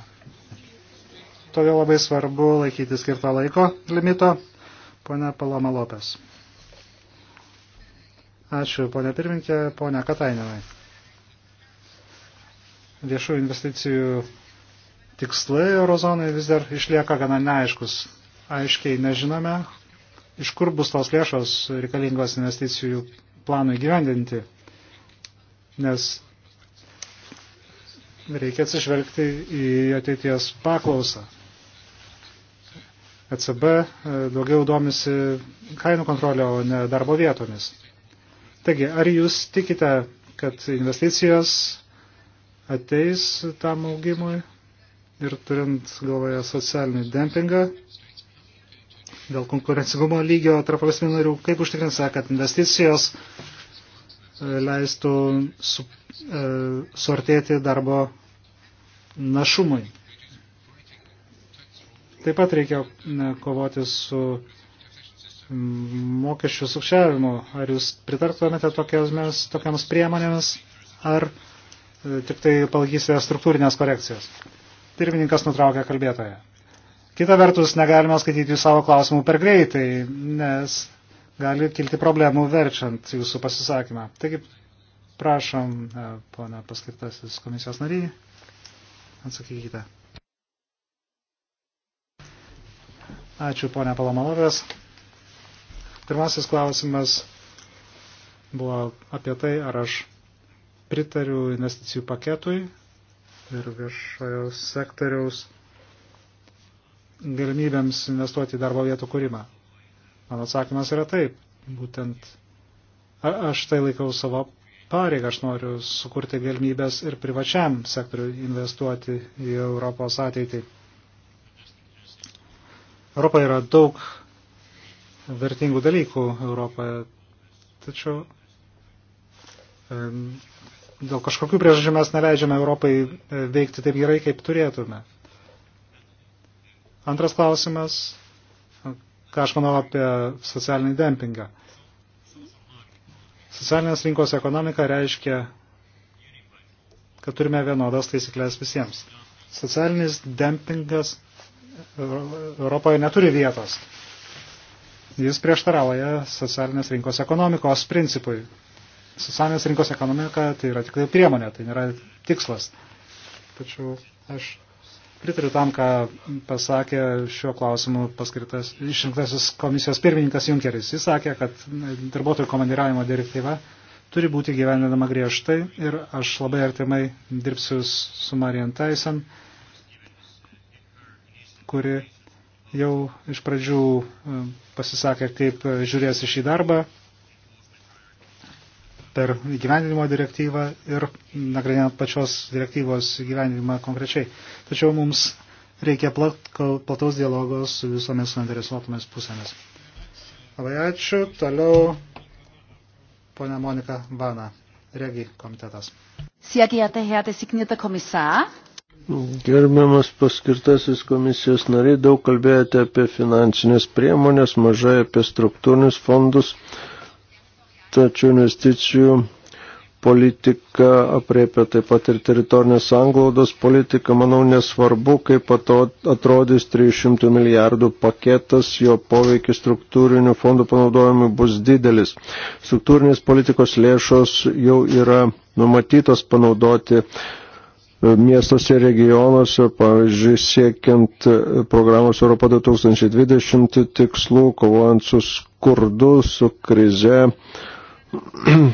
Todėl labai svarbu laikyti skirtą laiko limito. Pone Paloma Lopes. Ačiū, ponė pirminkė, ponė Katainenai. Viešų investicijų tikslai eurozonai vis dar išlieka gana neaiškus. Aiškiai nežinome, iš kur bus tos lėšos reikalingos investicijų planui gyvendinti, nes reikia atsižvelgti į ateities paklausą. ECB e, daugiau domisi kainų kontrolio, o ne darbo vietomis. Taigi, ar jūs tikite, kad investicijos ateis tam augimui ir turint galvoje socialinį dempingą dėl konkurencingumo lygio tarp valstybių narių, kaip užtikrinsite, kad investicijos e, leistų su, e, suartėti darbo našumui. Taip pat reikia kovoti su mm, mokesčių sukčiavimu. Ar jūs pritartumėte tokiams, tokiams priemonėmis, ar e, tik tai palaikysite struktūrinės korekcijas? Pirmininkas nutraukė kalbėtoją. Kita vertus, negalima skaityti savo klausimų per greitai, nes gali kilti problemų verčiant jūsų pasisakymą. Taigi, prašom, e, pana paskirtasis komisijos nariai. Atsakykite. Ačiū, ponia Palamanovės. Pirmasis klausimas buvo apie tai, ar aš pritariu investicijų paketui ir viešojo sektoriaus galimybėms investuoti į darbo vietų kūrimą. Mano atsakymas yra taip. Būtent aš tai laikau savo pareigą. Aš noriu sukurti galimybės ir privačiam sektoriui investuoti į Europos ateitį. Europoje yra daug vertingų dalykų Europoje, tačiau dėl kažkokių priežasčių mes neleidžiame Europai e, veikti taip gerai, kaip turėtume. Antras klausimas, ką aš manau apie socialinį dempingą. Socialinės rinkos ekonomika reiškia, kad turime vienodas taisyklės visiems. Socialinis dempingas Europoje neturi vietos. Jis prieštarauja socialinės rinkos ekonomikos principui. Socialinės rinkos ekonomika tai yra tik tai priemonė, tai nėra tikslas. Tačiau aš Pritariu tam, ką pasakė šiuo klausimu paskirtas išrinktasis komisijos pirmininkas Junkeris. Jis sakė, kad darbuotojų komandiravimo direktyva turi būti gyvenedama griežtai ir aš labai artimai dirbsiu su Marian Tyson, kuri jau iš pradžių e, pasisakė, kaip žiūrės į šį darbą per gyvendinimo direktyvą ir nagrinėjant pačios direktyvos gyvendinimą konkrečiai. Tačiau mums reikia plataus dialogo su visomis suinteresuotomis pusėmis. Labai ačiū. Toliau ponia Monika Vana, Regi komitetas. Siekiate, Herr designierter Kommissar. Gerbiamas paskirtasis komisijos nariai, daug kalbėjote apie finansinės priemonės, mažai apie struktūrinius fondus tačiau investicijų politika apriepia taip pat ir teritorinės sanglaudos politika. Manau, nesvarbu, kaip atrodys 300 milijardų paketas, jo poveikis struktūrinių fondų panaudojimui bus didelis. Struktūrinės politikos lėšos jau yra numatytos panaudoti e, miestuose ir regionuose, pavyzdžiui, siekiant e, programos Europa 2020 tikslų, kovojant su skurdu, su krize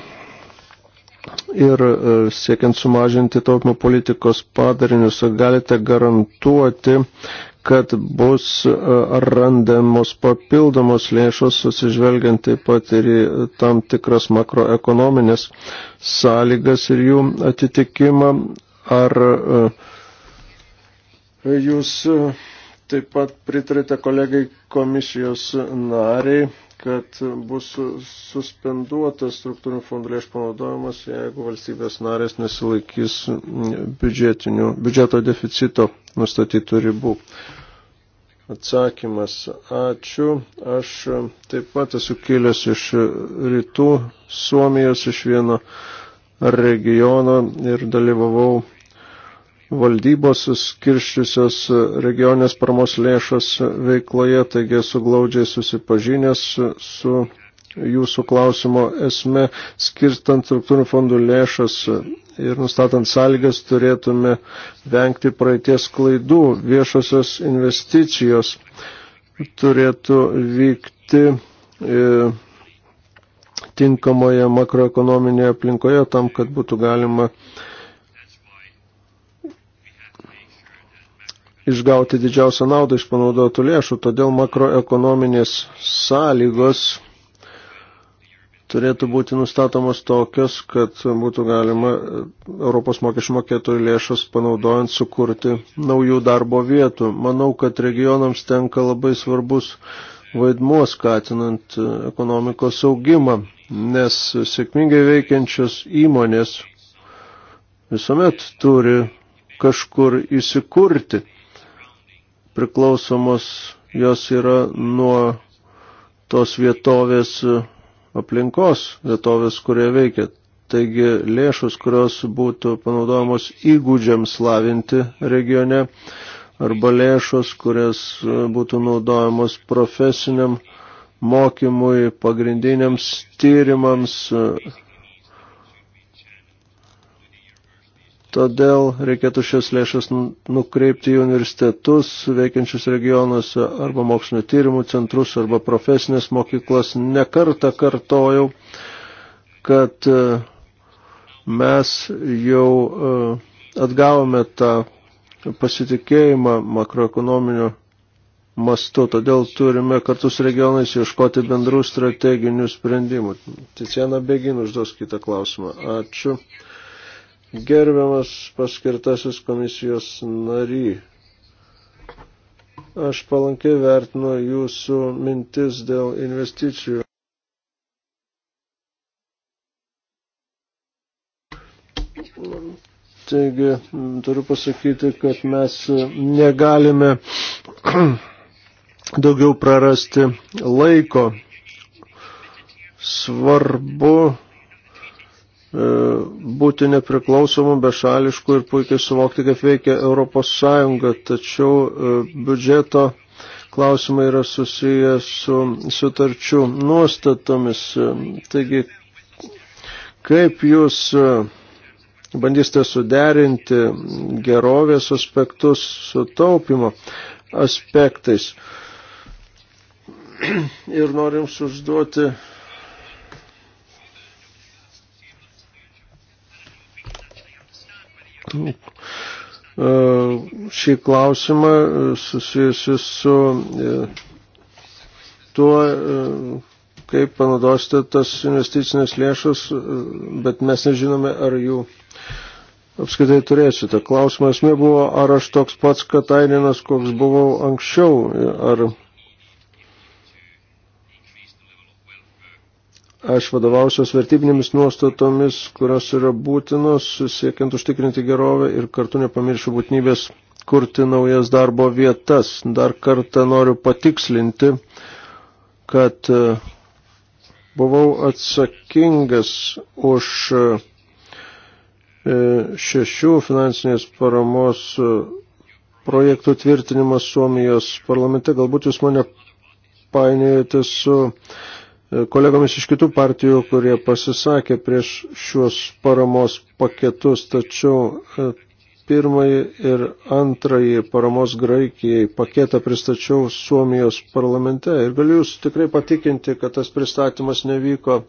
ir e, siekiant sumažinti taupimo politikos padarinius, galite garantuoti, kad bus e, randamos papildomos lėšos, susižvelgiant taip pat ir į tam tikras makroekonominės sąlygas ir jų atitikimą. Ar e, jūs taip pat pritarite kolegai komisijos nariai? kad bus suspenduotas struktūrinių fondų lėšų panaudojimas, jeigu valstybės narės nesilaikys biudžeto deficito nustatytų ribų. Atsakymas. Ačiū. Aš taip pat esu kilęs iš rytų Suomijos, iš vieno regiono ir dalyvavau valdybos skirščiusios regionės paramos lėšas veikloje, taigi esu glaudžiai susipažinęs su jūsų klausimo esme, skirtant struktūrų fondų lėšas ir nustatant sąlygas turėtume vengti praeities klaidų. Viešosios investicijos turėtų vykti e, tinkamoje makroekonominėje aplinkoje tam, kad būtų galima e, išgauti didžiausią naudą iš panaudotų lėšų, todėl makroekonominės sąlygos turėtų būti nustatomos tokios, kad būtų galima e, Europos mokesčių mokėtojų lėšas panaudojant sukurti naujų darbo vietų. Manau, kad regionams tenka labai svarbus vaidmuo skatinant e, ekonomikos augimą, nes sėkmingai veikiančios įmonės visuomet turi kažkur įsikurti priklausomos, jos yra nuo tos vietovės aplinkos, vietovės, kurie veikia. Taigi lėšus, kurios būtų panaudojamos įgūdžiams lavinti regione, arba lėšos, kurias būtų naudojamos profesiniam mokymui, pagrindiniams tyrimams, Todėl reikėtų šias lėšas nukreipti į universitetus, veikiančius regionuose arba mokslinio tyrimų centrus arba profesinės mokyklas. Nekartą kartojau, kad e, mes jau e, atgavome tą pasitikėjimą makroekonominio mastu, todėl turime kartu su regionais ieškoti bendrų strateginių sprendimų. Ticiana Begin užduos kitą klausimą. Ačiū. Gerbiamas paskirtasis komisijos nary, aš palankiai vertinu jūsų mintis dėl investicijų. Taigi, turiu pasakyti, kad mes negalime daugiau prarasti laiko. Svarbu E, būti nepriklausomų, bešališkų ir puikiai suvokti, kaip veikia Europos Sąjunga. Tačiau e, biudžeto klausimai yra susiję su sutarčių nuostatomis. E, taigi, kaip jūs bandysite suderinti gerovės aspektus su taupimo aspektais? Ir norim užduoti E, šį klausimą e, susijusiu su e, tuo, kaip panaudosite tas investicinės lėšas, bet mes nežinome, ar jų apskaitai turėsite. Klausimas mė buvo, ar aš toks pats Katainenas, koks buvau anksčiau, ar Aš vadovausios vertybinėmis nuostatomis, kurios yra būtinos, siekiant užtikrinti gerovę ir kartu nepamiršiu būtinybės kurti naujas darbo vietas. Dar kartą noriu patikslinti, kad e, buvau atsakingas už e, šešių finansinės paramos e, projektų tvirtinimą Suomijos parlamente. Galbūt jūs mane painėjate su kolegomis iš kitų partijų, kurie pasisakė prieš šiuos paramos paketus, tačiau e, pirmąjį ir antrąjį paramos Graikijai paketą pristačiau Suomijos parlamente ir galiu jūs tikrai patikinti, kad tas pristatymas nevyko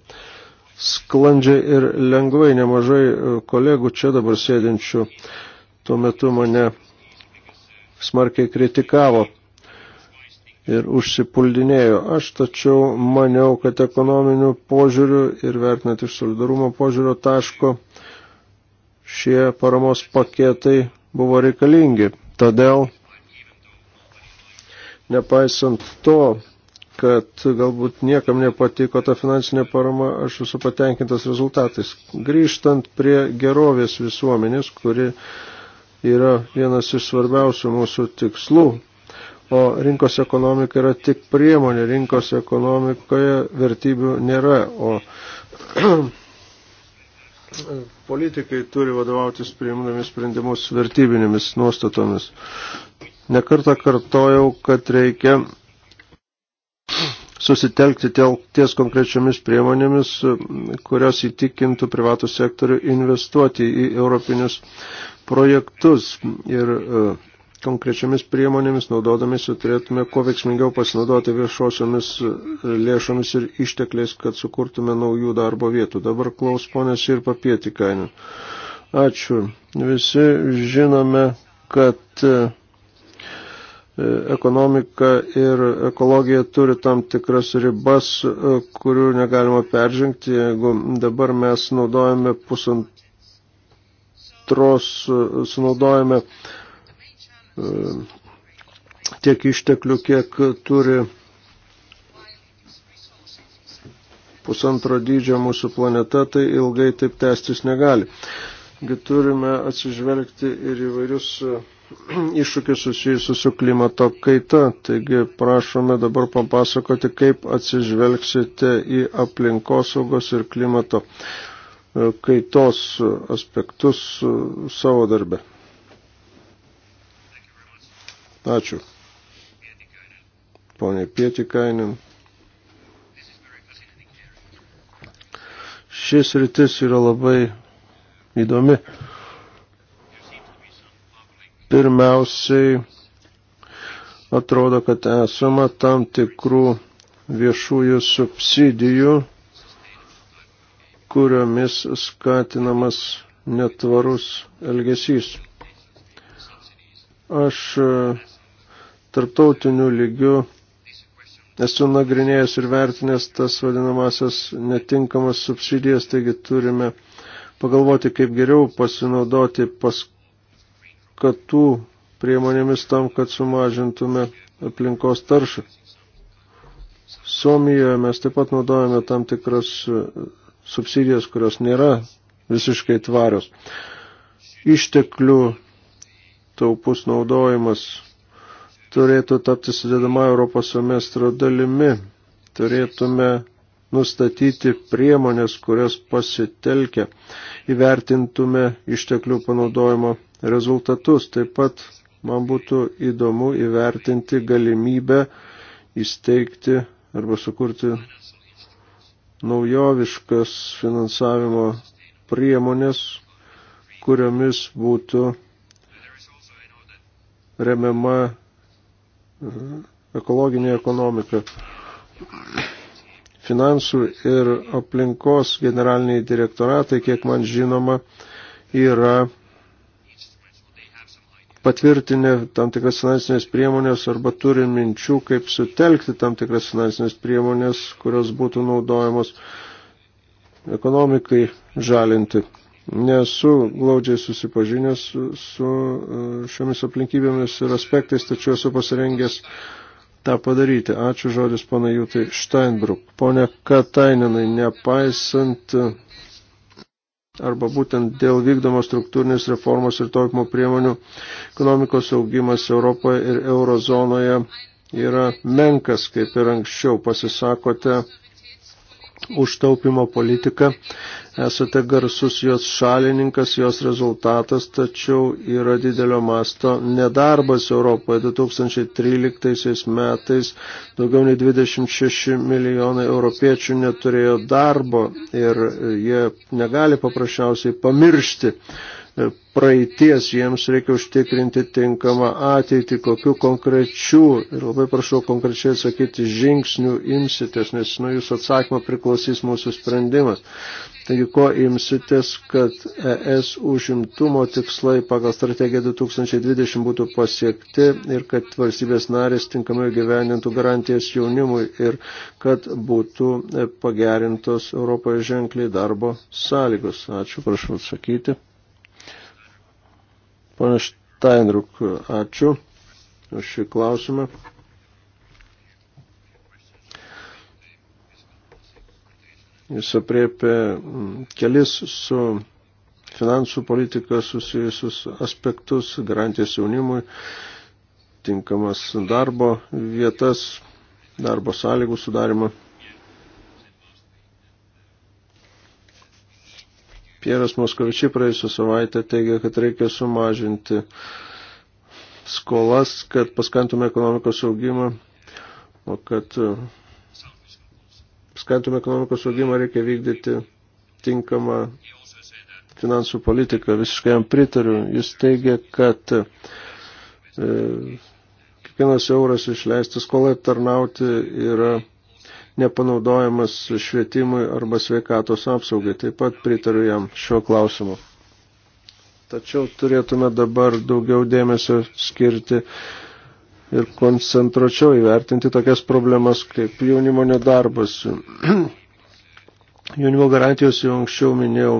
sklandžiai ir lengvai nemažai e, kolegų čia dabar sėdinčių tuo metu mane smarkiai kritikavo ir užsipuldinėjo. Aš tačiau maniau, kad ekonominių požiūrių ir vertinant iš solidarumo požiūrio taško šie paramos paketai buvo reikalingi. Todėl, nepaisant to, kad galbūt niekam nepatiko ta finansinė parama, aš esu patenkintas rezultatais. Grįžtant prie gerovės visuomenės, kuri yra vienas iš svarbiausių mūsų tikslų, o rinkos ekonomika yra tik priemonė. Rinkos ekonomikoje vertybių nėra, o politikai turi vadovautis priimdami sprendimus vertybinėmis nuostatomis. Nekartą kartojau, kad reikia susitelkti ties konkrečiomis priemonėmis, kurios įtikintų privatų sektorių investuoti į europinius projektus. Ir uh, konkrečiamis priemonėmis naudodamėsi turėtume kuo veiksmingiau pasinaudoti viešosiomis e, lėšomis ir ištekliais, kad sukurtume naujų darbo vietų. Dabar klaus ponės ir papėti kainų. Ačiū. Visi žinome, kad e, ekonomika ir ekologija turi tam tikras ribas, e, kurių negalima peržengti. Jeigu dabar mes naudojame pusantros, sunaudojame E, tiek išteklių, kiek turi pusantro dydžio mūsų planeta, tai ilgai taip tęstis negali. Turime atsižvelgti ir įvairius e, iššūkius susijusius su klimato kaita. Taigi prašome dabar papasakoti, kaip atsižvelgsite į aplinkosaugos ir klimato e, kaitos aspektus savo darbe. Ačiū. Pone Pietikainin. Šis rytis yra labai įdomi. Pirmiausiai atrodo, kad esama tam tikrų viešųjų subsidijų, kuriomis skatinamas netvarus elgesys. Aš tarptautiniu lygiu esu nagrinėjęs ir vertinęs tas vadinamasias netinkamas subsidijas, taigi turime pagalvoti, kaip geriau pasinaudoti paskatų priemonėmis tam, kad sumažintume aplinkos taršą. Suomijoje mes taip pat naudojame tam tikras e, subsidijas, kurios nėra visiškai tvarios. Išteklių taupus naudojimas turėtų tapti sudėdama Europos semestro dalimi. Turėtume nustatyti priemonės, kurias pasitelkę įvertintume išteklių panaudojimo rezultatus. Taip pat man būtų įdomu įvertinti galimybę įsteigti arba sukurti naujoviškas finansavimo priemonės, kuriomis būtų remiama Mhm. ekologinė ekonomika. Finansų ir aplinkos generaliniai direktoratai, kiek man žinoma, yra patvirtinę tam tikras finansinės priemonės arba turi minčių, kaip sutelkti tam tikras finansinės priemonės, kurios būtų naudojamos ekonomikai žalinti nesu glaudžiai susipažinęs su e, šiomis aplinkybėmis ir aspektais, tačiau esu pasirengęs tą padaryti. Ačiū žodis pana Jūtai Steinbruk. Pone Katainenai, nepaisant arba būtent dėl vykdomos struktūrinės reformos ir taupimo priemonių, ekonomikos augimas Europoje ir eurozonoje yra menkas, kaip ir anksčiau pasisakote užtaupimo politiką. Esate garsus jos šalininkas, jos rezultatas, tačiau yra didelio masto nedarbas Europoje. 2013 metais daugiau nei 26 milijonai europiečių neturėjo darbo ir jie negali paprasčiausiai pamiršti praeities, jiems reikia užtikrinti tinkamą ateitį, kokiu konkrečiu ir labai prašau konkrečiai atsakyti žingsnių imsitės, nes nuo jūsų atsakymo priklausys mūsų sprendimas. Taigi, ko imsitės, kad ES užimtumo tikslai pagal strategiją 2020 būtų pasiekti ir kad valstybės narės tinkamai gyvenintų garantijas jaunimui ir kad būtų pagerintos Europoje ženkliai darbo sąlygos. Ačiū, prašau atsakyti. Pane Steinruk, ačiū už šį klausimą. Jis apriepė mm, kelis su finansų politika susijusius aspektus, garantijas jaunimui, tinkamas darbo vietas, darbo sąlygų sudarimą. Pieras Moskovičiai praėjusią savaitę teigia, kad reikia sumažinti skolas, kad paskantume ekonomikos augimą, o kad e, paskantume ekonomikos augimą reikia vykdyti tinkamą finansų politiką. Visiškai jam pritariu. Jis teigia, kad e, kiekvienas euras išleistas skolai tarnauti yra nepanaudojamas švietimui arba sveikatos apsaugai. Taip pat pritariu jam šiuo klausimu. Tačiau turėtume dabar daugiau dėmesio skirti ir koncentruočiau įvertinti tokias problemas kaip jaunimo nedarbas. jaunimo garantijos jau anksčiau minėjau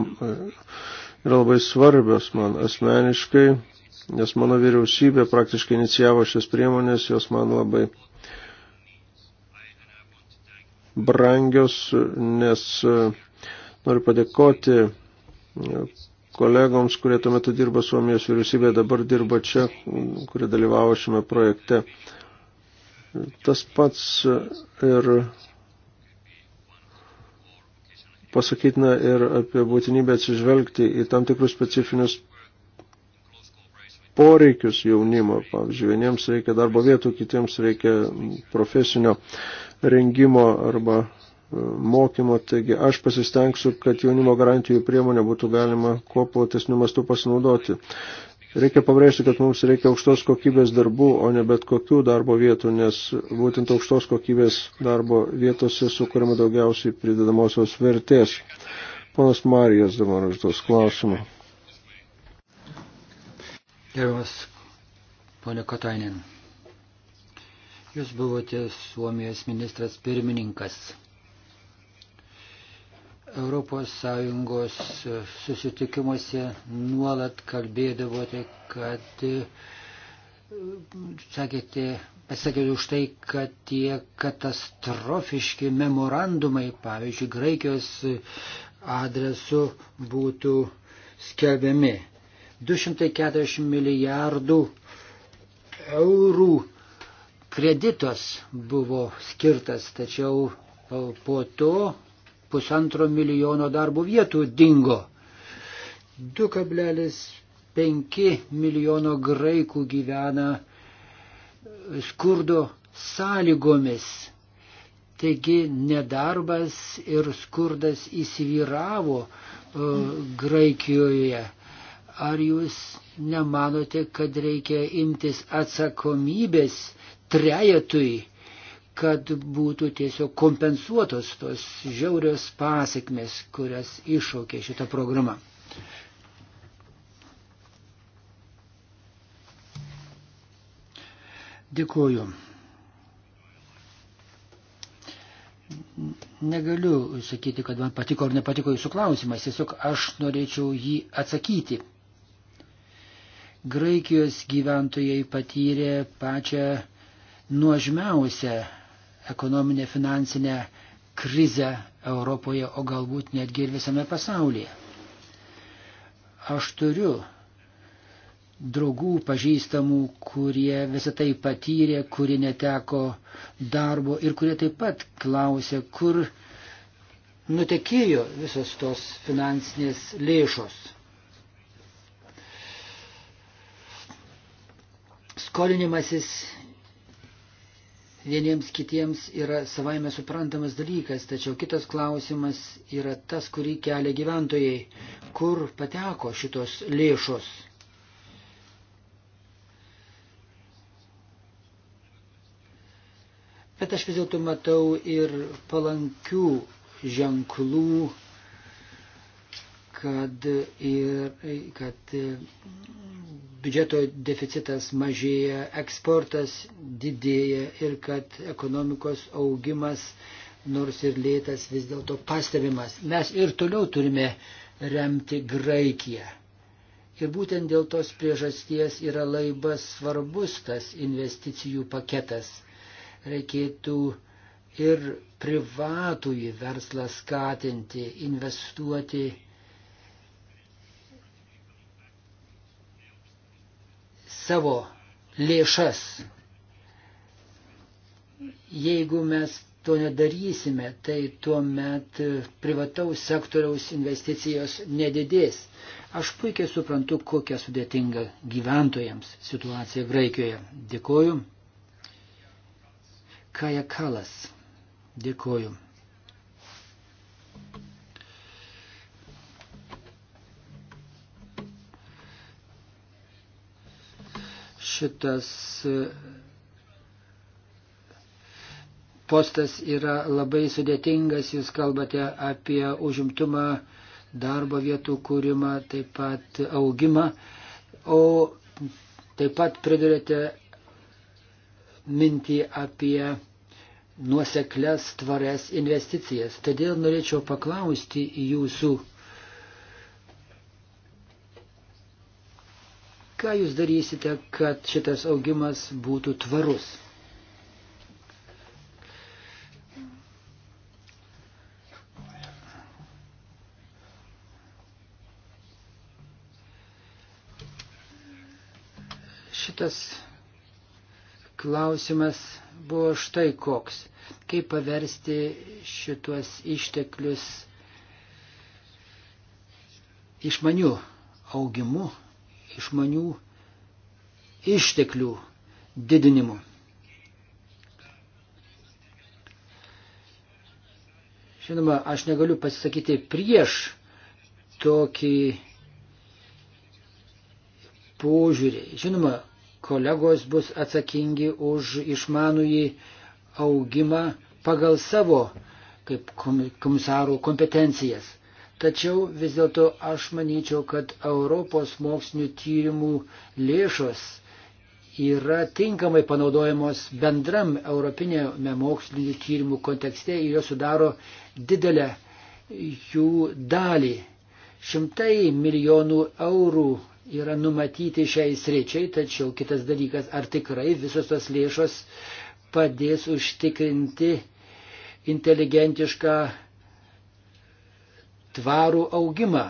yra labai svarbios man asmeniškai, nes mano vyriausybė praktiškai inicijavo šias priemonės, jos man labai brangios, nes e, noriu padėkoti e, kolegoms, kurie tuo metu dirba Suomijos vyriausybė, dabar dirba čia, kurie dalyvavo šiame projekte. Tas pats e, ir pasakytina ir apie būtinybę atsižvelgti į tam tikrus specifinius poreikius jaunimo. Pavyzdžiui, vieniems reikia darbo vietų, kitiems reikia profesinio rengimo arba e, mokymo. Taigi aš pasistengsiu, kad jaunimo garantijų priemonę būtų galima kuo platesniu mastu pasinaudoti. Reikia pabrėžti, kad mums reikia aukštos kokybės darbų, o ne bet kokių darbo vietų, nes būtent aukštos kokybės darbo vietose sukūrima daugiausiai pridedamosios vertės. Ponas Marijas dabar užduos klausimą. Gerbiamas ponė Katainen, jūs buvote Suomijos ministras pirmininkas. Europos Sąjungos susitikimuose nuolat kalbėdavote, kad sakėte, pasakėte už tai, kad tie katastrofiški memorandumai, pavyzdžiui, Graikijos adresu būtų skelbiami. 240 milijardų eurų kreditas buvo skirtas, tačiau e, po to pusantro milijono darbo vietų dingo. 2,5 milijono graikų gyvena e, skurdo sąlygomis. Taigi nedarbas ir skurdas įsivyravo e, Graikijoje ar jūs nemanote, kad reikia imtis atsakomybės trejetui, kad būtų tiesiog kompensuotos tos žiaurios pasiekmes, kurias iššaukė šita programa? Dėkuoju. Negaliu sakyti, kad man patiko ar nepatiko jūsų klausimas, tiesiog aš norėčiau jį atsakyti. Graikijos gyventojai patyrė pačią nuožmiausią ekonominę finansinę krizę Europoje, o galbūt netgi ir visame pasaulyje. Aš turiu draugų pažįstamų, kurie visą tai patyrė, kurie neteko darbo ir kurie taip pat klausė, kur nutekėjo visos tos finansinės lėšos. skolinimasis vieniems kitiems yra savaime suprantamas dalykas, tačiau kitas klausimas yra tas, kurį kelia gyventojai, kur pateko šitos lėšos. Bet aš vis dėlto matau ir palankių ženklų kad, ir, kad biudžeto deficitas mažėja, eksportas didėja ir kad ekonomikos augimas, nors ir lėtas, vis dėlto pastebimas. Mes ir toliau turime remti Graikiją. Ir būtent dėl tos priežasties yra laibas svarbus tas investicijų paketas. Reikėtų ir privatųjį verslą skatinti, investuoti savo lėšas. Jeigu mes to nedarysime, tai tuo met privataus sektoriaus investicijos nedidės. Aš puikiai suprantu, kokia sudėtinga gyventojams situacija Graikijoje. Dėkoju. Kaja Kalas. Dėkoju. šitas e, postas yra labai sudėtingas, jūs kalbate apie užimtumą, darbo vietų kūrimą, taip pat augimą, o taip pat pridurėte mintį apie nuoseklės tvarias investicijas. Todėl norėčiau paklausti jūsų Ką jūs darysite, kad šitas augimas būtų tvarus? Šitas klausimas buvo štai koks. Kaip paversti šituos išteklius išmanių augimu išmanių išteklių didinimu. Žinoma, aš negaliu pasisakyti prieš tokį požiūrį. Žinoma, kolegos bus atsakingi už išmanųjį augimą pagal savo kaip komisarų kompetencijas. Tačiau vis dėlto aš manyčiau, kad Europos mokslinių tyrimų lėšos yra tinkamai panaudojamos bendram europinėme mokslinių tyrimų kontekste ir jos sudaro didelę jų dalį. Šimtai milijonų eurų yra numatyti šiai sričiai, tačiau kitas dalykas, ar tikrai visos tos lėšos padės užtikrinti inteligentišką tvarų augimą.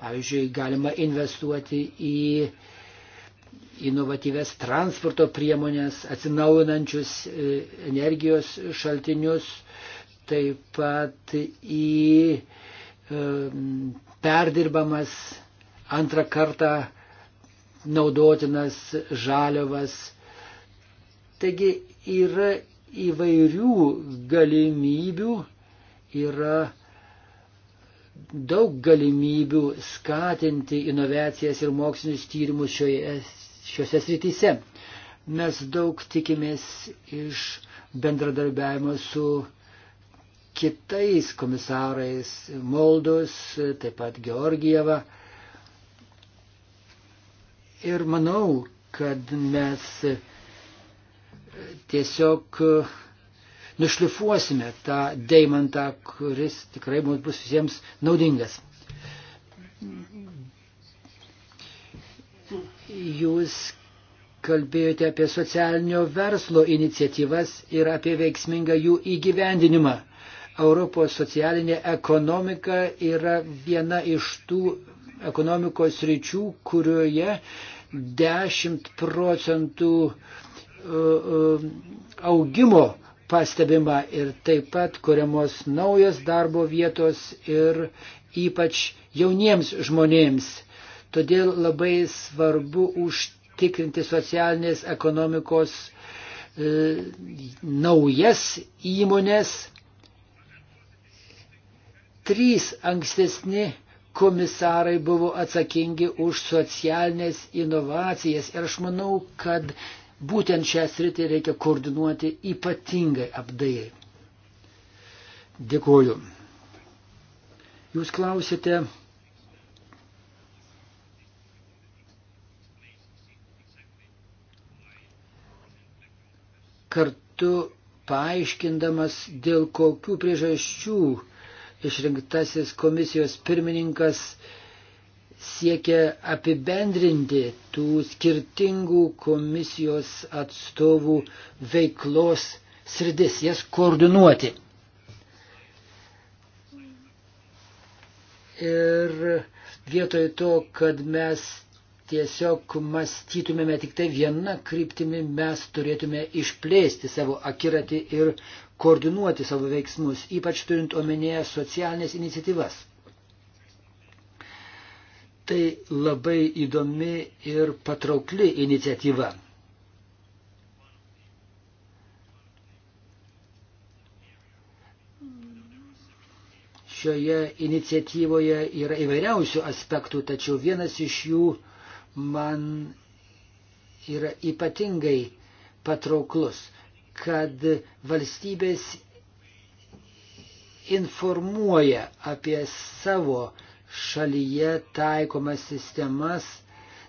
Pavyzdžiui, galima investuoti į inovatyves transporto priemonės, atsinaujinančius e, energijos šaltinius, taip pat į perdirbamas antrą kartą naudotinas žaliavas. Taigi yra įvairių galimybių, yra daug galimybių skatinti inovacijas ir mokslinius tyrimus šioje, šiuose srityse. Mes daug tikimės iš bendradarbiavimo su kitais komisarais Moldos, taip pat Georgieva. Ir manau, kad mes tiesiog nušlifuosime tą deimantą, kuris tikrai mums bus visiems naudingas. Jūs kalbėjote apie socialinio verslo iniciatyvas ir apie veiksmingą jų įgyvendinimą. Europos socialinė ekonomika yra viena iš tų ekonomikos ryčių, kurioje 10 procentų uh, um, augimo pastebima ir taip pat kuriamos naujos darbo vietos ir ypač jauniems žmonėms. Todėl labai svarbu užtikrinti socialinės ekonomikos e, naujas įmonės. Trys ankstesni komisarai buvo atsakingi už socialinės inovacijas ir aš manau, kad būtent šią sritį reikia koordinuoti ypatingai apdairiai. Dėkuoju. Jūs klausėte, kartu paaiškindamas, dėl kokių priežasčių išrinktasis komisijos pirmininkas siekia apibendrinti tų skirtingų komisijos atstovų veiklos sritis, jas koordinuoti. Ir vietoj to, kad mes tiesiog mąstytumėme tik tai vieną kryptimį, mes turėtume išplėsti savo akiratį ir koordinuoti savo veiksmus, ypač turint omenyje socialinės iniciatyvas. Tai labai įdomi ir patraukli iniciatyva. Šioje iniciatyvoje yra įvairiausių aspektų, tačiau vienas iš jų man yra ypatingai patrauklus, kad valstybės informuoja apie savo šalyje taikomas sistemas,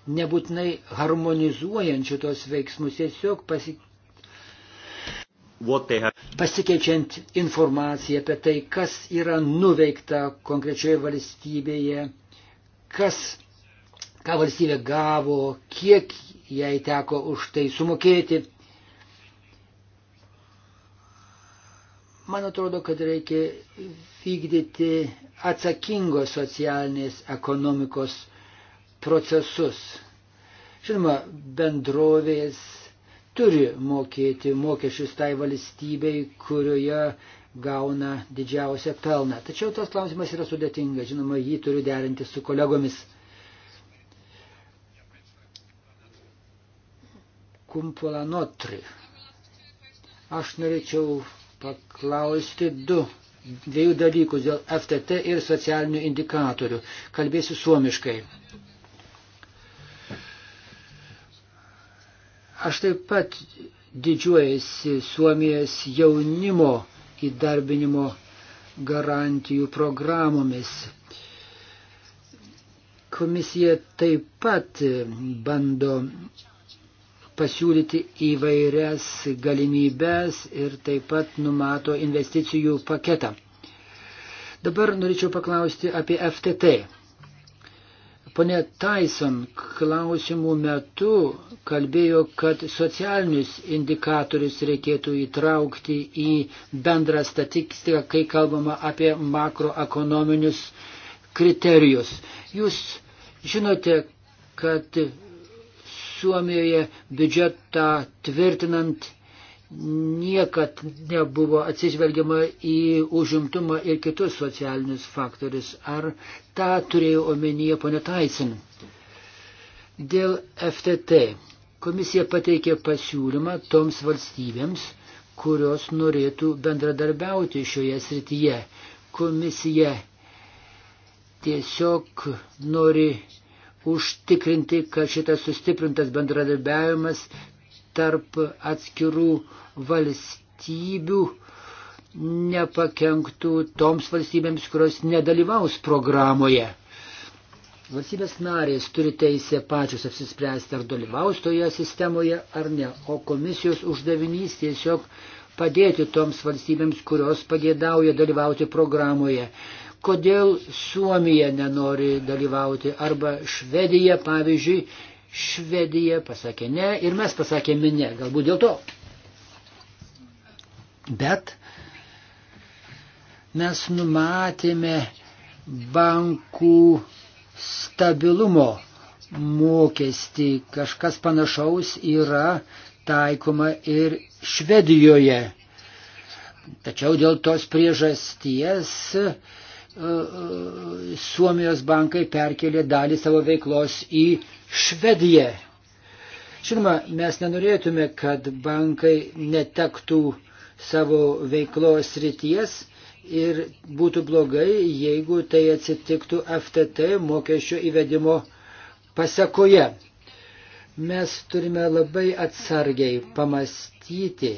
nebūtinai harmonizuojant šitos veiksmus, tiesiog pasi... have... pasikeičiant informaciją apie tai, kas yra nuveikta konkrečioje valstybėje, kas, ką valstybė gavo, kiek jai teko už tai sumokėti. Man atrodo, kad reikia vykdyti atsakingos socialinės ekonomikos procesus. Žinoma, bendrovės turi mokėti mokesčius tai valstybei, kurioje gauna didžiausią pelną. Tačiau tas klausimas yra sudėtingas, žinoma, jį turiu derinti su kolegomis. Kumpulanotri. Aš norėčiau paklausti du, dviejų dalykų dėl FTT ir socialinių indikatorių. Kalbėsiu suomiškai. Aš taip pat didžiuojasi Suomijos jaunimo įdarbinimo garantijų programomis. Komisija taip pat bando pasiūlyti įvairias galimybės ir taip pat numato investicijų paketą. Dabar norėčiau paklausti apie FTT. Pone Tyson klausimų metu kalbėjo, kad socialinius indikatorius reikėtų įtraukti į bendrą statistiką, kai kalbama apie makroekonominius kriterijus. Jūs žinote, kad Suomijoje biudžetą tvirtinant niekad nebuvo atsižvelgiama į užimtumą ir kitus socialinius faktorius. Ar tą turėjo omenyje ponė Taisin? Dėl FTT komisija pateikė pasiūlymą toms valstybėms, kurios norėtų bendradarbiauti šioje srityje. Komisija tiesiog nori užtikrinti, kad šitas sustiprintas bendradarbiavimas tarp atskirų valstybių nepakenktų toms valstybėms, kurios nedalyvaus programoje. Valstybės narės turi teisę pačios apsispręsti, ar dalyvaus toje sistemoje ar ne, o komisijos uždavinys tiesiog padėti toms valstybėms, kurios pagėdauja dalyvauti programoje. Kodėl Suomija nenori dalyvauti arba Švedija, pavyzdžiui, Švedija pasakė ne ir mes pasakėme ne, galbūt dėl to. Bet mes numatėme bankų stabilumo mokestį. Kažkas panašaus yra taikoma ir Švedijoje. Tačiau dėl tos priežasties Suomijos bankai perkelė dalį savo veiklos į Švediją. Žinoma, mes nenorėtume, kad bankai netektų savo veiklos ryties ir būtų blogai, jeigu tai atsitiktų FTT mokesčio įvedimo pasakoje. Mes turime labai atsargiai pamastyti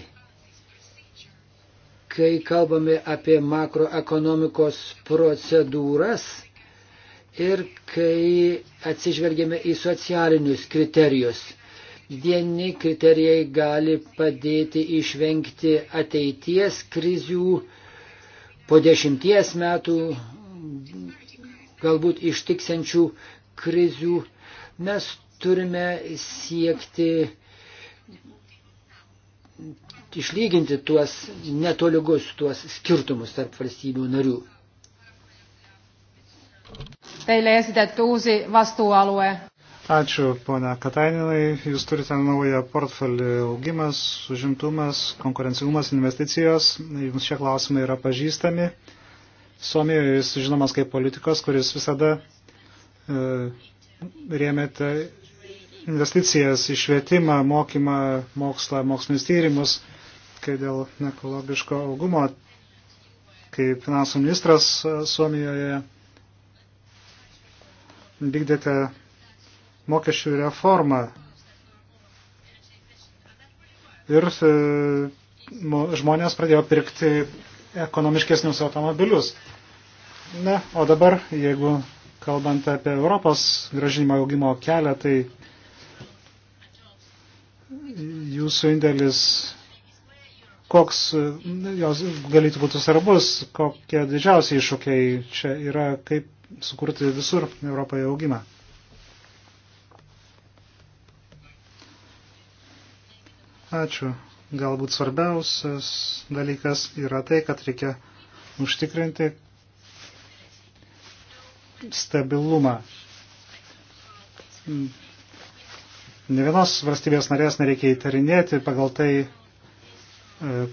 kai kalbame apie makroekonomikos procedūras ir kai atsižvelgėme į socialinius kriterijus. Vieni kriterijai gali padėti išvengti ateities krizių po dešimties metų, galbūt ištiksiančių krizių. Mes turime siekti išlyginti tuos netoligus, tuos skirtumus tarp valstybių narių. Teille esitetty uusi vastuualue. Ačiū, ponia Katainilai. Jūs turite naują portfelį augimas, užimtumas, konkurencingumas, investicijos. Jums šie klausimai yra pažįstami. Suomijoje jis žinomas kaip politikos, kuris visada e, rėmėte investicijas į švietimą, mokymą, mokslą, mokslinius tyrimus. E, kai dėl ekologiško augumo, kai finansų ministras e, Suomijoje vykdėte mokesčių reformą ir e, žmonės pradėjo pirkti ekonomiškesnius automobilius. Na, o dabar, jeigu kalbant apie Europos gražinimo augimo kelią, tai jūsų indėlis koks jos galėtų būti svarbus, kokie didžiausiai iššūkiai čia yra, kaip sukurti visur Europoje augimą. Ačiū. Galbūt svarbiausias dalykas yra tai, kad reikia užtikrinti stabilumą. Ne vienos valstybės narės nereikia įtarinėti pagal tai,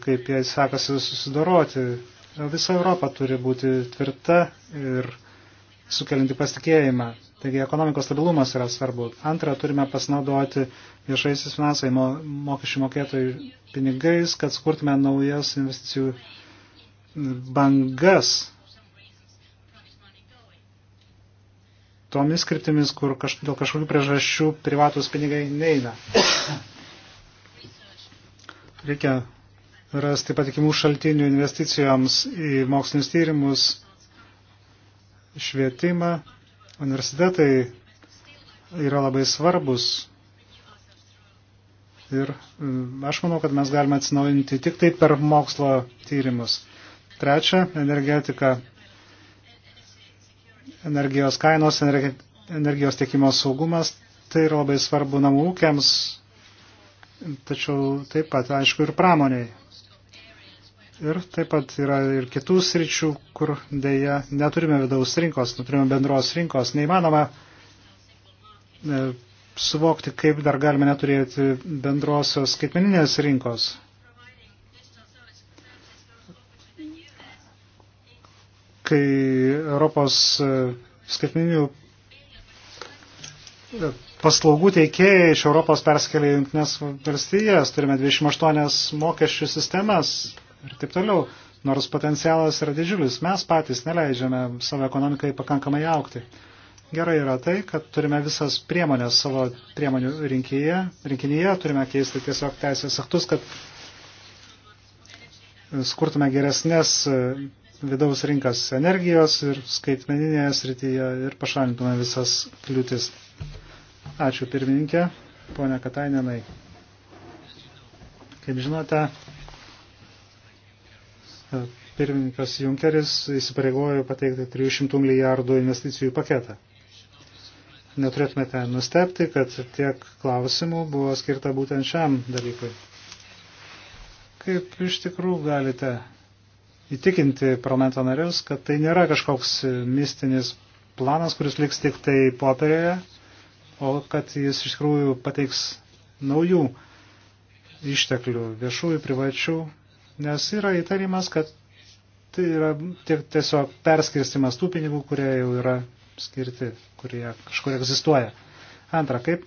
kaip jai sekasi susidoroti. Visa Europa turi būti tvirta ir sukelinti pasitikėjimą. Taigi ekonomikos stabilumas yra svarbu. Antra, turime pasinaudoti viešaisiais finansai mo, mokesčių mokėtojų pinigais, kad skurtume naujas investicijų bangas tomis kryptimis, kur kaž, dėl kažkokių priežasčių privatus pinigai neina. Reikia rasti patikimų šaltinių investicijoms į mokslinius tyrimus, švietimą. Universitetai yra labai svarbus. Ir mm, aš manau, kad mes galime atsinaujinti tik tai per mokslo tyrimus. Trečia, energetika. Energijos kainos, energijos tiekimo saugumas. Tai yra labai svarbu namų ūkiams, tačiau taip pat, aišku, ir pramoniai. Ir taip pat yra ir kitų sričių, kur dėja neturime vidaus rinkos, neturime bendros rinkos. Neįmanoma e, suvokti, kaip dar galime neturėti bendrosios skaitmeninės rinkos. Kai Europos e, skaitmeninių e, paslaugų teikėjai iš Europos perskelia jungtinės valstijas, turime 28 mokesčių sistemas, ir taip toliau. Nors potencialas yra didžiulis, mes patys neleidžiame savo ekonomikai pakankamai aukti. Gerai yra tai, kad turime visas priemonės savo priemonių rinkyje, rinkinyje, turime keisti tiesiog teisės aktus, kad skurtume geresnės vidaus rinkas energijos ir skaitmeninėje srityje ir pašalintume visas kliūtis. Ačiū pirmininkė, ponia Katainenai. Kaip žinote, pirmininkas Junkeris įsipareigojo pateikti 300 milijardų investicijų paketą. Neturėtumėte nustepti, kad tiek klausimų buvo skirta būtent šiam dalykui. Kaip iš tikrųjų galite įtikinti parlamento narius, kad tai nėra kažkoks mistinis planas, kuris liks tik tai popierioje, o kad jis iš tikrųjų pateiks naujų išteklių viešųjų, privačių nes yra įtarimas, kad tai yra tiesiog perskirstimas tų pinigų, kurie jau yra skirti, kurie kažkur egzistuoja. Antra, kaip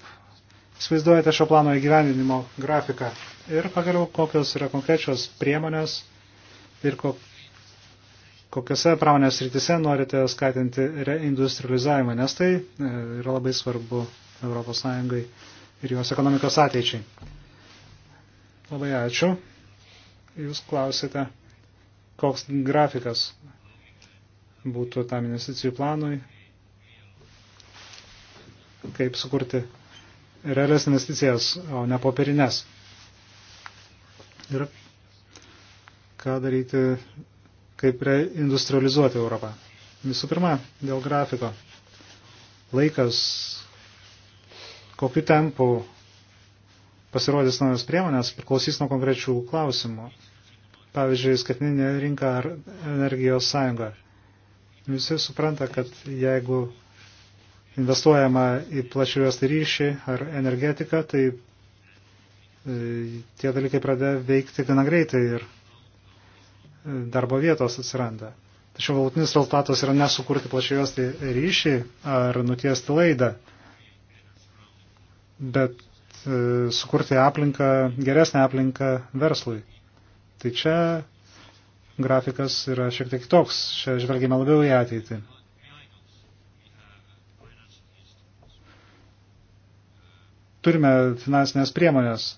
įsivaizduojate šio plano įgyvendinimo grafiką ir pagaliau kokios yra konkrečios priemonės ir ko, kokiose pramonės rytise norite skatinti reindustrializavimą, nes tai e, yra labai svarbu ES ir jos ekonomikos ateičiai. Labai ačiū. Jūs klausėte, koks grafikas būtų tam investicijų planui, kaip sukurti realias investicijas, o ne popierinės. Ir ką daryti, kaip reindustrializuoti Europą. Visų pirma, dėl grafiko. Laikas, kokiu tempu pasirodys naujos priemonės, priklausys nuo konkrečių klausimų. Pavyzdžiui, skatninė rinka ar energijos sąjunga. Visi supranta, kad jeigu investuojama į plačiuos ryšį ar energetiką, tai e, tie dalykai pradeda veikti gana greitai ir e, darbo vietos atsiranda. Tačiau galutinis rezultatas yra nesukurti plačiuos ryšį ar nutiesti laidą, bet E, sukurti aplinką, geresnę aplinką verslui. Tai čia grafikas yra šiek tiek toks, čia žvelgime labiau į ateitį. Turime finansinės priemonės.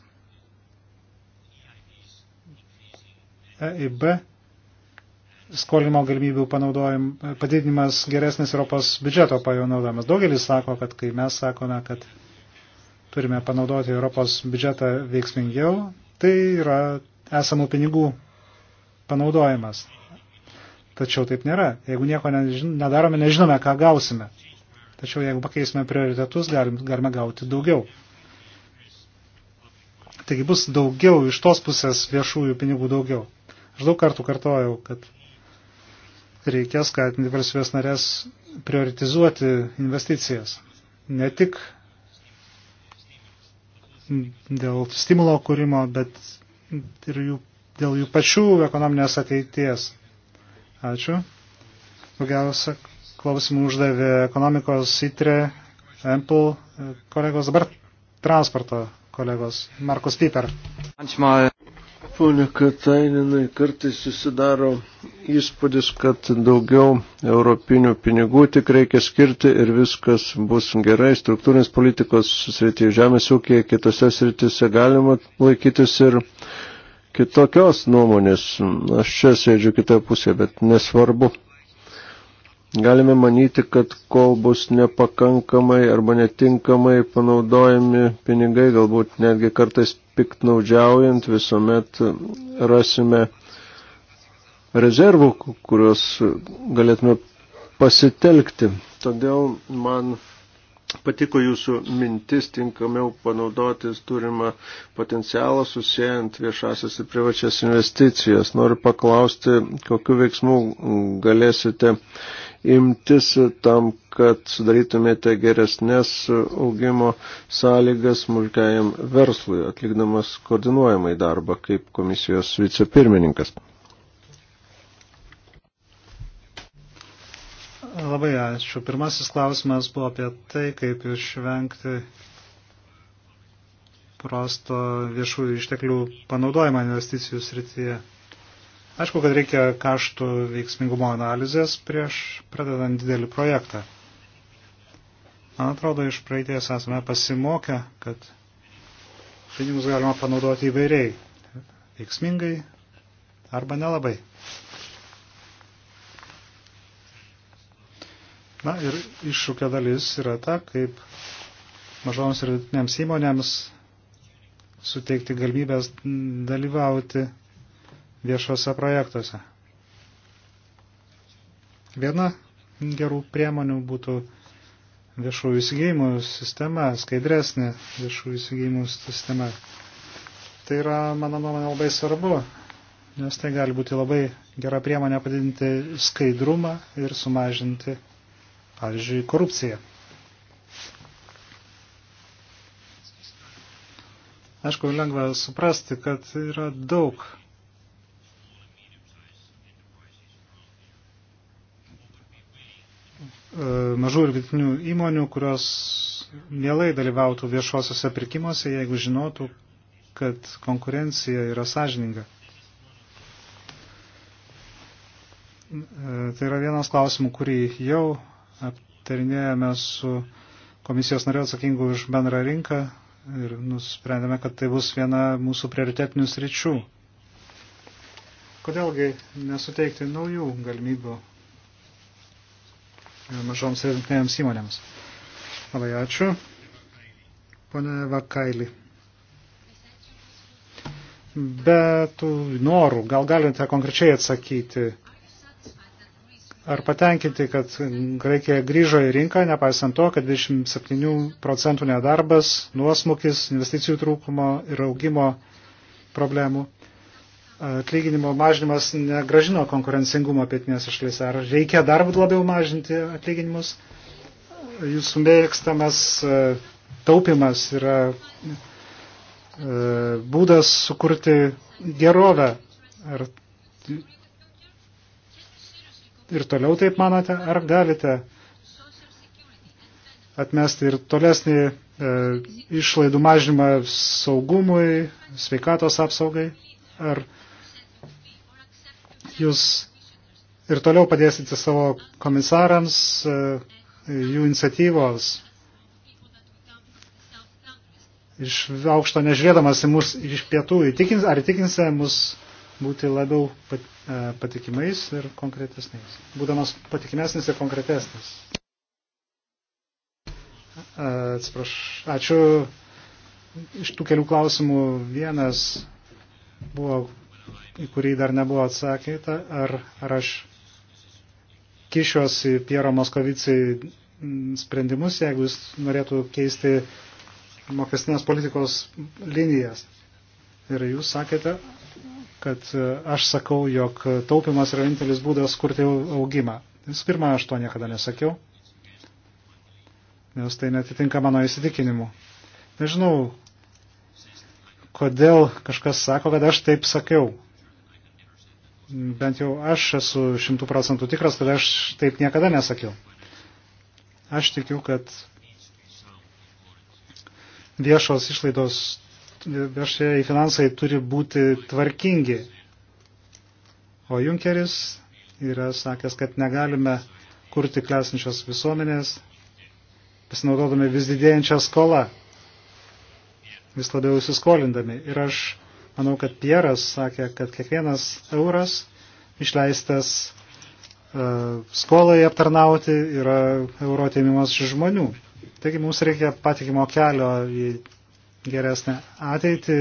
EIB skolimo galimybių padidinimas geresnis Europos biudžeto pajonaudamas. Daugelis sako, kad kai mes sakome, kad turime panaudoti Europos biudžetą veiksmingiau, tai yra esamų pinigų panaudojimas. Tačiau taip nėra. Jeigu nieko nedarome, nežinome, ką gausime. Tačiau jeigu pakeisime prioritetus, galime gauti daugiau. Taigi bus daugiau iš tos pusės viešųjų pinigų daugiau. Aš daug kartų kartojau, kad reikia skatinti valstybės narės prioritizuoti investicijas. Ne tik dėl stimulo kūrimo, bet ir jų, dėl jų pačių ekonominės ateities. Ačiū. Daugiausia klausimų uždavė ekonomikos įtrė, Ample e, kolegos, dabar transporto kolegos, Markus Piper. Manchmal. Pone Katainenai, kartais susidaro įspūdis, kad daugiau europinių pinigų tik reikia skirti ir viskas bus gerai. Struktūrinės politikos srityje žemės ūkėje kitose srityse galima laikytis ir kitokios nuomonės. Aš čia sėdžiu kitoje pusėje, bet nesvarbu. Galime manyti, kad kol bus nepakankamai arba netinkamai panaudojami pinigai, galbūt netgi kartais piktnaudžiaujant, visuomet rasime rezervų, kuriuos galėtume pasitelkti. Todėl man patiko jūsų mintis tinkamiau panaudotis turimą potencialą susijęjant viešasias ir privačias investicijas. Noriu paklausti, kokiu veiksmu galėsite imtis tam, kad sudarytumėte geresnės augimo sąlygas smulkiajam verslui, atlikdamas koordinuojamai darbą kaip komisijos vicepirmininkas? Labai ačiū. Pirmasis klausimas buvo apie tai, kaip išvengti prasto viešųjų išteklių panaudojimą investicijų srityje. Aišku, kad reikia kaštų veiksmingumo analizės prieš pradedant didelį projektą. Man atrodo, iš praeities esame pasimokę, kad pinigus galima panaudoti įvairiai, veiksmingai arba nelabai. Na ir iššūkio dalis yra ta, kaip mažoms ir vidutinėms įmonėms suteikti galimybės dalyvauti viešuose projektuose. Viena gerų priemonių būtų viešųjų įsigijimų sistema, skaidresnė viešųjų įsigijimų sistema. Tai yra, mano nuomonė, labai svarbu, nes tai gali būti labai gera priemonė padidinti skaidrumą ir sumažinti, pavyzdžiui, korupciją. Aišku, lengva suprasti, kad yra daug E, mažų ir vidutinių įmonių, kurios mielai dalyvautų viešuosiuose pirkimuose, jeigu žinotų, kad konkurencija yra sąžininga. E, tai yra vienas klausimų, kurį jau aptarinėjome su komisijos nariu atsakingu už bendrą rinką ir nusprendėme, kad tai bus viena mūsų prioritetinių sričių. Kodėlgi nesuteikti naujų galimybių mažoms ir vidutinėms įmonėms. Labai ačiū. Pone Vakaili. Be tų norų, gal galite konkrečiai atsakyti, ar patenkinti, kad Graikija grįžo į rinką, nepaisant to, kad 27 procentų nedarbas, nuosmukis, investicijų trūkumo ir augimo problemų atlyginimo mažinimas negražino konkurencingumo pietinėse šalyse. Ar reikia dar labiau mažinti atlyginimus? Jūsų mėgstamas e, taupimas yra e, būdas sukurti gerovę. Ar ir toliau taip manote, ar galite atmesti ir tolesnį e, išlaidų mažinimą saugumui, sveikatos apsaugai, ar jūs ir toliau padėsite savo komisarams e, jų iniciatyvos iš aukšto nežiūrėdamas į mus iš pietų, įtikins, ar įtikinsite mus būti labiau pat, e, patikimais ir konkretesniais, būdamas patikimesnis ir konkretesnis. E, atsiprašau, ačiū. Iš tų kelių klausimų vienas buvo į kurį dar nebuvo atsakyta, ar, ar aš kišiuosi Piero Moskovicijai sprendimus, jeigu jis norėtų keisti mokestinės politikos linijas. Ir jūs sakėte, kad aš sakau, jog taupimas yra vienintelis būdas kurti augimą. Visų pirma, aš to niekada nesakiau, nes tai netitinka mano įsitikinimu. Nežinau, kodėl kažkas sako, kad aš taip sakiau. Bent jau aš esu šimtų procentų tikras, kad aš taip niekada nesakiau. Aš tikiu, kad viešos išlaidos, viešieji finansai turi būti tvarkingi. O Junkeris yra sakęs, kad negalime kurti klesinčios visuomenės, pasinaudodami vis didėjančią skolą vis labiau įsiskolindami. Ir aš manau, kad Pieras sakė, kad kiekvienas euras išleistas uh, skolai aptarnauti yra euro atėmimas iš žmonių. Taigi mums reikia patikimo kelio į geresnę ateitį,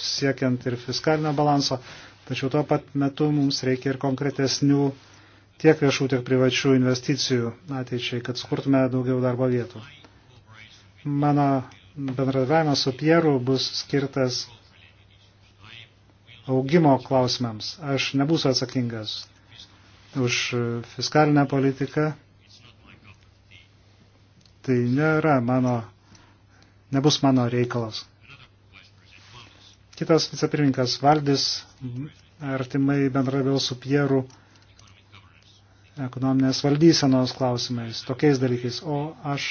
siekiant ir fiskalinio balanso, tačiau tuo pat metu mums reikia ir konkretesnių tiek viešų, tiek privačių investicijų ateičiai, kad skurtume daugiau darbo vietų. Mano bendradarbiavimas su Pieru bus skirtas augimo klausimams. Aš nebūsiu atsakingas už fiskalinę politiką. Tai nėra mano, nebus mano reikalas. Kitas vicepirmininkas Valdis artimai bendravėl su Pieru ekonominės valdysenos klausimais, tokiais dalykais, o aš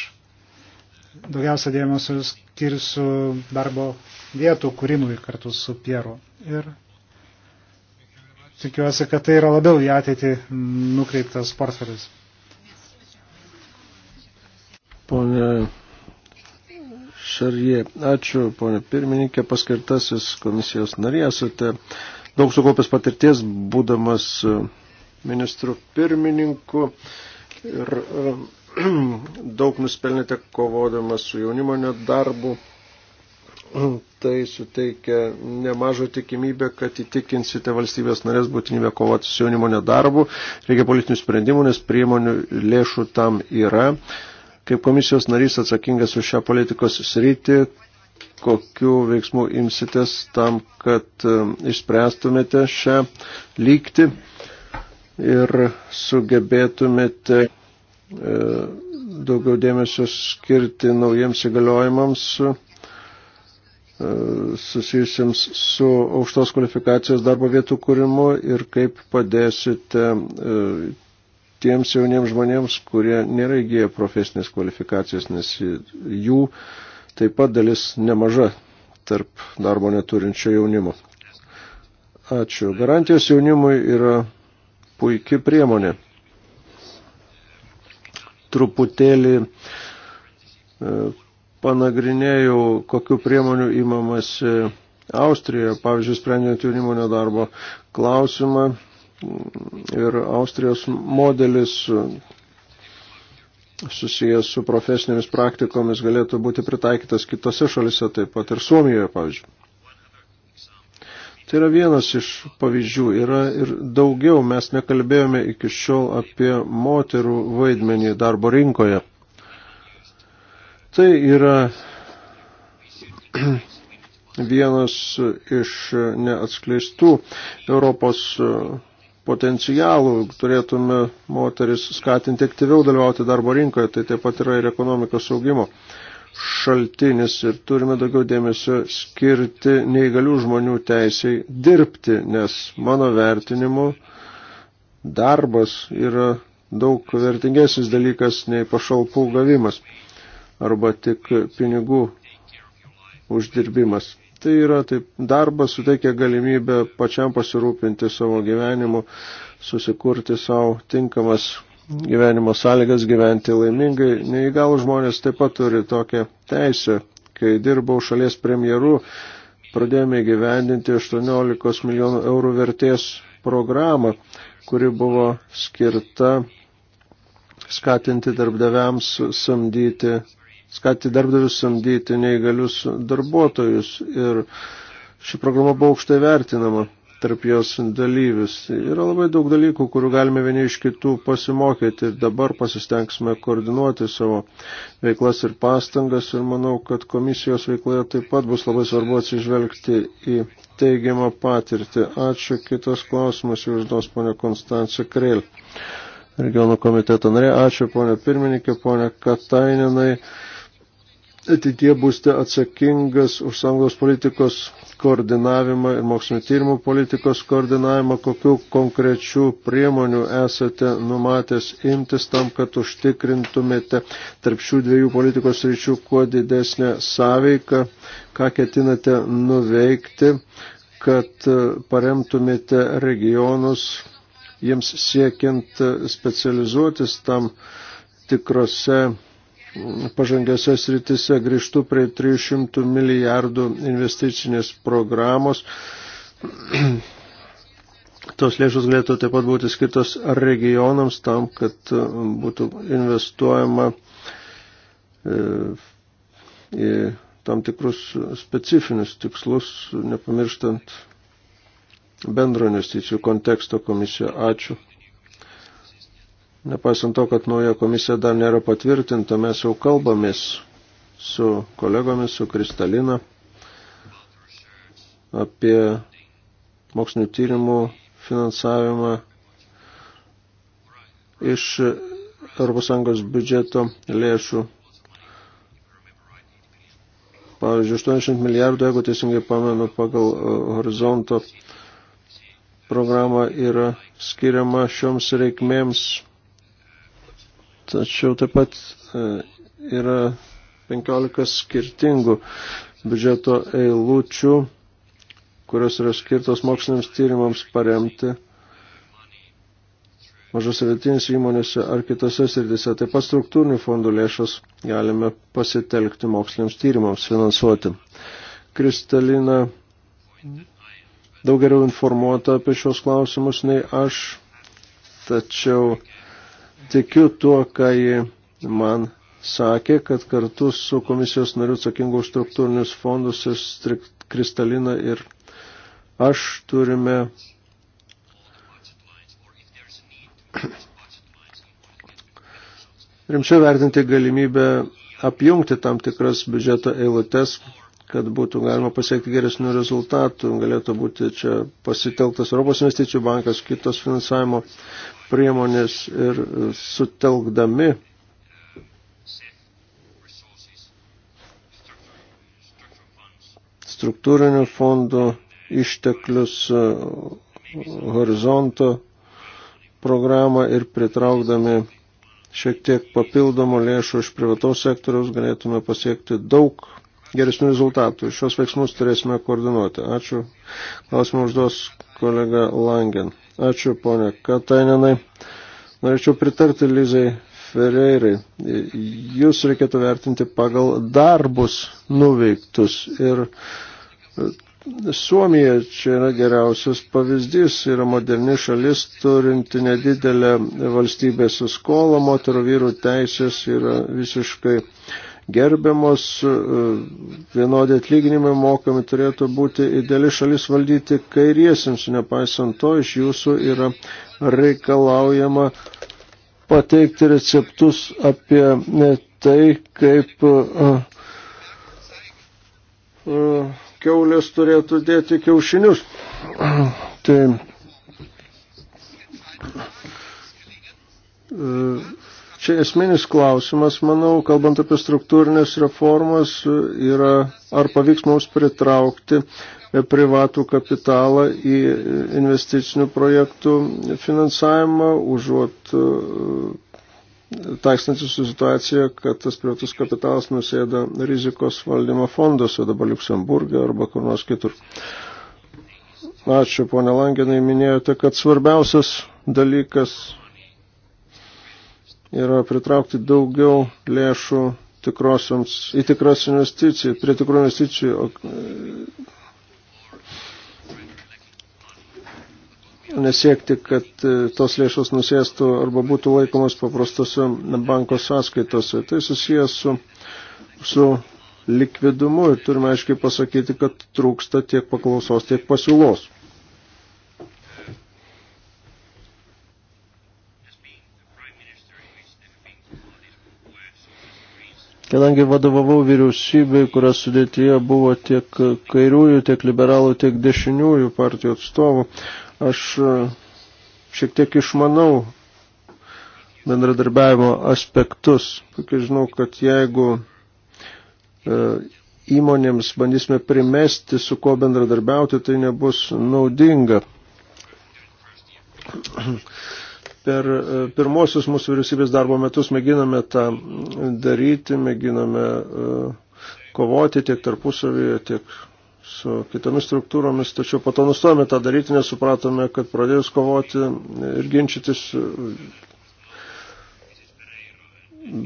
daugiausia dėmesio skirsiu darbo vietų kūrimui kartu su Pieru. Ir tikiuosi, kad tai yra labiau į ateitį nukreiptas portfelis. Pone Šarie, ačiū, ponė pirmininkė, paskirtasis komisijos narė, esate daug sukaupęs patirties, būdamas ministru pirmininku. Ir daug nuspelnėte kovodamas su jaunimo nedarbu. Tai suteikia nemažą tikimybę, kad įtikinsite valstybės narės būtinybę kovoti su jaunimo nedarbu. Reikia politinių sprendimų, nes priemonių lėšų tam yra. Kaip komisijos narys atsakingas už šią politikos sritį, kokiu veiksmu imsitės tam, kad um, išspręstumėte šią lygti ir sugebėtumėte E, daugiau dėmesio skirti naujiems įgaliojimams e, susijusiams su aukštos kvalifikacijos darbo vietų kūrimu ir kaip padėsite e, tiems jauniems žmonėms, kurie nėra įgyję profesinės kvalifikacijos, nes jų taip pat dalis nemaža tarp darbo neturinčio jaunimo. Ačiū. Garantijos jaunimui yra puikia priemonė truputėlį e, panagrinėjau, kokiu priemoniu įmamasi Austrijoje, pavyzdžiui, sprendžiant jaunimo nedarbo klausimą ir Austrijos modelis susijęs su profesinėmis praktikomis galėtų būti pritaikytas kitose šalise, taip pat ir Suomijoje, pavyzdžiui. Tai yra vienas iš pavyzdžių, yra ir daugiau, mes nekalbėjome iki šiol apie moterų vaidmenį darbo rinkoje. Tai yra vienas iš neatskleistų Europos potencialų, turėtume moteris skatinti aktyviau dalyvauti darbo rinkoje, tai taip pat yra ir ekonomikos augimo šaltinis ir turime daugiau dėmesio skirti neįgalių žmonių teisiai dirbti, nes mano vertinimu darbas yra daug vertingesnis dalykas nei pašalpų gavimas arba tik pinigų uždirbimas. Tai yra taip, darbas suteikia galimybę pačiam pasirūpinti savo gyvenimu, susikurti savo tinkamas gyvenimo sąlygas gyventi laimingai. Neįgalų žmonės taip pat turi tokią teisę. Kai dirbau šalies premjeru, pradėjome gyvendinti 18 milijonų eurų vertės programą, kuri buvo skirta skatinti darbdaviams samdyti, skatinti darbdavius samdyti neįgalius darbuotojus. Ir ši programa buvo aukštai vertinama tarp jos dalyvius. Yra labai daug dalykų, kurių galime vieni iš kitų pasimokyti ir dabar pasistengsime koordinuoti savo veiklas ir pastangas ir manau, kad komisijos veikloje taip pat bus labai svarbu atsižvelgti į teigiamą patirtį. Ačiū. Kitas klausimas jau užduos ponia Konstancija Krėl. Regionų komiteto narė. Ačiū ponia pirmininkė, ponia Katainenai ateitie būsite atsakingas už sąjungos politikos koordinavimą ir mokslinio tyrimų politikos koordinavimą, kokiu konkrečių priemonių esate numatęs imtis tam, kad užtikrintumėte tarp šių dviejų politikos ryčių kuo didesnę sąveiką, ką ketinate nuveikti, kad e, paremtumėte regionus, jiems siekiant e, specializuotis tam tikrose pažangiose sritise. Grįžtu prie 300 milijardų investicinės programos. Tos lėšos galėtų taip pat būti skirtos regionams tam, kad e, būtų investuojama e, į tam tikrus specifinius tikslus, nepamirštant bendro investicijų konteksto komisiją. Ačiū. Nepaisant to, kad nauja komisija dar nėra patvirtinta, mes jau kalbamės su kolegomis, su Kristalina apie mokslinių tyrimų finansavimą iš ES biudžeto lėšų. Pavyzdžiui, 80 milijardų, jeigu teisingai pamenu, pagal e, horizonto programą yra skiriama šioms reikmėms Tačiau taip pat e, yra 15 skirtingų biudžeto eilučių, kurios yra skirtos moksliniams tyrimams paremti mažose vietinėse įmonėse ar kitose srityse. Taip pat struktūrinių fondų lėšas galime pasitelkti moksliniams tyrimams finansuoti. Kristalina daug geriau informuota apie šios klausimus nei aš, tačiau tikiu tuo, ką ji man sakė, kad kartu su komisijos nariu atsakingu už struktūrinius fondus ir Kristalina ir aš turime rimčiau vertinti galimybę apjungti tam tikras biudžeto eilutes kad būtų galima pasiekti geresnių rezultatų. Galėtų būti čia pasitelktas Europos investicijų bankas, kitos finansavimo priemonės ir sutelkdami struktūrinių fondų išteklius horizonto programą ir pritraukdami šiek tiek papildomų lėšų iš privataus sektoriaus galėtume pasiekti daug geresnių rezultatų. Šios veiksmus turėsime koordinuoti. Ačiū. Klausimą užduos kolega Langen. Ačiū, ponė Katainenai. Norėčiau pritarti Lizai Ferreirai. Jūs reikėtų vertinti pagal darbus nuveiktus. Ir Suomija čia yra geriausias pavyzdys, yra moderni šalis, turinti nedidelę valstybės skolą, moterų vyrų teisės yra visiškai uh, gerbiamos, e, vienodai atlyginimai mokami turėtų būti ideali šalis valdyti kairiesiams, nepaisant to iš jūsų yra reikalaujama pateikti receptus apie tai, kaip uh, e, uh, e, keulės turėtų dėti kiaušinius. tai uh, Čia esminis klausimas, manau, kalbant apie struktūrinės reformas, yra ar pavyks mums pritraukti e, privatų kapitalą į e, investicinių projektų finansavimą, užuot e, taikstantis su situacija, kad tas privatus kapitalas nusėda rizikos valdymo fonduose, dabar Luxemburgė arba kur nors kitur. Ačiū, ponė Langenai, minėjote, kad svarbiausias dalykas yra pritraukti daugiau lėšų tikrosioms, į tikras investicijas, prie tikrų investicijų. E, nesiekti, kad e, tos lėšos nusėstų arba būtų laikomas paprastose banko sąskaitose. Tai susijęs su, su likvidumu ir turime aiškiai pasakyti, kad trūksta tiek paklausos, tiek pasiūlos. Kadangi vadovavau vyriausybei, kurios sudėtyje buvo tiek kairiųjų, tiek liberalų, tiek dešiniųjų partijų atstovų, aš e, šiek tiek išmanau bendradarbiavimo aspektus. Puikiai žinau, kad jeigu e, įmonėms bandysime primesti, su kuo bendradarbiauti, tai nebus naudinga. Per e, pirmosius mūsų vyriausybės darbo metus mėginame tą daryti, mėginame e, kovoti tiek tarpusavyje, tiek su kitomis struktūromis, tačiau po to nustojame tą daryti, nes supratome, kad pradėjus kovoti ir ginčytis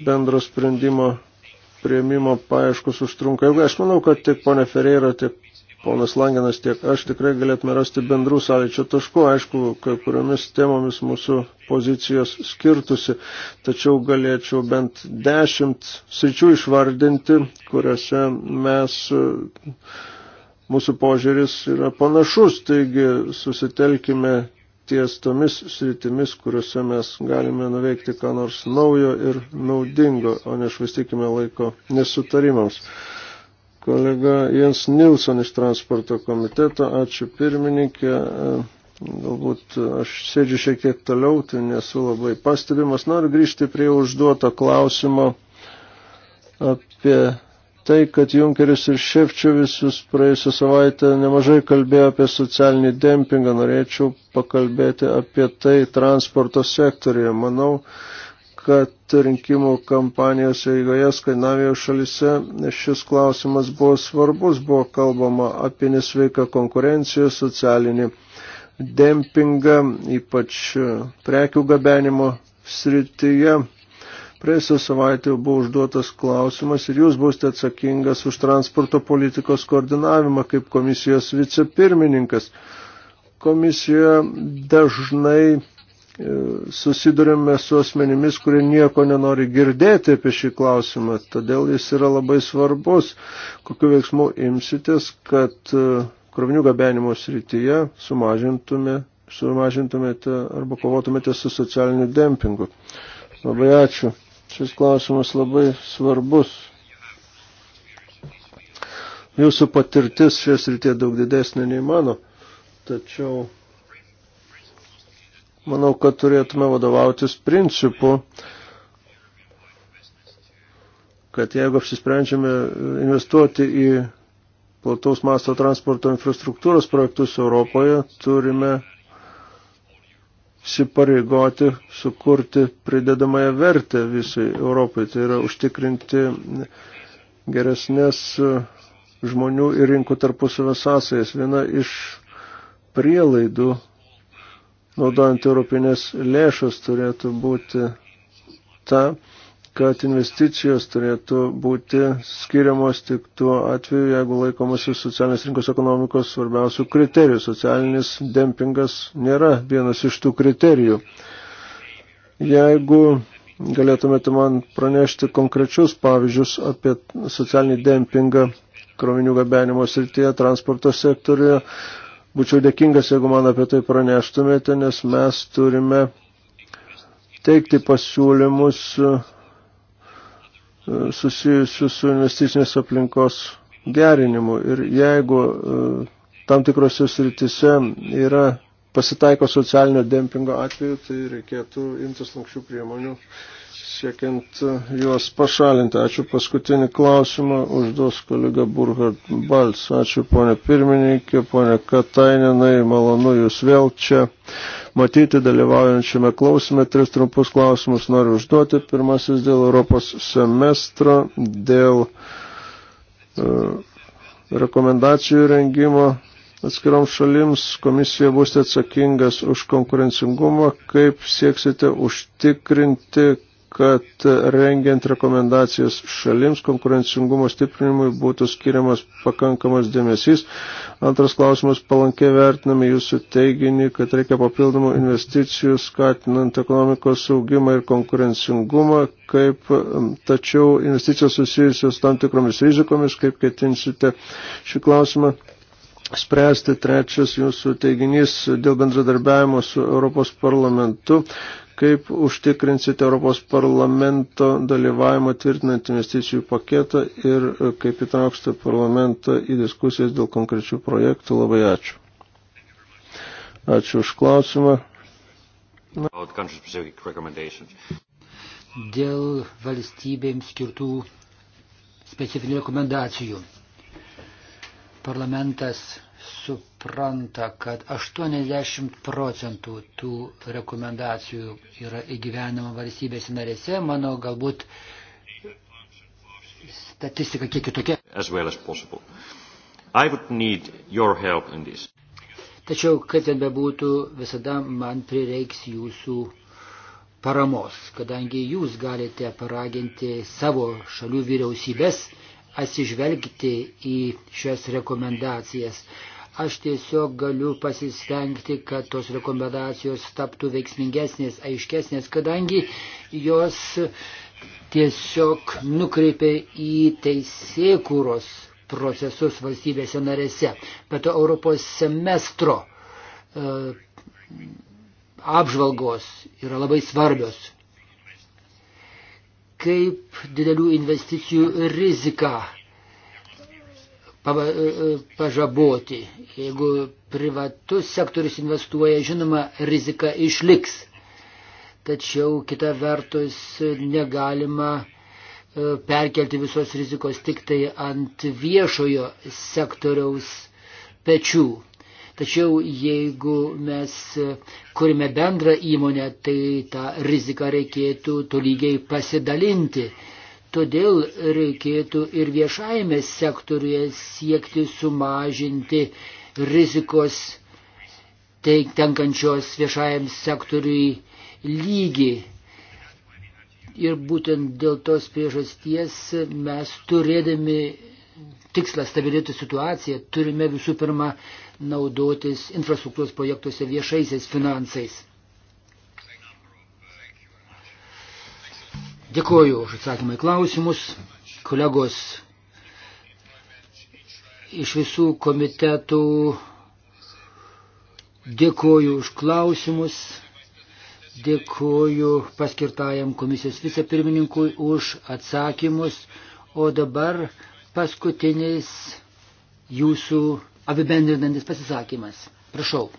bendro sprendimo prieimimo paaiškus užtrunka. Aš manau, kad tiek ponė Ferreira, tiek ponas Langenas, tiek aš tikrai galėtume rasti bendrų sąlyčio taškų, aišku, kai kuriomis temomis mūsų pozicijos skirtusi, tačiau galėčiau bent dešimt sričių išvardinti, kuriuose mes mūsų požiūris yra panašus, taigi susitelkime ties tomis sritimis, kuriuose mes galime nuveikti ką nors naujo ir naudingo, o nešvaistykime laiko nesutarimams. Kolega Jens Nilsson iš transporto komiteto, ačiū pirmininkė. Galbūt aš sėdžiu šiek tiek toliau, tai nesu labai pastebimas. Noriu grįžti prie užduoto klausimo apie tai, kad Junkeris ir Ševčiovičius praėjusią savaitę nemažai kalbėjo apie socialinį dempingą, norėčiau pakalbėti apie tai transporto sektorijoje. Manau, kad rinkimų kampanijos eigoje Skandinavijos šalise šis klausimas buvo svarbus, buvo kalbama apie nesveiką konkurenciją, socialinį dempingą, ypač prekių gabenimo srityje. Praėjusią savaitę buvo užduotas klausimas ir jūs būsite atsakingas už transporto politikos koordinavimą kaip komisijos vicepirmininkas. Komisija dažnai susidurime su asmenimis, kurie nieko nenori girdėti apie šį klausimą. Todėl jis yra labai svarbus, kokiu veiksmu imsitės, kad e, krovinių gabenimo srityje sumažintume, sumažintumėte arba kovotumėte su socialiniu dempingu. Labai ačiū. Šis klausimas labai svarbus. Jūsų patirtis šios rytė daug didesnė nei mano, tačiau Manau, kad turėtume vadovautis principu, kad jeigu apsisprendžiame investuoti į plataus masto transporto infrastruktūros projektus Europoje, turime sipareigoti, sukurti pridedamąją vertę visai Europai. Tai yra užtikrinti geresnės žmonių ir rinkų tarpusavio sąsajas. Viena iš prielaidų naudojant europinės lėšas turėtų būti ta, kad investicijos turėtų būti skiriamos tik tuo atveju, jeigu laikomasi socialinės rinkos ekonomikos svarbiausių kriterijų. Socialinis dempingas nėra vienas iš tų kriterijų. Jeigu galėtumėte man pranešti konkrečius pavyzdžius apie socialinį dempingą krovinių gabenimo srityje, transporto sektoriuje, Būčiau dėkingas, jeigu man apie tai praneštumėte, nes mes turime teikti pasiūlymus e, susijusius su investicinės aplinkos gerinimu. Ir jeigu e, tam tikrose sritise yra pasitaiko socialinio dempingo atveju, tai reikėtų imtis lankščių priemonių siekiant juos pašalinti. Ačiū paskutinį klausimą, užduos kolega Burhard Balts. Ačiū ponė pirmininkė, ponė Kataininai, malonu jūs vėl čia matyti dalyvaujančiame klausime. Tris trumpus klausimus noriu užduoti. Pirmasis dėl Europos semestro, dėl uh, rekomendacijų rengimo atskirom šalims komisija bus atsakingas už konkurencingumą, kaip sieksite užtikrinti, kad rengiant rekomendacijas šalims konkurencingumo stiprinimui būtų skiriamas pakankamas dėmesys. Antras klausimas, palankiai vertiname jūsų teiginį, kad reikia papildomų investicijų skatinant ekonomikos saugimą ir konkurencingumą, kaip tačiau investicijos susijusios tam tikromis rizikomis, kaip ketinsite šį klausimą spręsti. Trečias jūsų teiginys dėl bendradarbiavimo su Europos parlamentu, Kaip užtikrinsite Europos parlamento dalyvavimą tvirtinant investicijų paketą ir e, kaip įtrauksite parlamentą į diskusijas dėl konkrečių projektų? Labai ačiū. Ačiū už klausimą. Dėl valstybėms skirtų specifinių rekomendacijų. Parlamentas supranta, kad 80 procentų tų rekomendacijų yra įgyvenama valstybės narėse, mano galbūt statistika kiek kitokia. As well as possible. I would need your help in this. Tačiau, kad ten bebūtų, visada man prireiks jūsų paramos, kadangi jūs galite paraginti savo šalių vyriausybės atsižvelgti į šias rekomendacijas. Aš tiesiog galiu pasistengti, kad tos rekomendacijos taptų veiksmingesnės, aiškesnės, kadangi jos tiesiog nukreipia į teisėkūros procesus valstybėse narėse, bet to Europos semestro e, apžvalgos yra labai svarbios kaip didelių investicijų riziką e, e, pažaboti. Jeigu privatus sektorius investuoja, žinoma, rizika išliks. Tačiau kita vertus negalima e, perkelti visos rizikos tik tai ant viešojo sektoriaus pečių. Tačiau jeigu mes e, kurime bendrą įmonę, tai tą riziką reikėtų tolygiai pasidalinti. Todėl reikėtų ir viešajame sektoriuje siekti sumažinti rizikos tenkančios viešajam sektoriui lygį. Ir būtent dėl tos priežasties mes turėdami tikslas stabilizuoti situaciją, turime visų pirma naudotis infrastruktūros projektuose viešaisiais finansais. Dėkuoju už atsakymą į klausimus. Kolegos iš visų komitetų dėkuoju už klausimus. Dėkuoju paskirtajam komisijos vicepirmininkui už atsakymus. O dabar paskutinis jūsų apibendrinantis pasisakymas. Prašau.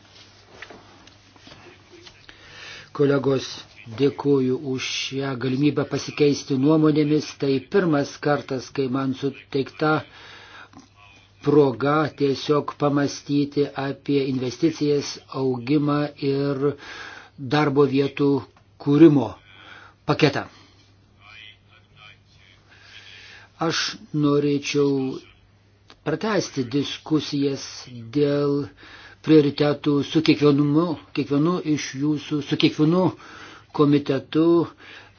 Kolegos, dėkuoju už šią galimybę pasikeisti nuomonėmis. Tai pirmas kartas, kai man suteikta proga tiesiog pamastyti apie investicijas, augimą ir darbo vietų kūrimo paketą. Aš norėčiau pratesti diskusijas dėl prioritetų su kiekvienu, kiekvienu iš jūsų, su kiekvienu komitetu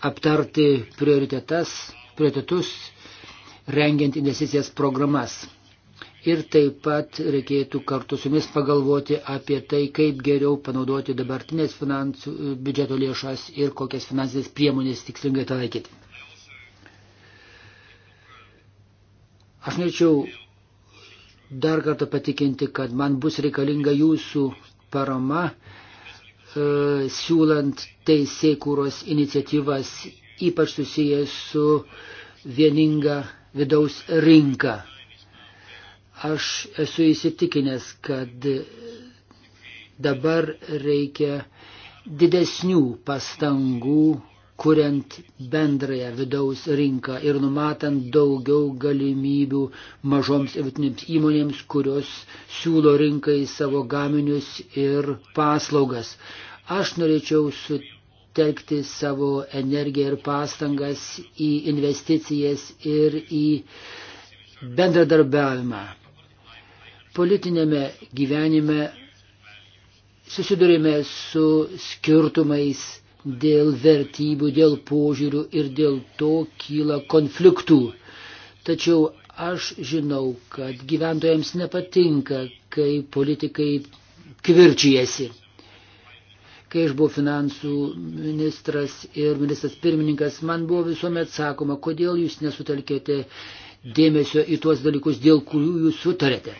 aptarti prioritetus, rengiant investicijas programas. Ir taip pat reikėtų kartu su jumis pagalvoti apie tai, kaip geriau panaudoti dabartinės finansų biudžeto lėšas ir kokias finansinės priemonės tikslingai taikyti. Aš norėčiau dar kartą patikinti, kad man bus reikalinga jūsų parama e, siūlant teisėkūros iniciatyvas, ypač susijęs su vieninga vidaus rinka. Aš esu įsitikinęs, kad dabar reikia didesnių pastangų kuriant bendrąją vidaus rinką ir numatant daugiau galimybių mažoms ir vidutinėms įmonėms, kurios siūlo rinkai savo gaminius ir paslaugas. Aš norėčiau sutelkti savo energiją ir pastangas į investicijas ir į bendradarbiavimą. Politinėme gyvenime susidurime su skirtumais dėl vertybių, dėl požiūrių ir dėl to kyla konfliktų. Tačiau aš žinau, kad gyventojams nepatinka, kai politikai kvirčijasi. Kai aš buvau finansų ministras ir ministras pirmininkas, man buvo visuomet sakoma, kodėl jūs nesutelkėte dėmesio į tuos dalykus, dėl kurių jūs sutarėte.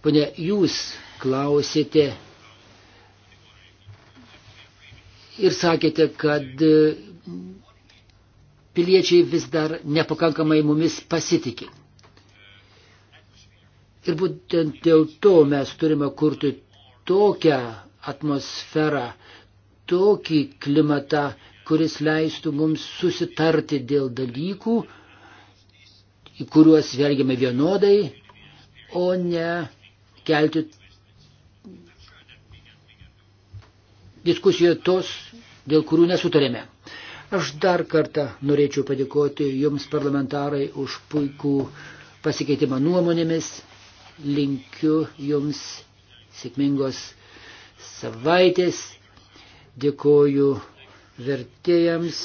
Pane, jūs klausėte ir sakėte, kad e, piliečiai vis dar nepakankamai mumis pasitikė. Ir būtent dėl to mes turime kurti tokią atmosferą, tokį klimatą, kuris leistų mums susitarti dėl dalykų, į kuriuos žvelgiame vienodai, o ne kelti diskusijoje tos, dėl kurių nesutarėme. Aš dar kartą norėčiau padėkoti Jums parlamentarai už puikų pasikeitimą nuomonėmis. Linkiu Jums sėkmingos savaitės. Dėkoju vertėjams.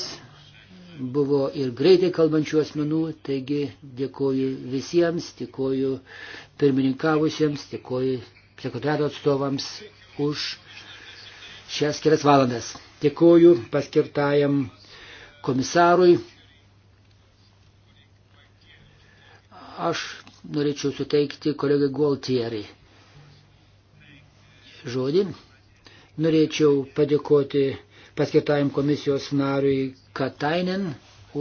Buvo ir greitai kalbančių asmenų, taigi dėkoju visiems, dėkoju pirmininkavusiems, dėkoju sekretariato atstovams už šias kelias valandas. Dėkuoju paskirtajam komisarui. Aš norėčiau suteikti kolegai Gualtieri žodį. Norėčiau padėkoti paskirtajam komisijos nariui Katainen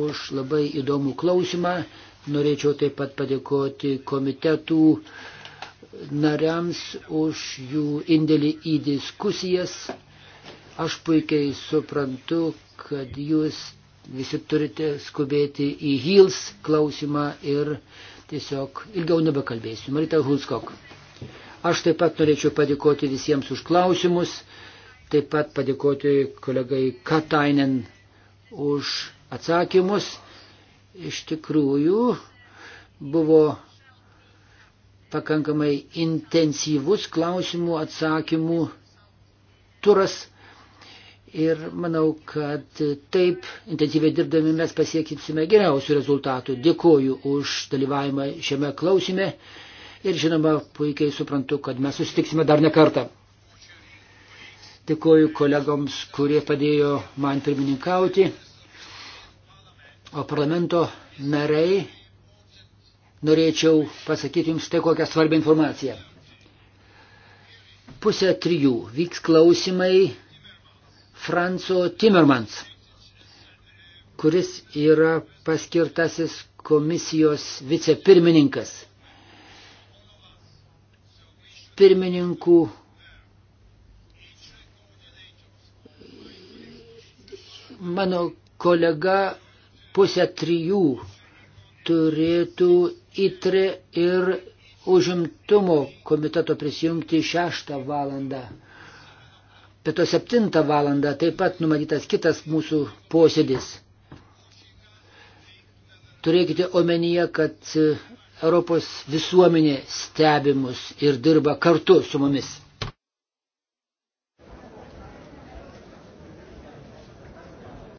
už labai įdomų klausimą. Norėčiau taip pat padėkoti komitetų nariams už jų indėlį į diskusijas. Aš puikiai suprantu, kad jūs visi turite skubėti į Hills klausimą ir tiesiog ilgiau nebekalbėsiu. Marita Hulskok. Aš taip pat norėčiau padėkoti visiems už klausimus, taip pat padėkoti kolegai Katainen už atsakymus. Iš tikrųjų, buvo pakankamai intensyvus klausimų atsakymų turas Ir manau, kad taip intensyviai dirbdami mes pasiekitsime geriausių rezultatų. Dėkuoju už dalyvavimą šiame klausime ir žinoma, puikiai suprantu, kad mes susitiksime dar ne kartą. Dėkuoju kolegoms, kurie padėjo man pirmininkauti, o parlamento nariai norėčiau pasakyti jums tai kokią svarbią informaciją. Pusę trijų vyks klausimai Franco Timmermans, kuris yra paskirtasis komisijos vicepirmininkas. Pirmininkų mano kolega pusę trijų turėtų įtri ir užimtumo komiteto prisijungti šeštą valandą. Pieto 7 valandą taip pat numatytas kitas mūsų posėdis. Turėkite omenyje, kad Europos visuomenė stebimus ir dirba kartu su mumis.